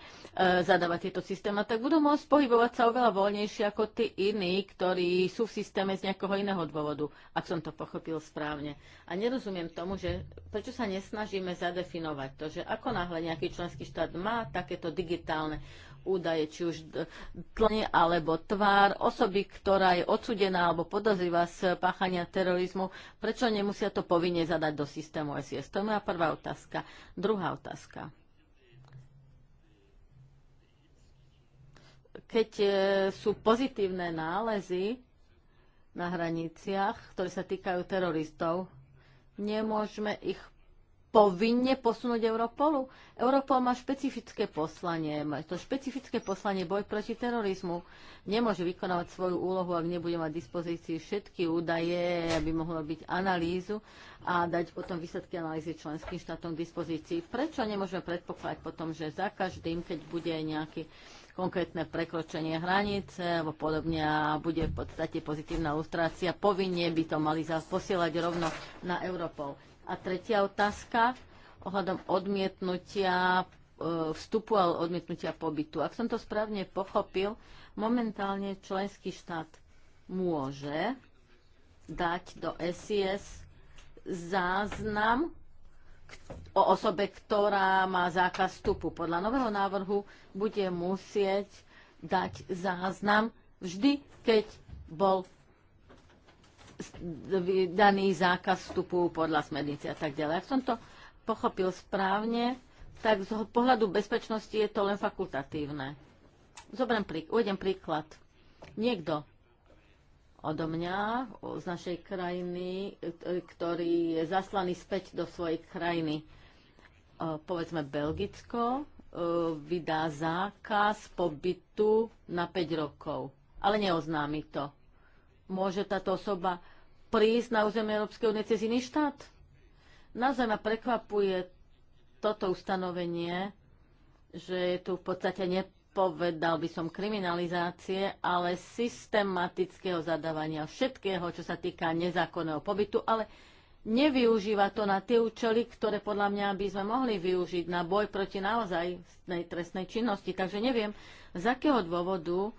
zadávať tieto systémy, tak budú môcť pohybovať sa oveľa voľnejšie ako tí iní, ktorí sú v systéme používame z nejakého iného dôvodu, ak som to pochopil správne. A nerozumiem tomu, že prečo sa nesnažíme zadefinovať to, že ako náhle nejaký členský štát má takéto digitálne údaje, či už tlne alebo tvár osoby, ktorá je odsudená alebo podozriva z páchania terorizmu, prečo nemusia to povinne zadať do systému SIS? To je moja prvá otázka. Druhá otázka. Keď e, sú pozitívne nálezy, na hraniciach, ktoré sa týkajú teroristov. Nemôžeme ich povinne posunúť Europolu. Europol má špecifické poslanie. Má to špecifické poslanie boj proti terorizmu. Nemôže vykonávať svoju úlohu, ak nebude mať dispozícii všetky údaje, aby mohlo byť analýzu a dať potom výsledky analýzy členským štátom k dispozícii. Prečo nemôžeme predpokladať potom, že za každým, keď bude nejaký konkrétne prekročenie hranice alebo podobne a bude v podstate pozitívna lustrácia, Povinne by to mali posielať rovno na Europol. A tretia otázka ohľadom odmietnutia e, vstupu alebo odmietnutia pobytu. Ak som to správne pochopil, momentálne členský štát môže dať do SIS záznam o osobe, ktorá má zákaz vstupu. Podľa nového návrhu bude musieť dať záznam vždy, keď bol daný zákaz vstupu podľa smernice a tak ďalej. Ak som to pochopil správne, tak z pohľadu bezpečnosti je to len fakultatívne. Zobrem uvedem príklad. Niekto odo mňa z našej krajiny, e, e, ktorý je zaslaný späť do svojej krajiny. E, povedzme Belgicko vydá zákaz pobytu na 5 rokov, ale neoznámi to. Môže táto osoba prísť na územie Európskej únie cez iný štát? Naozaj ma prekvapuje toto ustanovenie, že je tu v podstate ne povedal by som kriminalizácie, ale systematického zadávania všetkého, čo sa týka nezákonného pobytu, ale nevyužíva to na tie účely, ktoré podľa mňa by sme mohli využiť na boj proti naozaj trestnej činnosti. Takže neviem, z akého dôvodu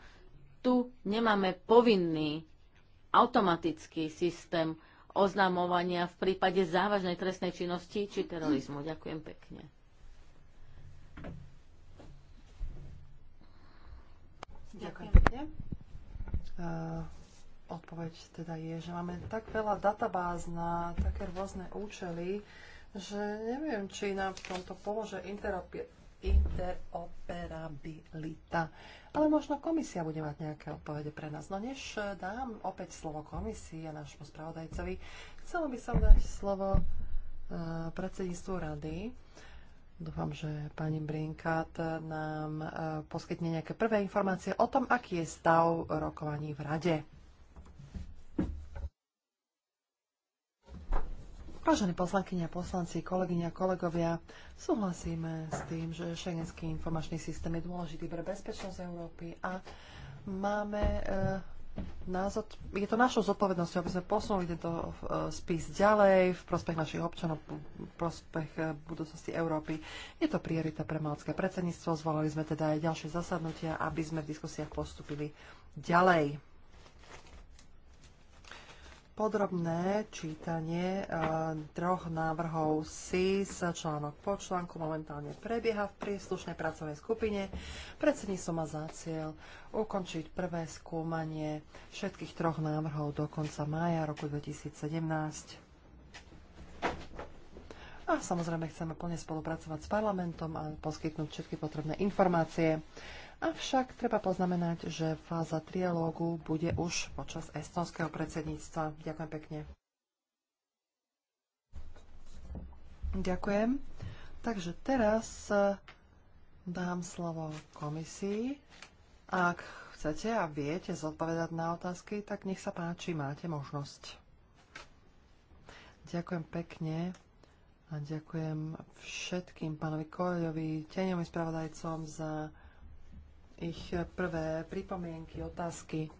tu nemáme povinný automatický systém oznamovania v prípade závažnej trestnej činnosti či terorizmu. Ďakujem pekne. Ďakujem pekne. Uh, odpoveď teda je, že máme tak veľa databáz na také rôzne účely, že neviem, či nám v tomto pomôže interoperabilita. Ale možno komisia bude mať nejaké odpovede pre nás. No než dám opäť slovo komisii a nášmu spravodajcovi, chcela by som dať slovo uh, predsedníctvu rady Dúfam, že pani Brinkat nám e, poskytne nejaké prvé informácie o tom, aký je stav rokovaní v Rade. Vážené poslankyne a poslanci, kolegyne a kolegovia, súhlasíme s tým, že šengenský informačný systém je dôležitý pre bezpečnosť Európy a máme e, je to našou zodpovednosťou, aby sme posunuli tento eh, spis ďalej v prospech našich občanov, v prospech eh, budúcnosti Európy. Je to priorita pre malcké predsedníctvo. Zvolali sme teda aj ďalšie zasadnutia, aby sme v diskusiách postupili ďalej podrobné čítanie e, troch návrhov SIS, článok po článku, momentálne prebieha v príslušnej pracovnej skupine. som má za cieľ ukončiť prvé skúmanie všetkých troch návrhov do konca mája roku 2017. A samozrejme chceme plne spolupracovať s parlamentom a poskytnúť všetky potrebné informácie. Avšak treba poznamenať, že fáza trialógu bude už počas estonského predsedníctva. Ďakujem pekne. Ďakujem. Takže teraz e, dám slovo komisii. Ak chcete a viete zodpovedať na otázky, tak nech sa páči, máte možnosť. Ďakujem pekne. A ďakujem všetkým pánovi Koľovi, teňovým spravodajcom za ich prvé pripomienky, otázky.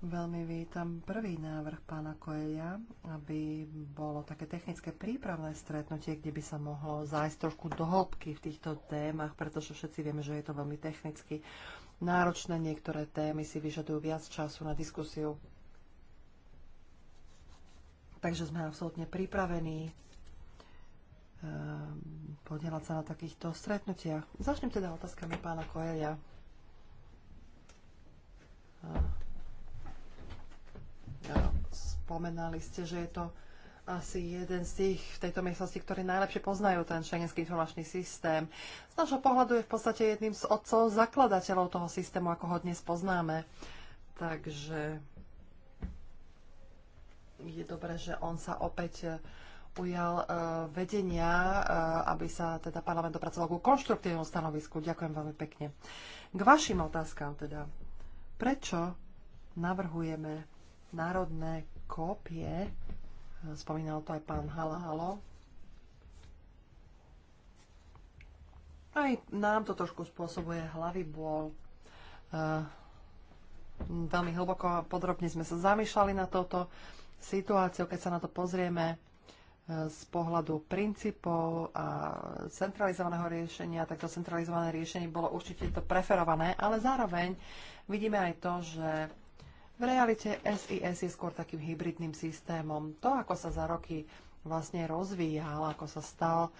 Veľmi vítam prvý návrh pána Koeja, aby bolo také technické prípravné stretnutie, kde by sa mohlo zájsť trošku do hĺbky v týchto témach, pretože všetci vieme, že je to veľmi technicky náročné. Niektoré témy si vyžadujú viac času na diskusiu. Takže sme absolútne pripravení. Ehm, podielať sa na takýchto stretnutiach. Začnem teda otázkami pána Koelia. Spomenali ste, že je to asi jeden z tých v tejto miestnosti, ktorí najlepšie poznajú ten šengenský informačný systém. Z nášho pohľadu je v podstate jedným z otcov zakladateľov toho systému, ako ho dnes poznáme. Takže je dobré, že on sa opäť ujal e, vedenia, e, aby sa teda parlament dopracoval ku konštruktívnemu stanovisku. Ďakujem veľmi pekne. K vašim otázkám teda. Prečo navrhujeme národné kópie? E, spomínal to aj pán Halahalo. Aj nám to trošku spôsobuje hlavy bol. Veľmi hlboko a podrobne sme sa zamýšľali na toto situáciu, keď sa na to pozrieme z pohľadu princípov a centralizovaného riešenia, tak to centralizované riešenie bolo určite to preferované, ale zároveň vidíme aj to, že v realite SIS je skôr takým hybridným systémom. To, ako sa za roky vlastne rozvíjal, ako sa stal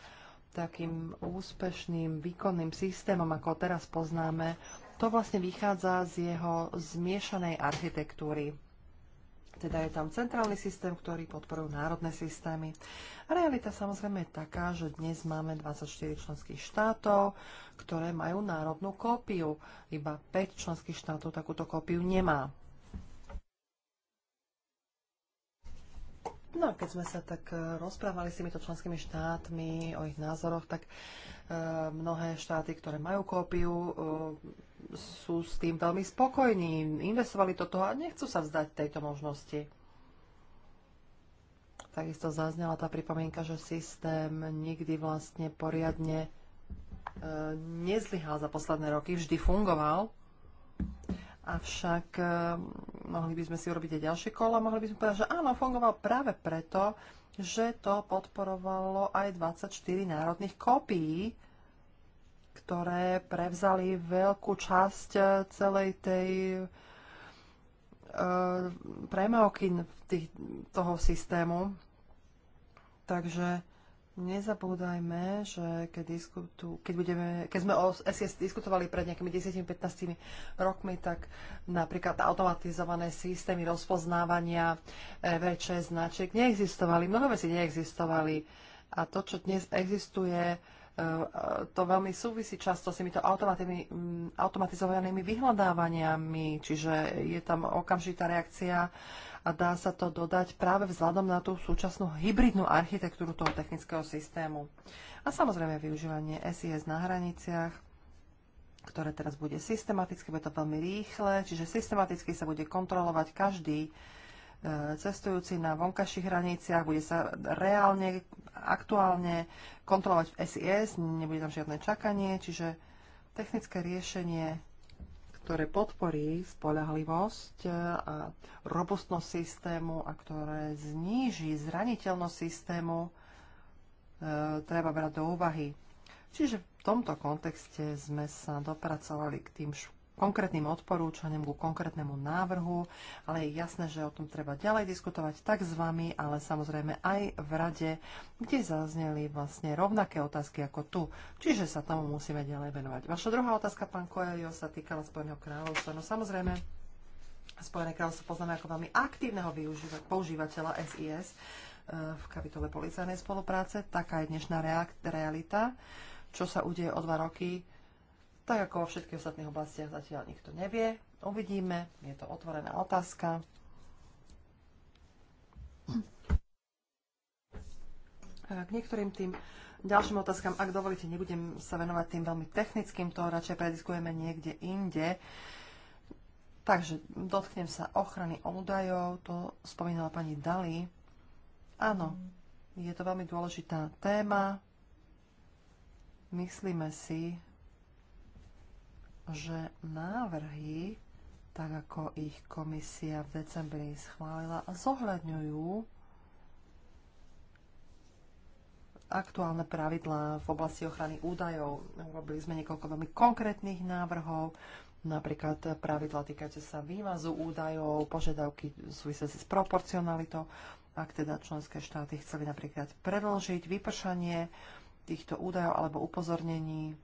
takým úspešným výkonným systémom, ako teraz poznáme, to vlastne vychádza z jeho zmiešanej architektúry. Teda je tam centrálny systém, ktorý podporujú národné systémy. A realita samozrejme je taká, že dnes máme 24 členských štátov, ktoré majú národnú kópiu. Iba 5 členských štátov takúto kópiu nemá. No a keď sme sa tak eh, rozprávali s týmito členskými štátmi o ich názoroch, tak Eh, mnohé štáty, ktoré majú kópiu, eh, sú s tým veľmi spokojní, investovali do toho a nechcú sa vzdať tejto možnosti. Takisto zaznela tá pripomienka, že systém nikdy vlastne poriadne eh, nezlyhal za posledné roky, vždy fungoval. Avšak e, mohli by sme si urobiť aj ďalšie kolo, mohli by sme povedať, že áno, fungoval práve preto, že to podporovalo aj 24 národných kópií, ktoré prevzali veľkú časť eh, celej tej eh, premávky tých, toho systému. Takže Nezabúdajme, že keď, diskutu, keď, budeme, keď sme o SIS diskutovali pred nejakými 10-15 rokmi, tak napríklad automatizované systémy rozpoznávania eh, VČ značiek neexistovali. Mnohé veci neexistovali. A to, čo dnes existuje, E, e, to veľmi súvisí často s týmito mm, automatizovanými vyhľadávaniami, čiže je tam okamžitá reakcia a dá sa to dodať práve vzhľadom na tú súčasnú hybridnú architektúru toho technického systému. A samozrejme využívanie SIS na hraniciach, ktoré teraz bude systematicky, bude to veľmi rýchle, čiže systematicky sa bude kontrolovať každý cestujúci na vonkajších hraniciach, bude sa reálne, aktuálne kontrolovať v SIS, nebude tam žiadne čakanie, čiže technické riešenie, ktoré podporí spolahlivosť e, a robustnosť systému a ktoré zníži zraniteľnosť systému, e, treba brať do úvahy. Čiže v tomto kontexte sme sa dopracovali k tým konkrétnym odporúčaniem ku konkrétnemu návrhu, ale je jasné, že o tom treba ďalej diskutovať tak s vami, ale samozrejme aj v rade, kde zazneli vlastne rovnaké otázky ako tu. Čiže sa tomu musíme ďalej venovať. Vaša druhá otázka, pán Koelio, sa týkala Spojeného kráľovstva. No samozrejme, Spojené kráľovstvo poznáme ako veľmi aktívneho využíva- používateľa SIS e, v kapitole policajnej spolupráce. Taká je dnešná realita, čo sa udeje o dva roky tak ako vo všetkých ostatných oblastiach zatiaľ nikto nevie. Uvidíme, je to otvorená otázka. K niektorým tým ďalším otázkam, ak dovolíte, nebudem sa venovať tým veľmi technickým, to radšej prediskujeme niekde inde. Takže dotknem sa ochrany údajov, to spomínala pani Dali. Áno, je to veľmi dôležitá téma. Myslíme si, že návrhy, tak ako ich komisia v decembri schválila, zohľadňujú aktuálne pravidlá v oblasti ochrany údajov. Robili sme niekoľko veľmi konkrétnych návrhov, napríklad pravidla týkajúce sa vývazu údajov, požiadavky súvisiaci s proporcionalitou, ak teda členské štáty chceli napríklad predlžiť vypršanie týchto údajov alebo upozornení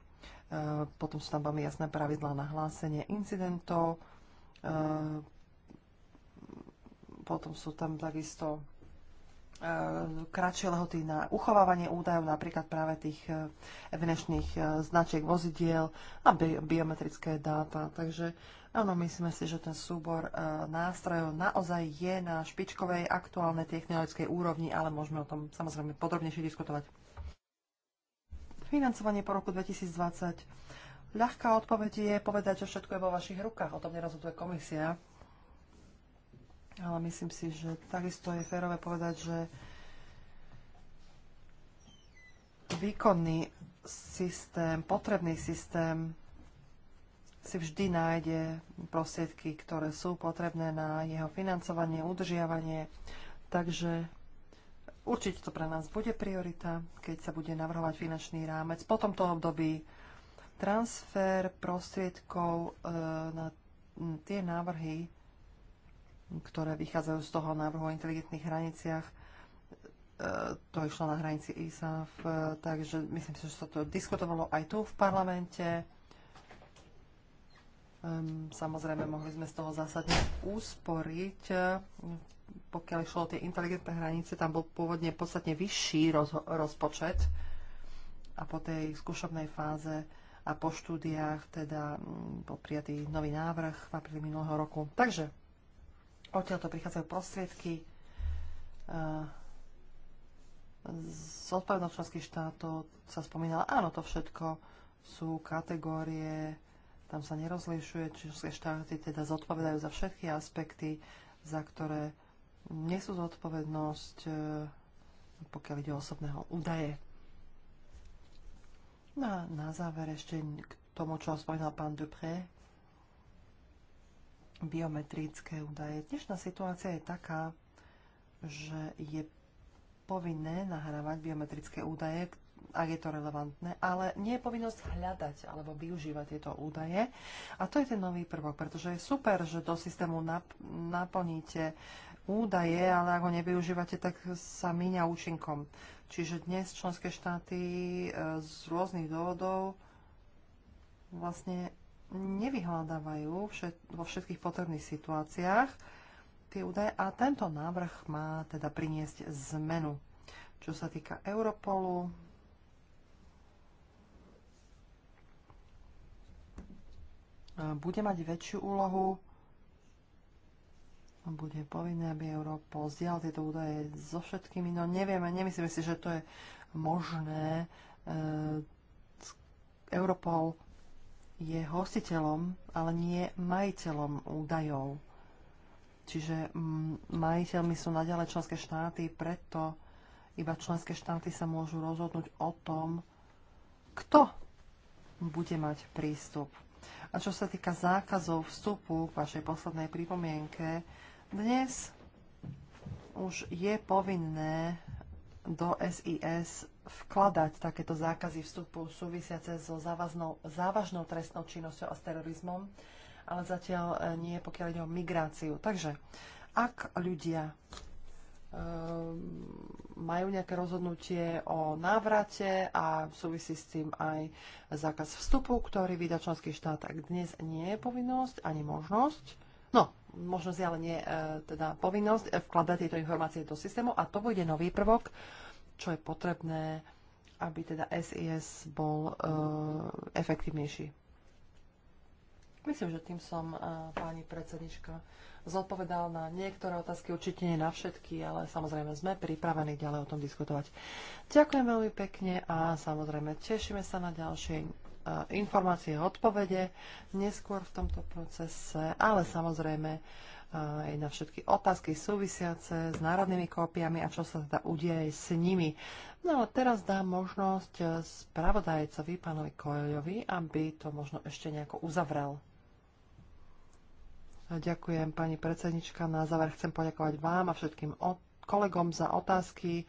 E, potom sú tam veľmi jasné pravidlá na hlásenie incidentov, e, potom sú tam takisto e, kratšie lehoty na uchovávanie údajov, napríklad práve tých evinečných značiek vozidiel a bi biometrické dáta. Takže áno, myslíme si, že ten súbor nástrojov naozaj je na špičkovej aktuálnej technologickej úrovni, ale môžeme o tom samozrejme podrobnejšie diskutovať. Financovanie po roku 2020. Ľahká odpoveď je povedať, že všetko je vo vašich rukách, o tom nerozhoduje komisia. Ale myslím si, že takisto je férové povedať, že výkonný systém, potrebný systém si vždy nájde prostriedky, ktoré sú potrebné na jeho financovanie, udržiavanie. Takže Určite to pre nás bude priorita, keď sa bude navrhovať finančný rámec. Po tomto období transfer prostriedkov e, na tie návrhy, ktoré vychádzajú z toho návrhu o inteligentných hraniciach, e, to išlo na hranici ISAF, e, takže myslím si, že sa to diskutovalo aj tu v parlamente. Ehm, samozrejme, mohli sme z toho zásadne úsporiť v pokiaľ išlo o tie inteligentné hranice, tam bol pôvodne podstatne vyšší roz, rozpočet a po tej skúšobnej fáze a po štúdiách teda mm, bol prijatý nový návrh v apríli minulého roku. Takže to prichádzajú prostriedky z odpovednosť členských štátov sa spomínala, áno, to všetko sú kategórie, tam sa nerozlišuje, čiže štáty teda zodpovedajú za všetky aspekty, za ktoré nesú zodpovednosť, e, pokiaľ ide o osobného údaje. No a na záver ešte k tomu, čo spomínal pán Dupré, biometrické údaje. Dnešná situácia je taká, že je povinné nahrávať biometrické údaje, ak je to relevantné, ale nie je povinnosť hľadať alebo využívať tieto údaje. A to je ten nový prvok, pretože je super, že do systému nap- naplníte údaje, ale ak ho nevyužívate, tak sa míňa účinkom. Čiže dnes členské štáty e, z rôznych dôvodov vlastne nevyhľadávajú vo všetkých potrebných situáciách tie údaje a tento návrh má teda priniesť zmenu. Čo sa týka Europolu, e, bude mať väčšiu úlohu bude povinné, aby Europol zdieľal tieto údaje so všetkými. No nevieme, nemyslíme si, že to je možné. E, Europol je hostiteľom, ale nie majiteľom údajov. Čiže mm, majiteľmi sú naďalej členské štáty, preto iba členské štáty sa môžu rozhodnúť o tom, kto bude mať prístup. A čo sa týka zákazov vstupu k vašej poslednej pripomienke, dnes už je povinné do SIS vkladať takéto zákazy vstupu súvisiace so závaznou, závažnou trestnou činnosťou a s terorizmom, ale zatiaľ e, nie, pokiaľ ide o migráciu. Takže ak ľudia e, majú nejaké rozhodnutie o návrate a súvisí s tým aj zákaz vstupu, ktorý vydá členský štát, tak dnes nie je povinnosť ani možnosť. No, možnosť, ale nie e, teda povinnosť e, vkladať tieto informácie do systému a to bude nový prvok, čo je potrebné, aby teda SIS bol uh, efektívnejší. Myslím, že tým som, uh, pani predsednička, zodpovedal na niektoré otázky, určite nie na všetky, ale samozrejme sme pripravení ďalej o tom diskutovať. Ďakujem veľmi pekne a samozrejme tešíme sa na ďalšie informácie a odpovede neskôr v tomto procese, ale samozrejme e, aj na všetky otázky súvisiace s národnými kópiami a čo sa teda udieje s nimi. No a teraz dám možnosť spravodajcovi, pánovi Kojojovi, aby to možno ešte nejako uzavrel. ďakujem, pani predsednička. Na záver chcem poďakovať vám a všetkým kolegom za otázky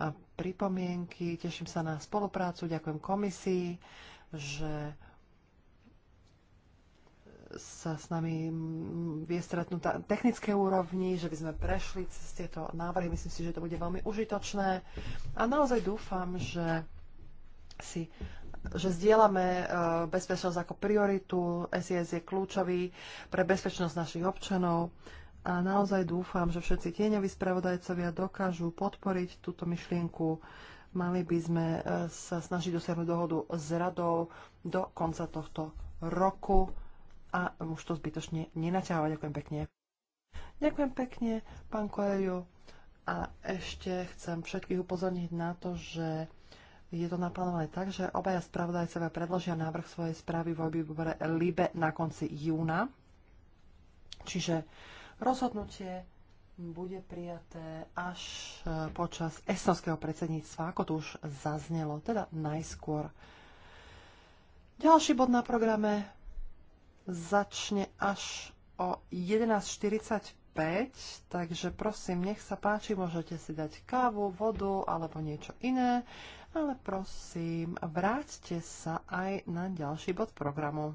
a pripomienky. Teším sa na spoluprácu. Ďakujem komisii že sa s nami vie stretnúť na technické úrovni, že by sme prešli cez tieto návrhy. Myslím si, že to bude veľmi užitočné. A naozaj dúfam, že si že zdieľame e, bezpečnosť ako prioritu, SIS je kľúčový pre bezpečnosť našich občanov a naozaj dúfam, že všetci tieňoví spravodajcovia dokážu podporiť túto myšlienku Mali by sme e, sa snažiť dosiahnuť dohodu s radou do konca tohto roku a už to zbytočne nenaťahovať. Ďakujem pekne. Ďakujem pekne, pán Koeliu. A ešte chcem všetkých upozorniť na to, že je to naplánované tak, že obaja spravodajcovia predložia návrh svojej správy vo výbore LIBE na konci júna. Čiže rozhodnutie bude prijaté až e, počas estonského predsedníctva, ako to už zaznelo, teda najskôr. Ďalší bod na programe začne až o 11.45, takže prosím, nech sa páči, môžete si dať kávu, vodu alebo niečo iné, ale prosím, vráťte sa aj na ďalší bod programu.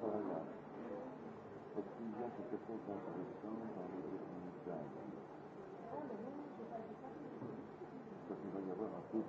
travaillable. Parce qu'il y a quelque chose d'intéressant dans les deux initiales. Parce qu'il va y avoir un peu de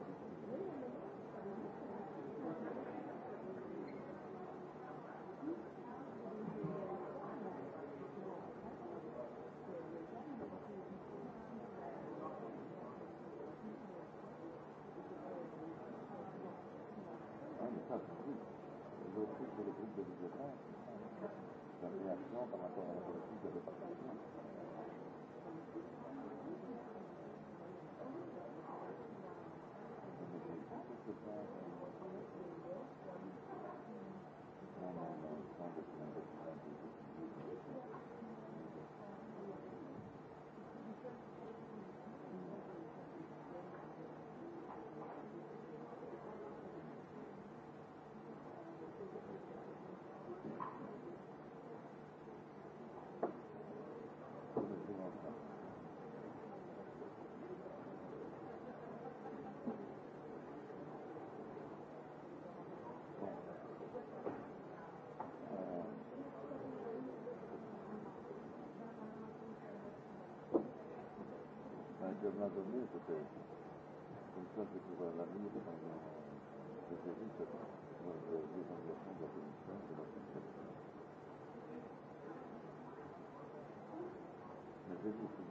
aggiornato e lì perché non so se ci vuole la limite quando perché lì c'è non è lì non lo so da pensare da pensare ma se lì si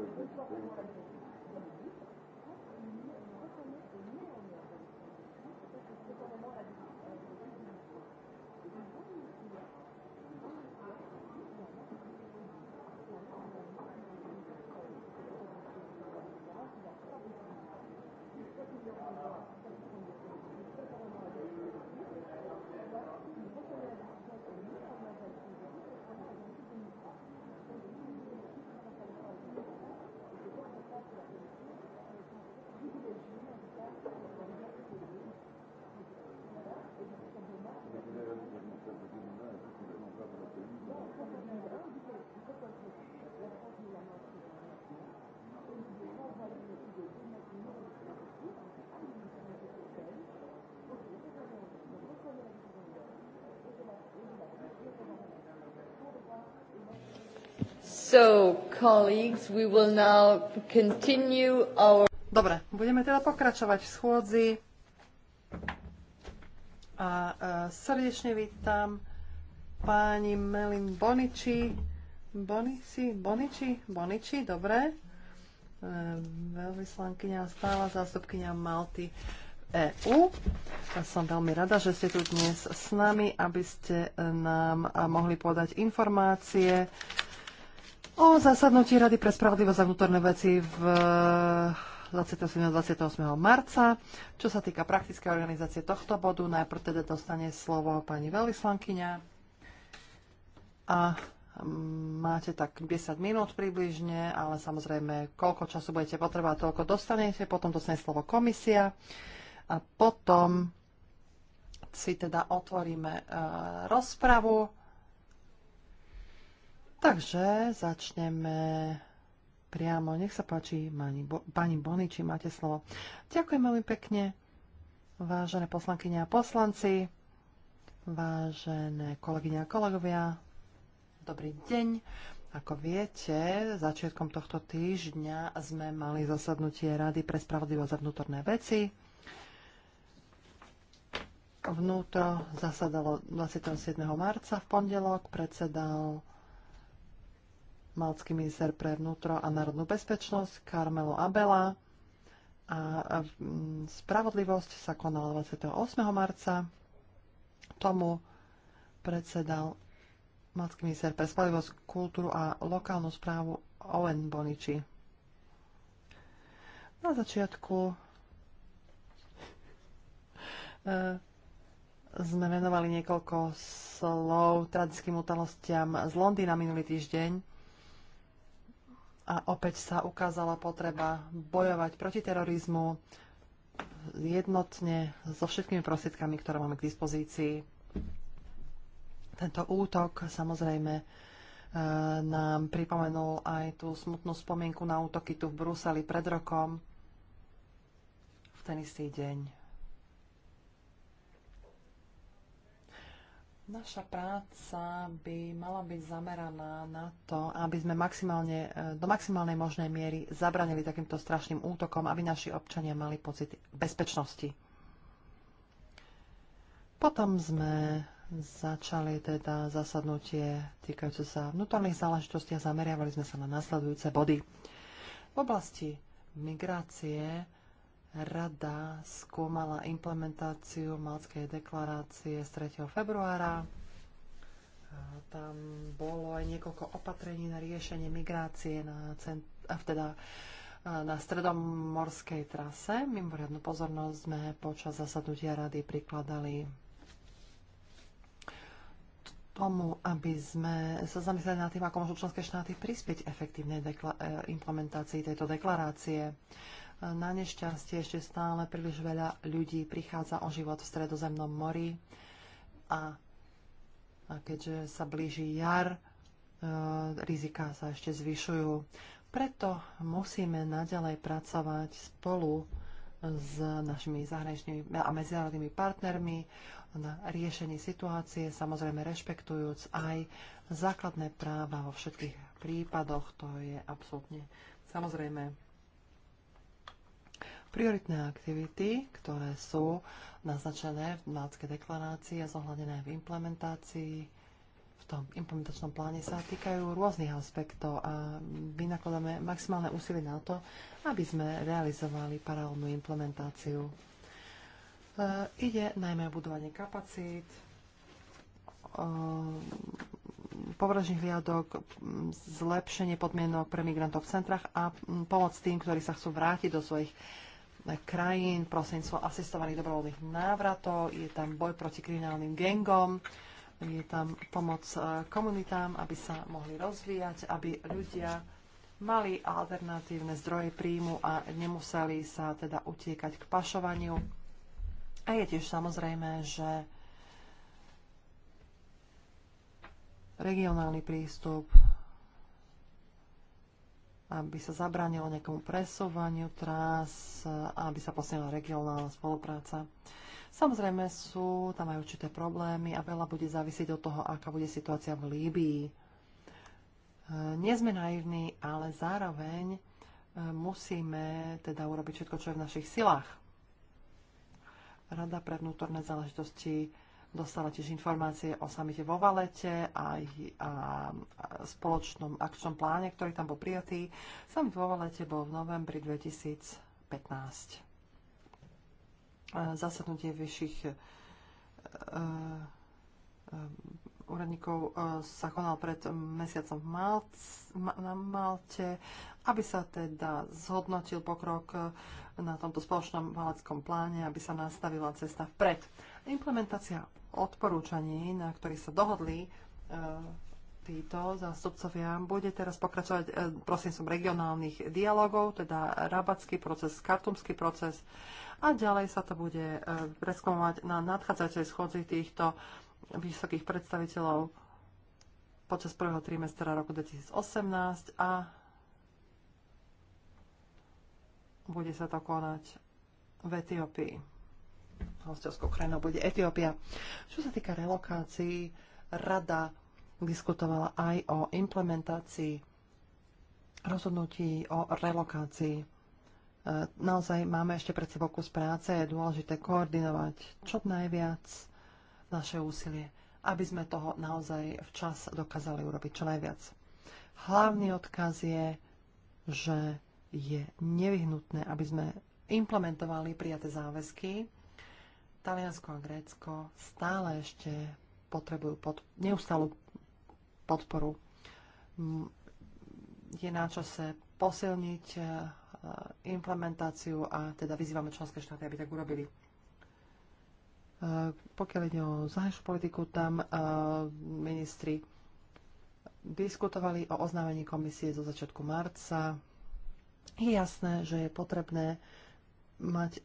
Thank you. colleagues, we will now continue our... Dobre, budeme teda pokračovať v schôdzi. A e, srdečne vítam páni Melin Boniči. Bonici? Boniči? Boniči, dobre. E, veľvyslankyňa stála zástupkyňa Malty. EÚ. Som veľmi rada, že ste tu dnes s nami, aby ste e, nám mohli podať informácie o zasadnutí Rady pre spravodlivosť a vnútorné veci v 27. Eh, 28. marca. Čo sa týka praktické organizácie tohto bodu, najprv teda dostane slovo pani veľvyslankyňa a mm, máte tak 10 minút približne, ale samozrejme, koľko času budete potrebovať, toľko dostanete, potom dostane slovo komisia a potom si teda otvoríme e, rozpravu Takže začneme priamo. Nech sa páči, pani či máte slovo. Ďakujem veľmi pekne, vážené poslankyne a poslanci, vážené kolegyne a kolegovia. Dobrý deň. Ako viete, začiatkom tohto týždňa sme mali zasadnutie Rady pre spravodlivosť a vnútorné veci. Vnútro zasadalo 27. marca v pondelok, predsedal malcký minister pre vnútro a národnú bezpečnosť Carmelo Abela. A mm, spravodlivosť sa konala 28. marca. Tomu predsedal malcký minister pre spravodlivosť, kultúru a lokálnu správu Owen Boniči. Na začiatku e, sme venovali niekoľko slov tradickým utalostiam z Londýna minulý týždeň a opäť sa ukázala potreba bojovať proti terorizmu jednotne so všetkými prostriedkami, ktoré máme k dispozícii. Tento útok samozrejme e, nám pripomenul aj tú smutnú spomienku na útoky tu v Bruseli pred rokom, v ten istý deň. Naša práca by mala byť zameraná na to, aby sme maximálne, e, do maximálnej možnej miery zabranili takýmto strašným útokom, aby naši občania mali pocit bezpečnosti. Potom sme začali teda zasadnutie týkajúce sa vnútorných záležitostí a zameriavali sme sa na nasledujúce body. V oblasti migrácie Rada skúmala implementáciu Malckej deklarácie z 3. februára. Tam bolo aj niekoľko opatrení na riešenie migrácie na, cent- teda na stredomorskej trase. Mimoriadnu pozornosť sme počas zasadnutia rady prikladali tomu, aby sme sa zamysleli nad tým, ako môžu členské štáty prispieť efektívnej e, implementácii tejto deklarácie. Na nešťastie ešte stále príliš veľa ľudí prichádza o život v stredozemnom mori a, a keďže sa blíži jar, e, rizika sa ešte zvyšujú. Preto musíme naďalej pracovať spolu s našimi zahraničnými a medzinárodnými partnermi na riešení situácie, samozrejme rešpektujúc aj základné práva vo všetkých prípadoch. To je absolútne samozrejme Prioritné aktivity, ktoré sú naznačené v Malckej deklarácii a zohľadené v implementácii, v tom implementačnom pláne sa týkajú rôznych aspektov a vynakladáme maximálne úsilie na to, aby sme realizovali paralelnú implementáciu. E, ide najmä o budovanie kapacít, e, povražných hliadok, zlepšenie podmienok pre migrantov v centrách a pomoc tým, ktorí sa chcú vrátiť do svojich krajín prostredníctvom asistovaných dobrovoľných návratov, je tam boj proti kriminálnym gengom, je tam pomoc e, komunitám, aby sa mohli rozvíjať, aby ľudia mali alternatívne zdroje príjmu a nemuseli sa teda utiekať k pašovaniu. A je tiež samozrejme, že regionálny prístup aby sa zabránilo nejakomu presovaniu trás, aby sa posilnila regionálna spolupráca. Samozrejme sú tam aj určité problémy a veľa bude závisieť od toho, aká bude situácia v Líbii. E, nie sme naivní, ale zároveň e, musíme teda urobiť všetko, čo je v našich silách. Rada pre vnútorné záležitosti dostala tiež informácie o samite vo Valete a, a, a spoločnom akčnom pláne, ktorý tam bol prijatý. Samit vo Valete bol v novembri 2015. Zasadnutie vyšších e, e, e úradníkov e, sa konal pred mesiacom v Malc, na Malte, aby sa teda zhodnotil pokrok e, na tomto spoločnom valeckom pláne, aby sa nastavila cesta vpred. Implementácia odporúčaní, na ktorých sa dohodli e, títo zástupcovia, bude teraz pokračovať e, prosím som regionálnych dialogov, teda rabatský proces, kartumský proces a ďalej sa to bude e, preskúmovať na nadchádzajúcej schodzi týchto vysokých predstaviteľov počas prvého trimestra roku 2018 a bude sa to konať v Etiópii hostovskou krajinou bude Etiópia. Čo sa týka relokácií, rada diskutovala aj o implementácii rozhodnutí o relokácii. E, naozaj máme ešte pred sebou kus práce, je dôležité koordinovať čo najviac naše úsilie, aby sme toho naozaj včas dokázali urobiť čo najviac. Hlavný odkaz je, že je nevyhnutné, aby sme implementovali prijaté záväzky, Taliansko a Grécko stále ešte potrebujú pod, neustálu podporu. Je na čase posilniť e, implementáciu a teda vyzývame členské štáty, aby tak urobili. E, pokiaľ ide o zahraničnú politiku, tam e, ministri diskutovali o oznámení komisie zo začiatku marca. Je jasné, že je potrebné mať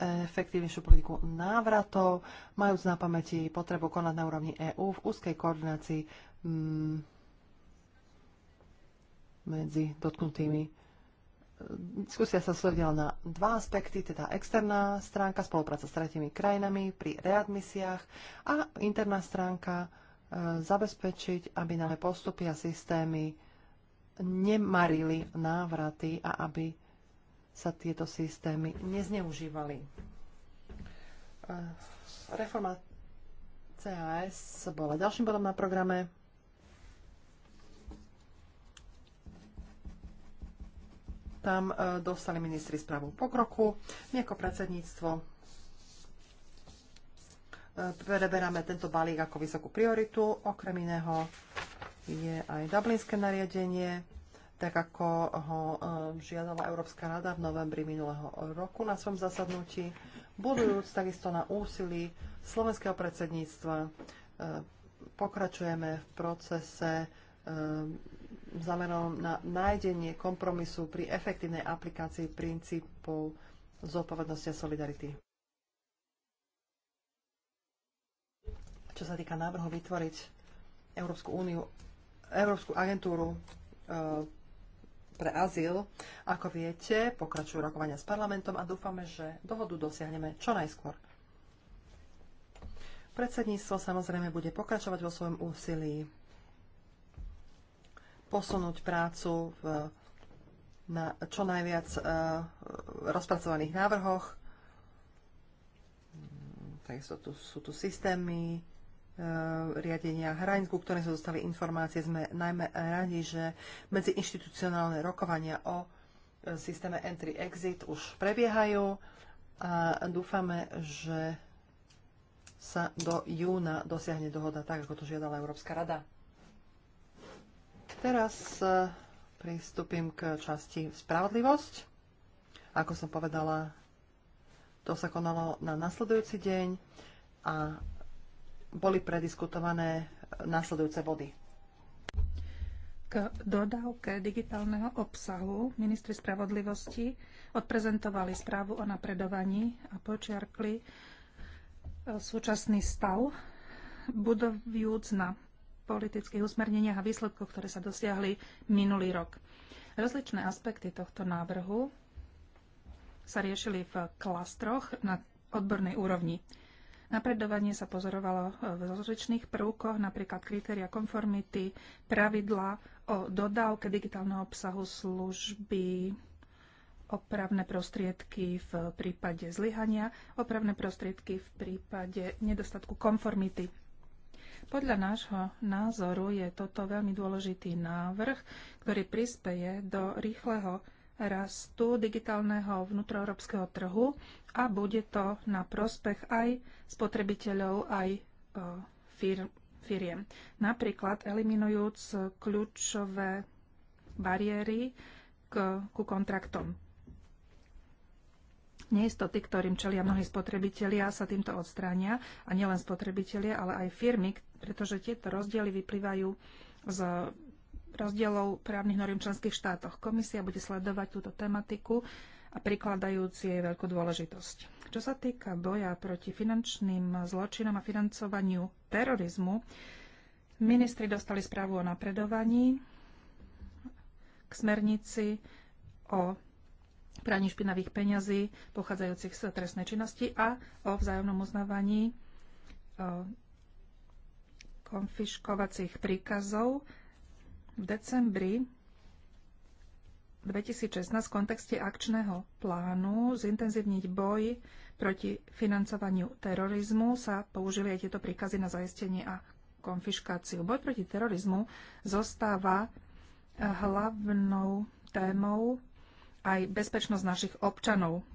efektívnejšiu politiku návratov, majúc na pamäti potrebu konať na úrovni EÚ v úzkej koordinácii mm, medzi dotknutými. Diskusia sa sledila na dva aspekty, teda externá stránka, spolupráca s tretimi krajinami pri readmisiách a interná stránka e, zabezpečiť, aby nám postupy a systémy nemarili návraty a aby sa tieto systémy nezneužívali. Reforma CAS bola ďalším bodom na programe. Tam e, dostali ministri správu pokroku. My ako predsedníctvo e, preberáme tento balík ako vysokú prioritu. Okrem iného je aj Dublinské nariadenie, tak ako ho e, žiadala Európska rada v novembri minulého roku na svojom zasadnutí, budujúc takisto na úsilí slovenského predsedníctva. E, pokračujeme v procese e, zameranom na nájdenie kompromisu pri efektívnej aplikácii princípov zodpovednosti a solidarity. Čo sa týka návrhu vytvoriť Európsku úniu, Európsku agentúru pre azyl. Ako viete, pokračujú rokovania s parlamentom a dúfame, že dohodu dosiahneme čo najskôr. Predsedníctvo samozrejme bude pokračovať vo svojom úsilí posunúť prácu v, na čo najviac e, rozpracovaných návrhoch. Takisto tu, sú tu systémy, Eh, riadenia hraníc, ku ktorým sa dostali informácie. Sme najmä radi, že medziinstitucionálne rokovania o eh, systéme entry-exit už prebiehajú a dúfame, že sa do júna dosiahne dohoda tak, ako to žiadala Európska rada. Teraz eh, pristúpim k časti spravodlivosť. Ako som povedala, to sa konalo na nasledujúci deň a boli prediskutované následujúce body. K dodávke digitálneho obsahu ministri spravodlivosti odprezentovali správu o napredovaní a počiarkli e, súčasný stav, budovujúc na politických usmerneniach a výsledkoch, ktoré sa dosiahli minulý rok. Rozličné aspekty tohto návrhu sa riešili v klastroch na odbornej úrovni. Napredovanie sa pozorovalo e, v rozličných prvkoch, napríklad kritéria konformity, pravidla o dodávke digitálneho obsahu služby, opravné prostriedky v prípade zlyhania, opravné prostriedky v prípade nedostatku konformity. Podľa nášho názoru je toto veľmi dôležitý návrh, ktorý prispeje do rýchleho rastu digitálneho vnútroeurópskeho trhu a bude to na prospech aj spotrebiteľov, aj e, firm, firiem. Napríklad eliminujúc kľúčové bariéry k, ku kontraktom. Neistoty, ktorým čelia mnohí spotrebitelia, sa týmto odstránia. A nielen spotrebitelia, ale aj firmy, pretože tieto rozdiely vyplývajú z rozdielov právnych noriem v členských štátoch. Komisia bude sledovať túto tematiku a prikladajúci jej veľkú dôležitosť. Čo sa týka boja proti finančným zločinom a financovaniu terorizmu, ministri dostali správu o napredovaní k smernici o praní špinavých peňazí pochádzajúcich z trestnej činnosti a o vzájomnom uznávaní eh, konfiškovacích príkazov v decembri 2016 v kontexte akčného plánu zintenzívniť boj proti financovaniu terorizmu sa použili aj tieto príkazy na zaistenie a konfiškáciu. Boj proti terorizmu zostáva eh, hlavnou témou aj bezpečnosť našich občanov.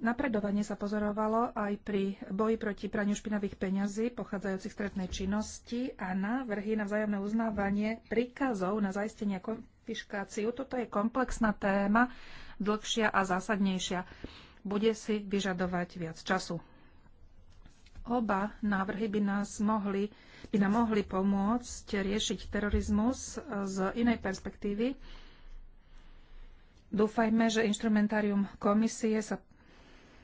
Napredovanie sa pozorovalo aj pri boji proti praniu špinavých peňazí pochádzajúcich trestnej činnosti a návrhy na vzájomné uznávanie príkazov na zaistenie konfiškáciu. Toto je komplexná téma, dlhšia a zásadnejšia. Bude si vyžadovať viac času. Oba návrhy by, nás mohli, by nám mohli pomôcť riešiť terorizmus z inej perspektívy. Dúfajme, že instrumentárium komisie sa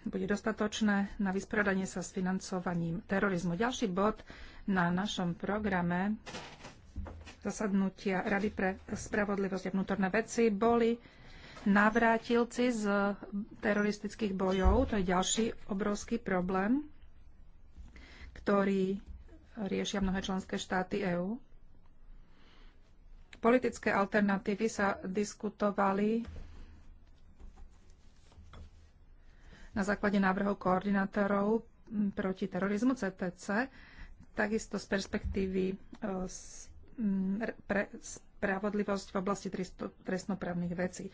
bude dostatočné na vysporiadanie sa s financovaním terorizmu. Ďalší bod na našom programe zasadnutia Rady pre spravodlivosť a vnútorné veci boli navrátilci z teroristických bojov. To je ďalší obrovský problém, ktorý riešia mnohé členské štáty EÚ. Politické alternatívy sa diskutovali na základe návrhov koordinátorov proti terorizmu CTC, takisto z perspektívy e, spravodlivosť v oblasti trestnoprávnych vecí.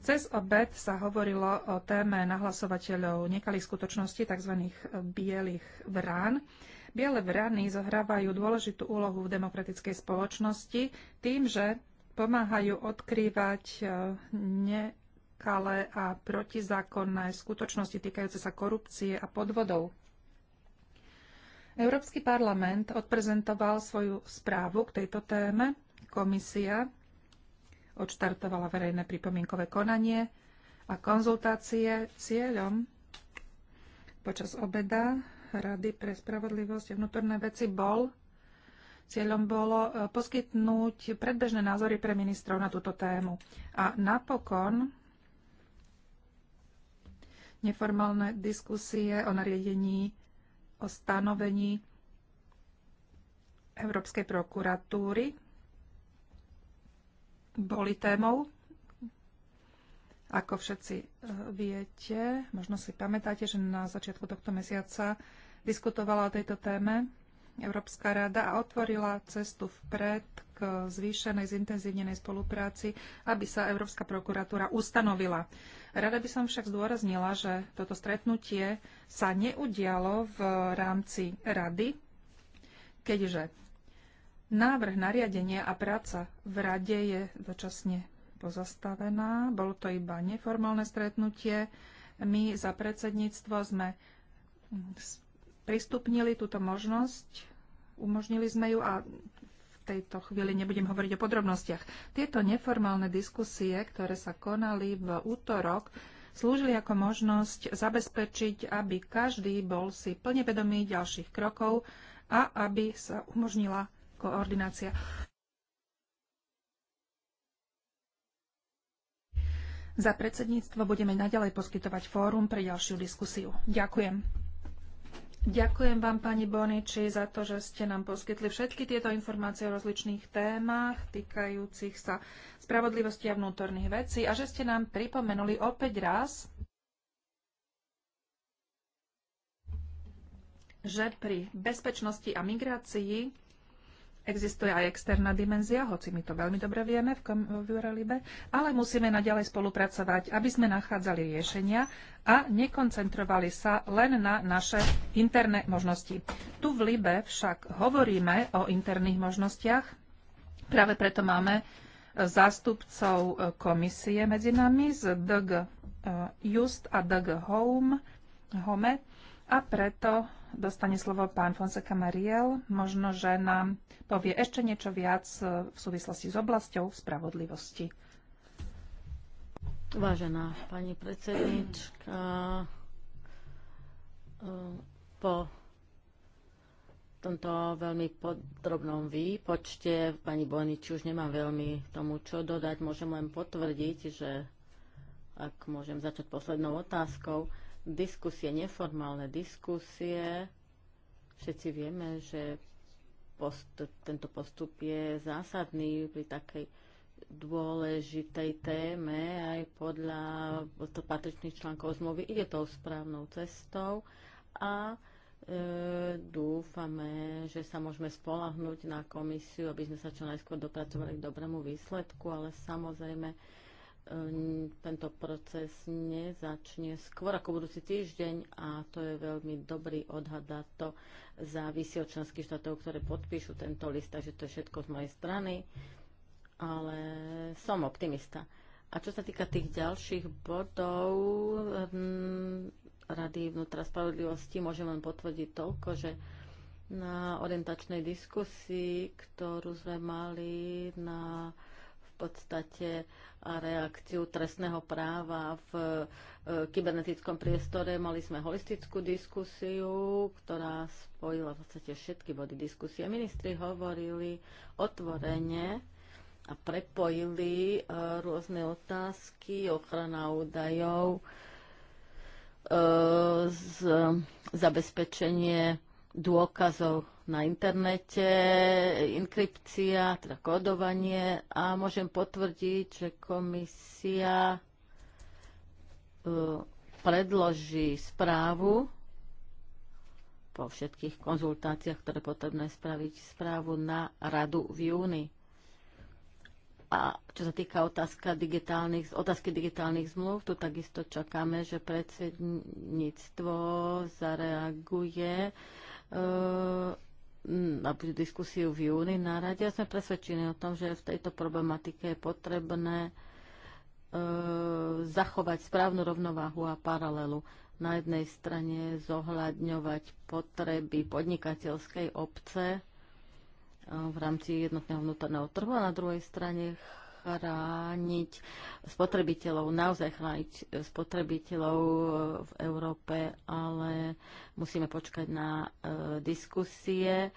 Cez obed sa hovorilo o téme nahlasovateľov nekalých skutočností, tzv. E, bielých vrán. Biele vrany zohrávajú dôležitú úlohu v demokratickej spoločnosti tým, že pomáhajú odkrývať e, ne, nekalé a protizákonné skutočnosti týkajúce sa korupcie a podvodov. Európsky parlament odprezentoval svoju správu k tejto téme. Komisia odštartovala verejné pripomienkové konanie a konzultácie cieľom počas obeda Rady pre spravodlivosť a vnútorné veci bol Cieľom bolo e, poskytnúť predbežné názory pre ministrov na túto tému. A napokon neformálne diskusie o nariadení o stanovení Európskej prokuratúry boli témou. Ako všetci e, viete, možno si pamätáte, že na začiatku tohto mesiaca diskutovala o tejto téme Európska rada a otvorila cestu vpred k zvýšenej, zintenzívnenej spolupráci, aby sa Európska prokuratúra ustanovila. Rada by som však zdôraznila, že toto stretnutie sa neudialo v rámci rady, keďže návrh nariadenia a práca v rade je dočasne pozastavená. Bolo to iba neformálne stretnutie. My za predsedníctvo sme pristupnili túto možnosť, umožnili sme ju a tejto chvíli nebudem hovoriť o podrobnostiach. Tieto neformálne diskusie, ktoré sa konali v útorok, slúžili ako možnosť zabezpečiť, aby každý bol si plne vedomý ďalších krokov a aby sa umožnila koordinácia. Za predsedníctvo budeme naďalej poskytovať fórum pre ďalšiu diskusiu. Ďakujem. Ďakujem vám, pani Boniči, za to, že ste nám poskytli všetky tieto informácie o rozličných témach týkajúcich sa spravodlivosti a vnútorných vecí a že ste nám pripomenuli opäť raz, že pri bezpečnosti a migrácii Existuje aj externá dimenzia, hoci my to veľmi dobre vieme v, v ale musíme naďalej spolupracovať, aby sme nachádzali riešenia a nekoncentrovali sa len na naše interné možnosti. Tu v Libe však hovoríme o interných možnostiach, práve preto máme e, zástupcov e, komisie medzi nami z DG e, Just a DG Home, Home a preto dostane slovo pán Fonseca Mariel. Možno, že nám povie ešte niečo viac e, v súvislosti s oblasťou spravodlivosti. Vážená pani predsednička, e, po tomto veľmi podrobnom výpočte pani Boniči už nemám veľmi tomu, čo dodať. Môžem len potvrdiť, že ak môžem začať poslednou otázkou, diskusie, neformálne diskusie. Všetci vieme, že post, tento postup je zásadný pri takej dôležitej téme aj podľa patričných článkov zmluvy. Ide tou správnou cestou a e, dúfame, že sa môžeme spolahnúť na komisiu, aby sme sa čo najskôr dopracovali k dobrému výsledku, ale samozrejme E, tento proces nezačne skôr ako budúci týždeň a to je veľmi dobrý odhad a to závisí od členských štátov, ktoré podpíšu tento list, takže to je všetko z mojej strany, ale som optimista. A čo sa týka tých ďalších bodov Rady vnútra spravodlivosti, môžem len potvrdiť toľko, že na orientačnej diskusii, ktorú sme mali na podstate a reakciu trestného práva v e, kybernetickom priestore. Mali sme holistickú diskusiu, ktorá spojila v podstate všetky body diskusie. Ministri hovorili otvorene a prepojili e, rôzne otázky, ochrana údajov, e, z, zabezpečenie dôkazov na internete, inkrypcia, teda kódovanie a môžem potvrdiť, že komisia e, predloží správu po všetkých konzultáciách, ktoré potrebné spraviť, správu na radu v júni. A čo sa týka otázka digitálnych, otázky digitálnych zmluv, tu takisto čakáme, že predsedníctvo zareaguje e, na mm, diskusiu v júni na rade Ja sme presvedčení o tom, že v tejto problematike je potrebné e, zachovať správnu rovnováhu a paralelu. Na jednej strane zohľadňovať potreby podnikateľskej obce e, v rámci jednotného vnútorného trhu a na druhej strane chrániť spotrebiteľov, naozaj chrániť spotrebiteľov v Európe, ale musíme počkať na e, diskusie e,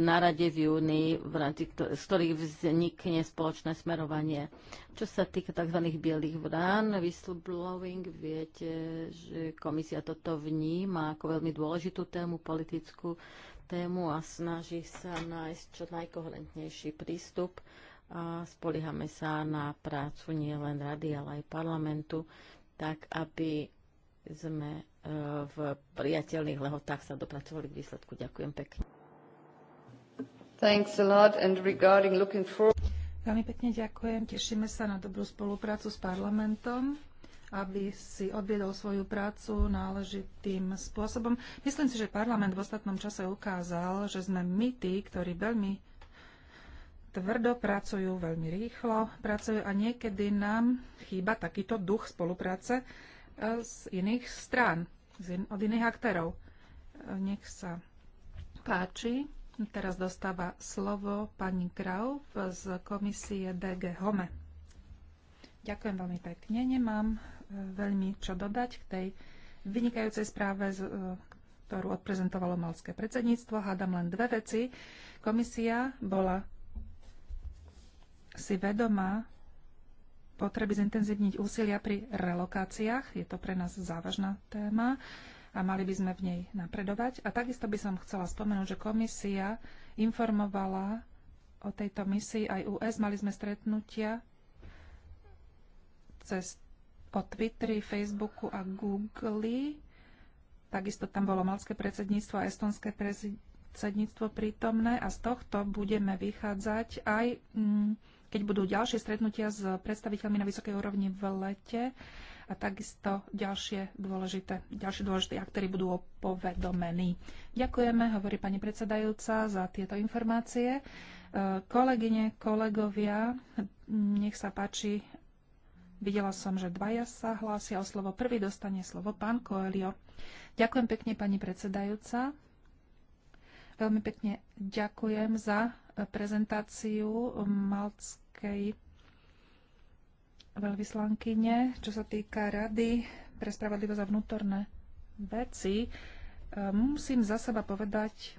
na rade v júni, v rámci, z ktorých vznikne spoločné smerovanie. Čo sa týka tzv. bielých vrán, whistleblowing, viete, že komisia toto vníma ako veľmi dôležitú tému politickú tému a snaží sa nájsť čo najkohrentnejší prístup a spoliehame sa na prácu nielen rady, ale aj parlamentu, tak aby sme e, v priateľných lehotách sa dopracovali k výsledku. Ďakujem pekne. Thanks a lot and regarding looking for... Veľmi pekne ďakujem. Tešíme sa na dobrú spoluprácu s parlamentom aby si odviedol svoju prácu náležitým spôsobom. Myslím si, že parlament v ostatnom čase ukázal, že sme my tí, ktorí veľmi tvrdo pracujú, veľmi rýchlo pracujú a niekedy nám chýba takýto duch spolupráce e, z iných strán, od iných aktérov. E, nech sa páči. Teraz dostáva slovo pani Grauf z komisie DG Home. Ďakujem veľmi pekne. Nemám e, veľmi čo dodať k tej vynikajúcej správe, ktorú odprezentovalo malské predsedníctvo. Hádam len dve veci. Komisia bola si vedomá potreby zintenzívniť úsilia pri relokáciách. Je to pre nás závažná téma a mali by sme v nej napredovať. A takisto by som chcela spomenúť, že komisia informovala o tejto misii aj US. Mali sme stretnutia cez o Twitteri, Facebooku a Google. Takisto tam bolo malské predsedníctvo a estonské predsedníctvo prítomné a z tohto budeme vychádzať aj mm, keď budú ďalšie stretnutia s predstaviteľmi na vysokej úrovni v lete a takisto ďalšie dôležité, ďalšie dôležité aktéry budú opovedomení. Ďakujeme, hovorí pani predsedajúca, za tieto informácie. E, kolegyne, kolegovia, nech sa páči, Videla som, že dvaja sa hlásia o slovo. Prvý dostane slovo pán Koelio. Ďakujem pekne, pani predsedajúca. Veľmi pekne ďakujem za eh, prezentáciu eh, malckej veľvyslankyne, čo sa týka Rady pre spravodlivosť a vnútorné veci. Eh, musím za seba povedať,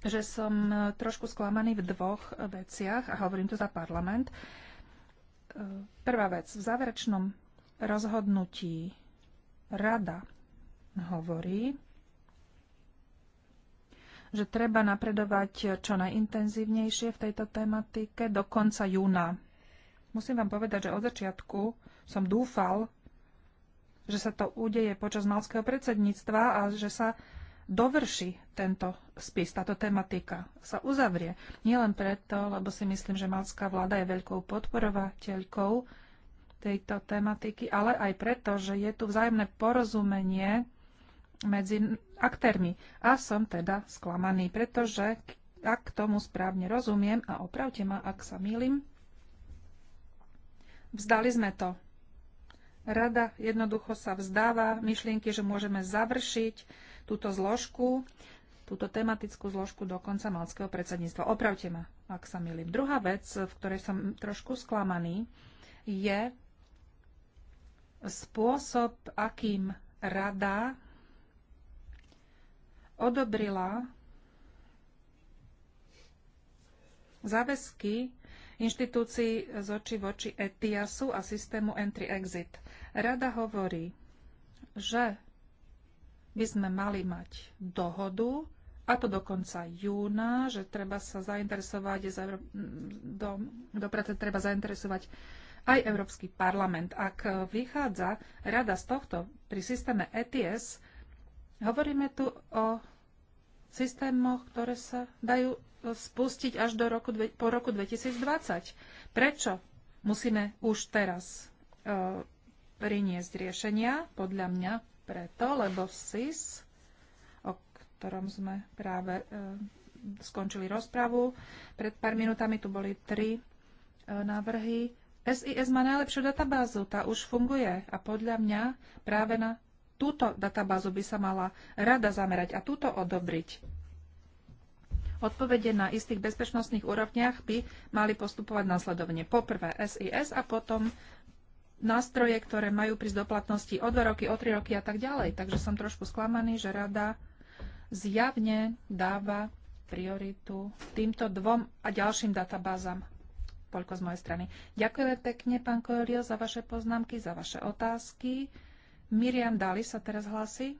že som trošku sklamaný v dvoch veciach a hovorím to za parlament. Prvá vec. V záverečnom rozhodnutí rada hovorí, že treba napredovať čo najintenzívnejšie v tejto tematike do konca júna. Musím vám povedať, že od začiatku som dúfal, že sa to udeje počas malského predsedníctva a že sa dovrší tento spis, táto tematika sa uzavrie. Nielen preto, lebo si myslím, že malská vláda je veľkou podporovateľkou tejto tematiky, ale aj preto, že je tu vzájomné porozumenie medzi aktérmi. A som teda sklamaný, pretože ak tomu správne rozumiem, a opravte ma, ak sa mýlim, vzdali sme to. Rada jednoducho sa vzdáva myšlienky, že môžeme završiť túto zložku, túto tematickú zložku do konca malského predsedníctva. Opravte ma, ak sa milím. Druhá vec, v ktorej som trošku sklamaný, je spôsob, akým rada odobrila záväzky inštitúcií z oči voči ETIASu a systému Entry-Exit. Rada hovorí, že by sme mali mať dohodu, a to do konca júna, že treba sa zainteresovať, do, do práce treba zainteresovať aj Európsky parlament. Ak vychádza rada z tohto pri systéme ETS, Hovoríme tu o systémoch, ktoré sa dajú e, spustiť až do roku, po roku 2020. Prečo musíme už teraz e, priniesť riešenia? Podľa mňa preto, lebo SIS, o ktorom sme práve e, skončili rozpravu, pred pár minútami tu boli tri e, návrhy. SIS má najlepšiu databázu, tá už funguje a podľa mňa práve na túto databázu by sa mala rada zamerať a túto odobriť. Odpovede na istých bezpečnostných úrovniach by mali postupovať následovne. Poprvé SIS a potom nástroje, ktoré majú prísť do platnosti o 2 roky, o 3 roky a tak ďalej. Takže som trošku sklamaný, že rada zjavne dáva prioritu týmto dvom a ďalším databázam. Poľko z mojej strany. Ďakujem pekne, pán Koelio, za vaše poznámky, za vaše otázky. Miriam Dali sa teraz hlási.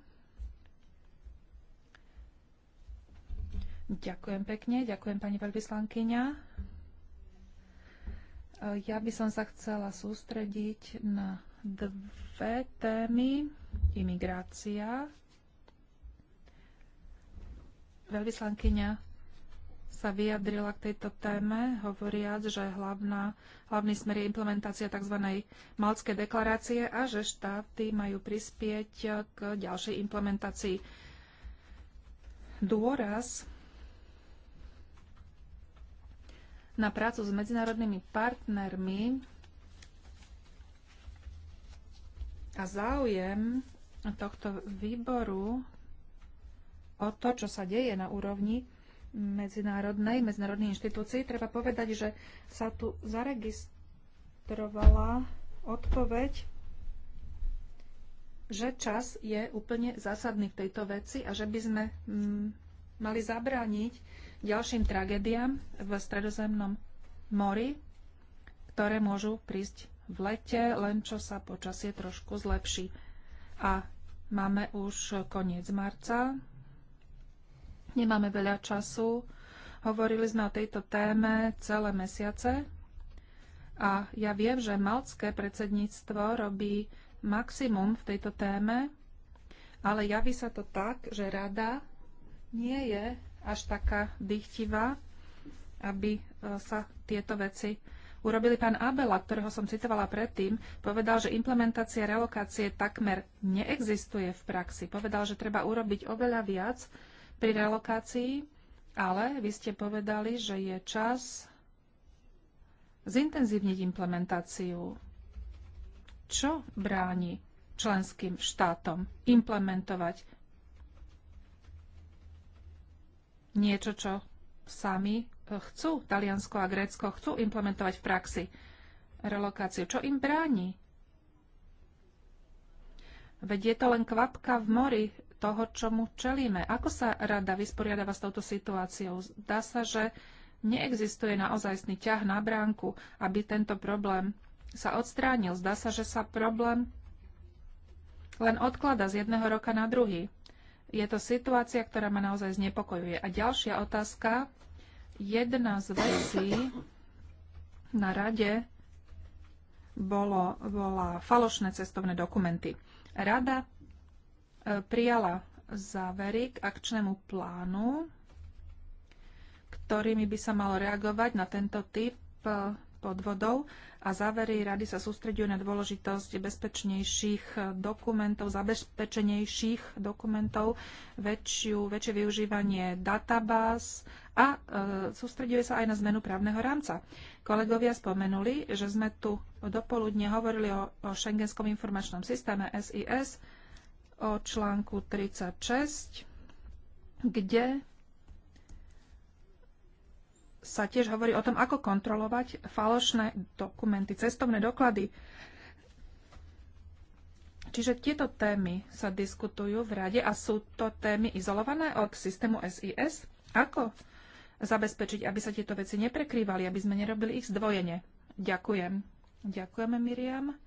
Ďakujem pekne, ďakujem pani veľvyslankyňa. E, ja by som sa chcela sústrediť na dve témy. Imigrácia. Veľvyslankyňa sa vyjadrila k tejto téme, hovoriac, že hlavná, hlavný smer je implementácia tzv. malckej deklarácie a že štáty majú prispieť k ďalšej implementácii. Dôraz na prácu s medzinárodnými partnermi a záujem tohto výboru o to, čo sa deje na úrovni medzinárodnej, medzinárodnej inštitúcii Treba povedať, že sa tu zaregistrovala odpoveď, že čas je úplne zásadný v tejto veci a že by sme mm, mali zabrániť ďalším tragédiám v stredozemnom mori, ktoré môžu prísť v lete, len čo sa počasie trošku zlepší. A máme už koniec marca, Nemáme veľa času. Hovorili sme o tejto téme celé mesiace a ja viem, že malcké predsedníctvo robí maximum v tejto téme, ale javí sa to tak, že rada nie je až taká dychtivá, aby e, sa tieto veci urobili. Pán Abela, ktorého som citovala predtým, povedal, že implementácia relokácie takmer neexistuje v praxi. Povedal, že treba urobiť oveľa viac, pri relokácii, ale vy ste povedali, že je čas zintenzívniť implementáciu. Čo bráni členským štátom implementovať niečo, čo sami eh, chcú, Taliansko a Grécko chcú implementovať v praxi relokáciu. Čo im bráni? Veď je to len kvapka v mori toho, čomu čelíme. Ako sa rada vysporiadava s touto situáciou? Dá sa, že neexistuje naozajstný ťah na bránku, aby tento problém sa odstránil. Zdá sa, že sa problém len odklada z jedného roka na druhý. Je to situácia, ktorá ma naozaj znepokojuje. A ďalšia otázka. Jedna z vecí na rade bolo, bola falošné cestovné dokumenty. Rada prijala závery k akčnému plánu, ktorými by sa malo reagovať na tento typ e, podvodov a závery rady sa sústreďujú na dôležitosť bezpečnejších dokumentov, zabezpečenejších dokumentov, väčšiu, väčšie využívanie databáz a e, sústreďuje sa aj na zmenu právneho rámca. Kolegovia spomenuli, že sme tu dopoludne hovorili o, o Schengenskom informačnom systéme SIS, o článku 36, kde sa tiež hovorí o tom, ako kontrolovať falošné dokumenty, cestovné doklady. Čiže tieto témy sa diskutujú v rade a sú to témy izolované od systému SIS. Ako zabezpečiť, aby sa tieto veci neprekrývali, aby sme nerobili ich zdvojene. Ďakujem. Ďakujeme, Miriam.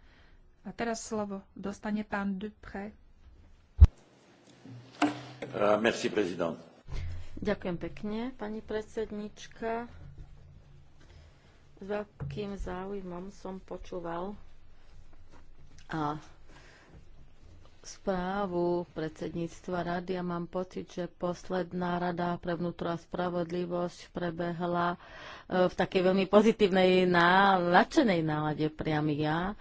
A teraz slovo dostane pán Dupré. Eh, Ďakujem pekne, pani predsednička. S veľkým záujmom som počúval a správu predsedníctva rady a mám pocit, že posledná rada pre vnútro a spravodlivosť prebehla e, v takej veľmi pozitívnej, nadšenej nálade priam ja.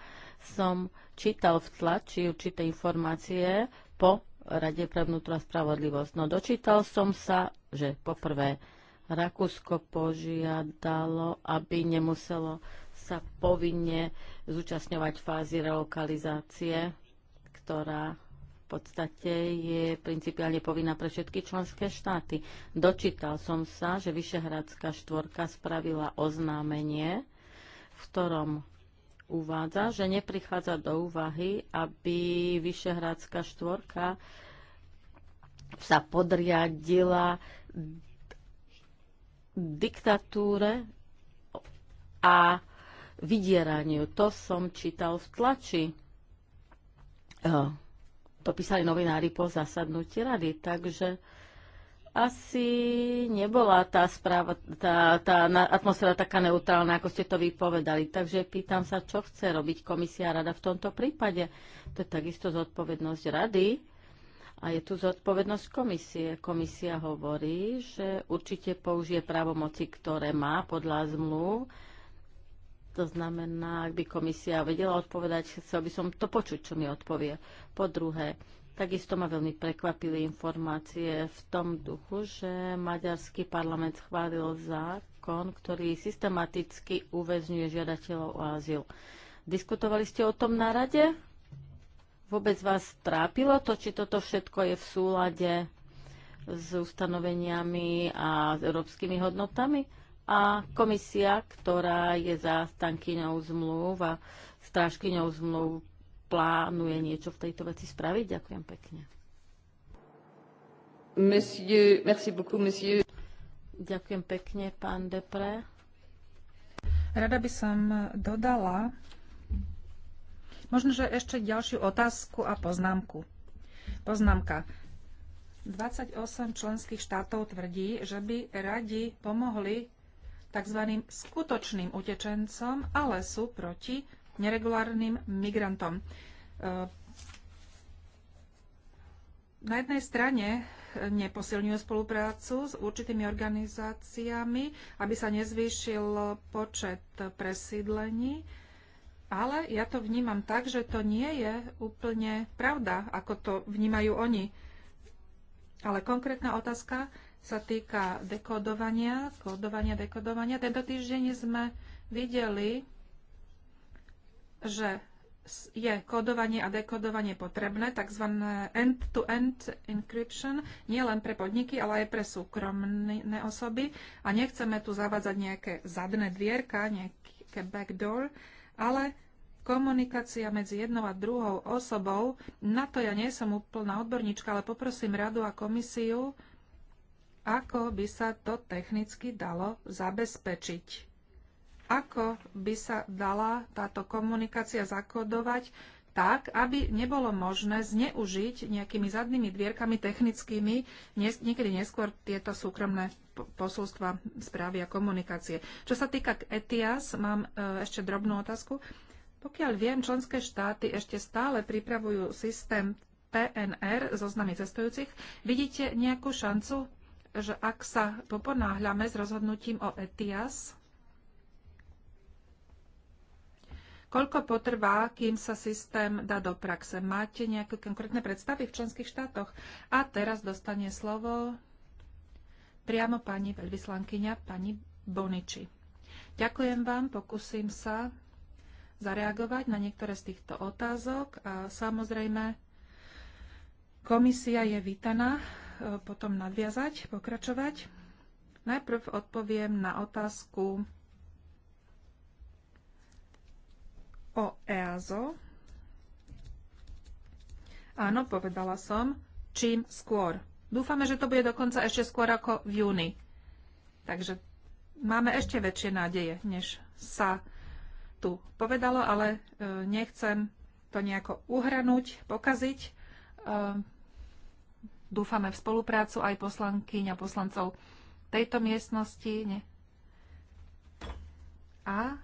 Som čítal v tlači určité informácie po Rade pre vnútra spravodlivosť. No dočítal som sa, že poprvé Rakúsko požiadalo, aby nemuselo sa povinne zúčastňovať fázy relokalizácie, ktorá v podstate je principiálne povinná pre všetky členské štáty. Dočítal som sa, že Vyšehradská štvorka spravila oznámenie, v ktorom uvádza, že neprichádza do úvahy, aby Vyšehradská štvorka sa podriadila diktatúre a vydieraniu. To som čítal v tlači. Eh, to písali novinári po zasadnutí rady, takže asi nebola tá, správa, tá, tá atmosféra taká neutrálna, ako ste to vypovedali. Takže pýtam sa, čo chce robiť komisia a rada v tomto prípade. To je takisto zodpovednosť rady a je tu zodpovednosť komisie. Komisia hovorí, že určite použije právomoci, ktoré má podľa zmluv. To znamená, ak by komisia vedela odpovedať, chcel by som to počuť, čo mi odpovie. Po druhé, Takisto ma veľmi prekvapili informácie v tom duchu, že maďarský parlament schválil zákon, ktorý systematicky uväzňuje žiadateľov o azyl. Diskutovali ste o tom na rade? Vôbec vás trápilo to, či toto všetko je v súlade s ustanoveniami a s európskymi hodnotami? A komisia, ktorá je zástankyňou zmluv a strážkyňou zmluv, plánuje niečo v tejto veci spraviť? Ďakujem pekne. Monsieur, merci beaucoup, monsieur. Ďakujem pekne, pán Depre. Rada by som dodala možno, že ešte ďalšiu otázku a poznámku. Poznámka. 28 členských štátov tvrdí, že by radi pomohli tzv. skutočným utečencom, ale sú proti neregulárnym migrantom. Eh, na jednej strane neposilňujú spoluprácu s určitými organizáciami, aby sa nezvýšil počet presídlení, ale ja to vnímam tak, že to nie je úplne pravda, ako to vnímajú oni. Ale konkrétna otázka sa týka dekodovania, kódovania, dekodovania. Tento týždeň sme videli že je kódovanie a dekodovanie potrebné, tzv. end-to-end encryption, nie len pre podniky, ale aj pre súkromné osoby. A nechceme tu zavádzať nejaké zadné dvierka, nejaké backdoor, ale komunikácia medzi jednou a druhou osobou, na to ja nie som úplná odborníčka, ale poprosím radu a komisiu, ako by sa to technicky dalo zabezpečiť ako by sa dala táto komunikácia zakodovať tak, aby nebolo možné zneužiť nejakými zadnými dvierkami technickými niekedy neskôr tieto súkromné posolstva, správy a komunikácie. Čo sa týka ETIAS, mám e, ešte drobnú otázku. Pokiaľ viem, členské štáty ešte stále pripravujú systém PNR, zoznamy cestujúcich. Vidíte nejakú šancu, že ak sa poponáhľame s rozhodnutím o ETIAS, Koľko potrvá, kým sa systém dá do praxe? Máte nejaké konkrétne predstavy v členských štátoch? A teraz dostane slovo priamo pani veľvyslankyňa, pani Boniči. Ďakujem vám, pokúsim sa zareagovať na niektoré z týchto otázok a samozrejme komisia je vítaná e, potom nadviazať, pokračovať. Najprv odpoviem na otázku o EASO. Áno, povedala som, čím skôr. Dúfame, že to bude dokonca ešte skôr ako v júni. Takže máme ešte väčšie nádeje, než sa tu povedalo, ale e, nechcem to nejako uhranúť, pokaziť. E, dúfame v spoluprácu aj poslankyň a poslancov tejto miestnosti. A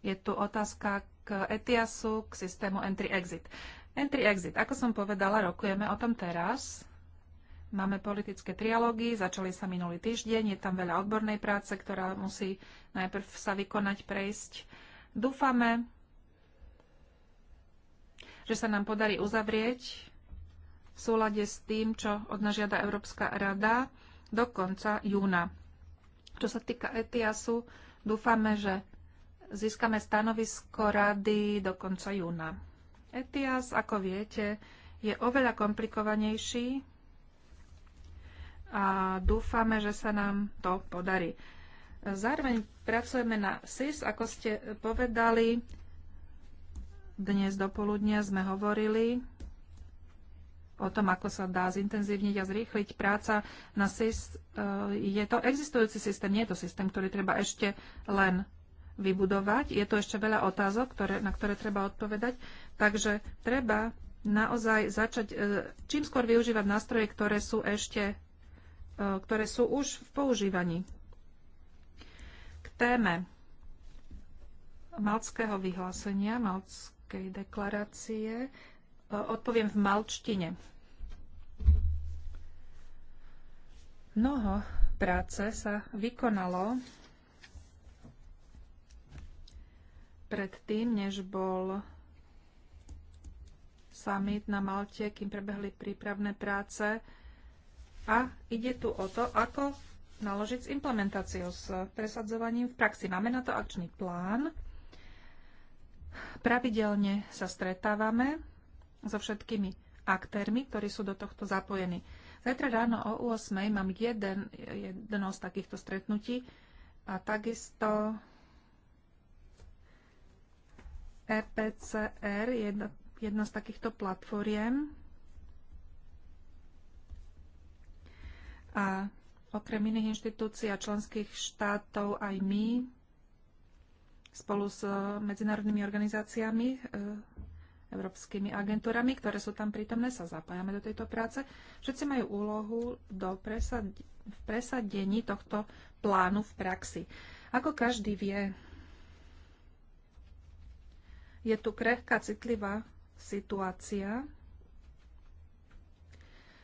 Je tu otázka k ETIASu, k systému Entry-Exit. Entry-Exit, ako som povedala, rokujeme o tom teraz. Máme politické trialógy, začali sa minulý týždeň, je tam veľa odbornej práce, ktorá musí najprv sa vykonať, prejsť. Dúfame, že sa nám podarí uzavrieť v súlade s tým, čo od nás žiada Európska rada do konca júna. Čo sa týka ETIASu, dúfame, že získame stanovisko rady do konca júna. ETIAS, ako viete, je oveľa komplikovanejší a dúfame, že sa nám to podarí. Zároveň pracujeme na SIS, ako ste povedali. Dnes do poludnia sme hovorili o tom, ako sa dá zintenzívniť a zrýchliť práca na SIS. E, je to existujúci systém, nie je to systém, ktorý treba ešte len vybudovať. Je tu ešte veľa otázok, ktoré, na ktoré treba odpovedať. Takže treba naozaj začať e, čím skôr využívať nástroje, ktoré sú ešte, e, ktoré sú už v používaní. K téme malckého vyhlásenia, malckej deklarácie e, odpoviem v malčtine. Mnoho práce sa vykonalo Predtým, než bol summit na Malte, kým prebehli prípravné práce. A ide tu o to, ako naložiť s implementáciou, s presadzovaním v praxi. Máme na to akčný plán. Pravidelne sa stretávame so všetkými aktérmi, ktorí sú do tohto zapojení. Zajtra ráno o 8.00 mám jeden, jedno z takýchto stretnutí a takisto EPCR, jedna, jedna z takýchto platformiem. A okrem iných inštitúcií a členských štátov aj my spolu s e, medzinárodnými organizáciami, e, európskymi agentúrami, ktoré sú tam prítomné, sa zapájame do tejto práce. Všetci majú úlohu do presad- v presadení tohto plánu v praxi. Ako každý vie, je tu krehká, citlivá situácia,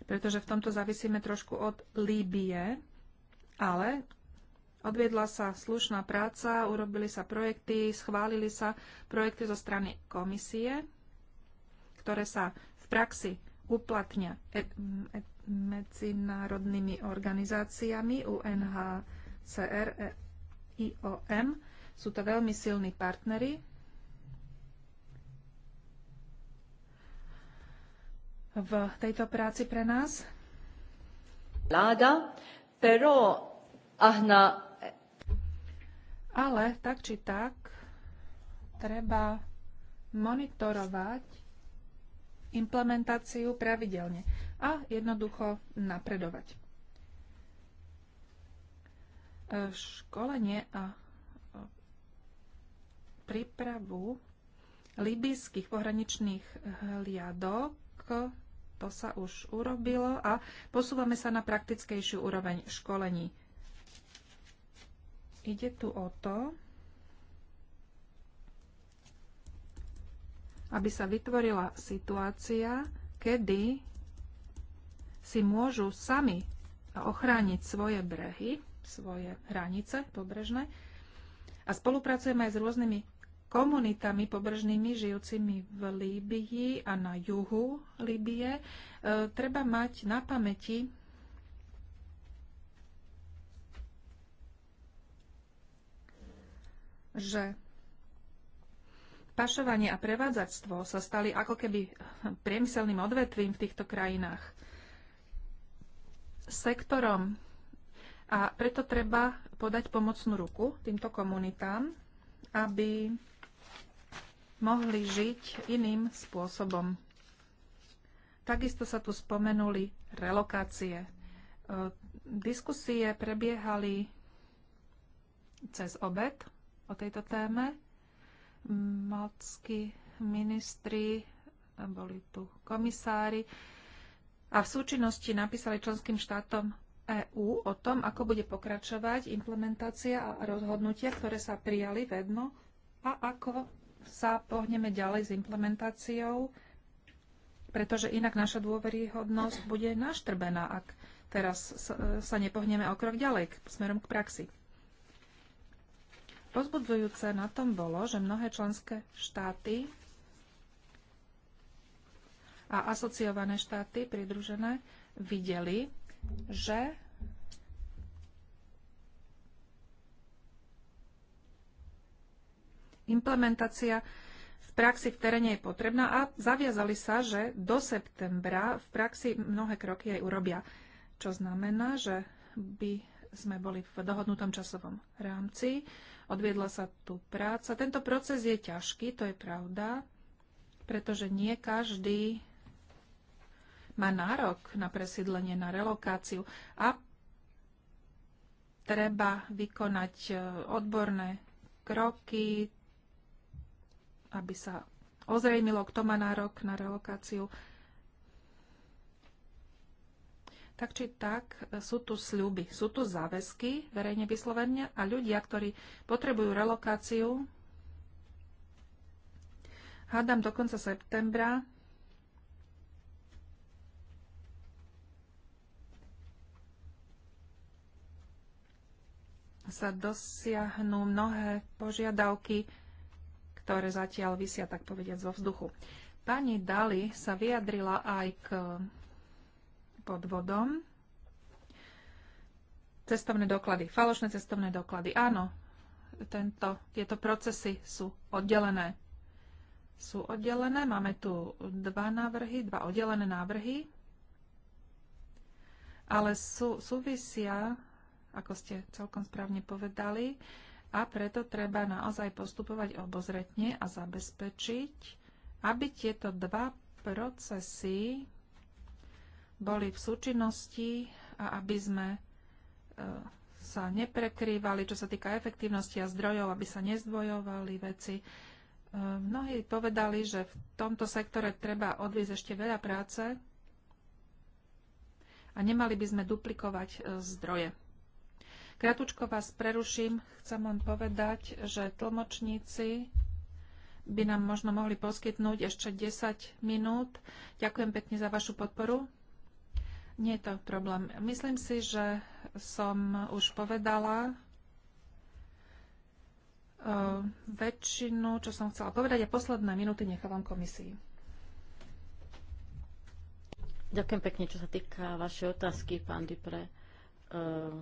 pretože v tomto zavisíme trošku od Líbie, ale odviedla sa slušná práca, urobili sa projekty, schválili sa projekty zo strany komisie, ktoré sa v praxi uplatňa e- e- medzinárodnými organizáciami UNHCR, e IOM. Sú to veľmi silní partnery v tejto práci pre nás? Láda, pero ahna... Ale tak či tak treba monitorovať implementáciu pravidelne a jednoducho napredovať. E, školenie a e, prípravu libyských pohraničných hliadok to sa už urobilo a posúvame sa na praktickejšiu úroveň školení. Ide tu o to, aby sa vytvorila situácia, kedy si môžu sami ochrániť svoje brehy, svoje hranice pobrežné a spolupracujeme aj s rôznymi komunitami pobržnými žijúcimi v Líbii a na juhu Líbie, e, treba mať na pamäti že pašovanie a prevádzactvo sa stali ako keby priemyselným odvetvím v týchto krajinách, sektorom. A preto treba podať pomocnú ruku týmto komunitám, aby mohli žiť iným spôsobom. Takisto sa tu spomenuli relokácie. E, diskusie prebiehali cez obed o tejto téme. Malckí ministri, boli tu komisári a v súčinnosti napísali členským štátom EÚ o tom, ako bude pokračovať implementácia a rozhodnutia, ktoré sa prijali vedno a ako sa pohneme ďalej s implementáciou, pretože inak naša dôveryhodnosť bude naštrbená, ak teraz sa nepohneme o krok ďalej, smerom k praxi. Pozbudzujúce na tom bolo, že mnohé členské štáty a asociované štáty pridružené videli, že implementácia v praxi v teréne je potrebná a zaviazali sa, že do septembra v praxi mnohé kroky aj urobia. Čo znamená, že by sme boli v dohodnutom časovom rámci. Odviedla sa tu práca. Tento proces je ťažký, to je pravda, pretože nie každý má nárok na presídlenie, na relokáciu a treba vykonať eh, odborné kroky, aby sa ozrejmilo, kto má nárok na relokáciu. Tak či tak, sú tu sľuby, sú tu záväzky verejne vyslovene a ľudia, ktorí potrebujú relokáciu, hádam do konca septembra, sa dosiahnu mnohé požiadavky ktoré zatiaľ vysia, tak povediať, zo vzduchu. Pani Dali sa vyjadrila aj k podvodom. Cestovné doklady, falošné cestovné doklady. Áno, tento, tieto procesy sú oddelené. Sú oddelené, máme tu dva návrhy, dva oddelené návrhy, ale sú, súvisia, ako ste celkom správne povedali, a preto treba naozaj postupovať obozretne a zabezpečiť, aby tieto dva procesy boli v súčinnosti a aby sme e, sa neprekrývali, čo sa týka efektívnosti a zdrojov, aby sa nezdvojovali veci. E, mnohí povedali, že v tomto sektore treba odviezť ešte veľa práce a nemali by sme duplikovať e, zdroje. Kratučko vás preruším. Chcem len povedať, že tlmočníci by nám možno mohli poskytnúť ešte 10 minút. Ďakujem pekne za vašu podporu. Nie je to problém. Myslím si, že som už povedala e, väčšinu, čo som chcela povedať a posledné minúty nechávam komisii. Ďakujem pekne, čo sa týka vašej otázky, pán Dupre. E,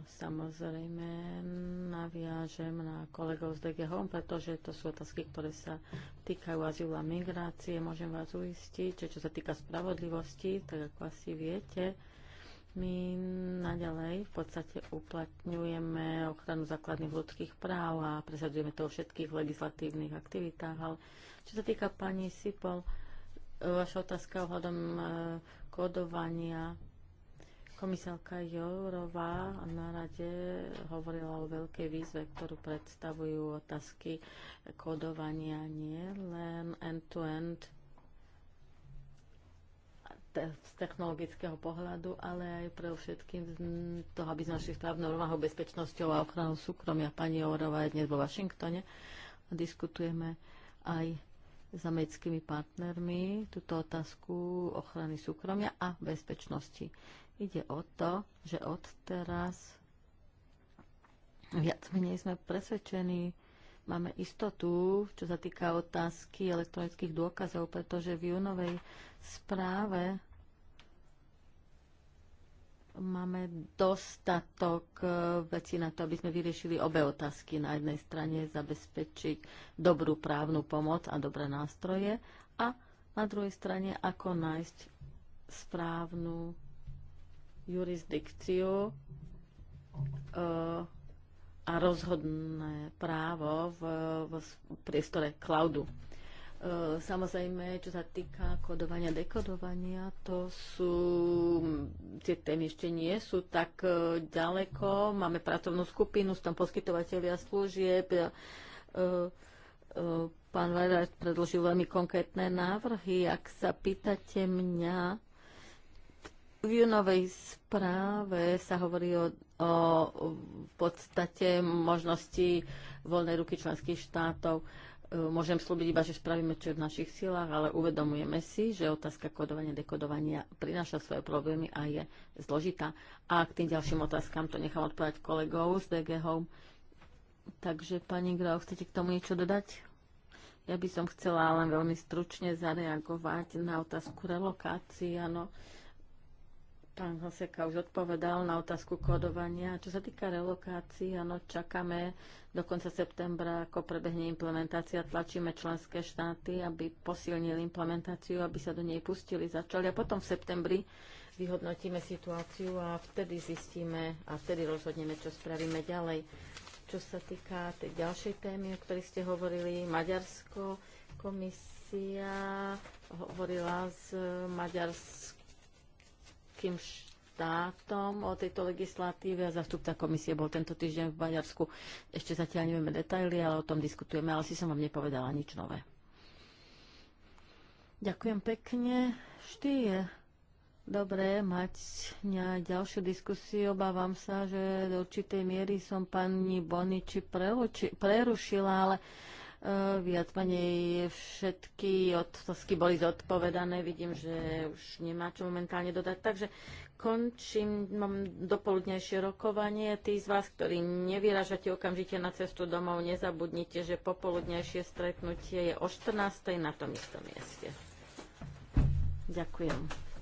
samozrejme naviažem na kolegov z DG Home, pretože to sú otázky, ktoré sa týkajú azylu a migrácie. Môžem vás uistiť, že čo sa týka spravodlivosti, tak ako asi viete, my naďalej v podstate uplatňujeme ochranu základných ľudských práv a presadzujeme to vo všetkých legislatívnych aktivitách. Ale čo sa týka pani Sipol, vaša otázka ohľadom e, kódovania Komisárka Jourová na rade hovorila o veľkej výzve, ktorú predstavujú otázky kodovania nie len end-to-end z technologického pohľadu, ale aj pre všetkým toho, aby sme našli správnu rovnahu bezpečnosťou a ochranou súkromia. Pani Jourová je dnes vo Washingtone. Diskutujeme aj s americkými partnermi túto otázku ochrany súkromia a bezpečnosti. Ide o to, že odteraz viac menej sme presvedčení, máme istotu, čo sa týka otázky elektronických dôkazov, pretože v júnovej správe máme dostatok e, vecí na to, aby sme vyriešili obe otázky. Na jednej strane zabezpečiť dobrú právnu pomoc a dobré nástroje a na druhej strane, ako nájsť správnu jurisdikciu eh, a rozhodné právo v, v priestore cloudu. Eh, samozrejme, čo sa týka kodovania, dekodovania, to sú, tie témy ešte nie sú tak eh, ďaleko. Máme pracovnú skupinu, sú tam poskytovateľia služieb. Pán Vajrač predložil veľmi konkrétne návrhy. Ak sa pýtate mňa, v junovej správe sa hovorí o, o v podstate možnosti voľnej ruky členských štátov. E, môžem slúbiť iba, že spravíme čo je v našich silách, ale uvedomujeme si, že otázka kodovania, dekodovania prináša svoje problémy a je zložitá. A k tým ďalším otázkam to nechám odpovedať kolegov z DG Home. Takže, pani Grau, chcete k tomu niečo dodať? Ja by som chcela len veľmi stručne zareagovať na otázku relokácií. Áno, Pán Hoseka už odpovedal na otázku kodovania. Čo sa týka relokácií, áno, čakáme do konca septembra, ako prebehne implementácia. Tlačíme členské štáty, aby posilnili implementáciu, aby sa do nej pustili, začali. A potom v septembri vyhodnotíme situáciu a vtedy zistíme a vtedy rozhodneme, čo spravíme ďalej. Čo sa týka tej ďalšej témy, o ktorej ste hovorili, Maďarsko, komisia hovorila s Maďarskou členským štátom o tejto legislatíve a zastupca komisie bol tento týždeň v Maďarsku. Ešte zatiaľ nevieme detaily, ale o tom diskutujeme, ale si som vám nepovedala nič nové. Ďakujem pekne. Vždy je Dobre, mať ďalšiu diskusiu. Obávam sa, že do určitej miery som pani Boniči prerušila, ale Eh, viac menej všetky otázky boli zodpovedané. Vidím, že už nemá čo momentálne dodať. Takže končím, mám dopoludnejšie rokovanie. Tí z vás, ktorí nevyrážate okamžite na cestu domov, nezabudnite, že popoludnejšie stretnutie je o 14.00 na tom istom mieste. Ďakujem.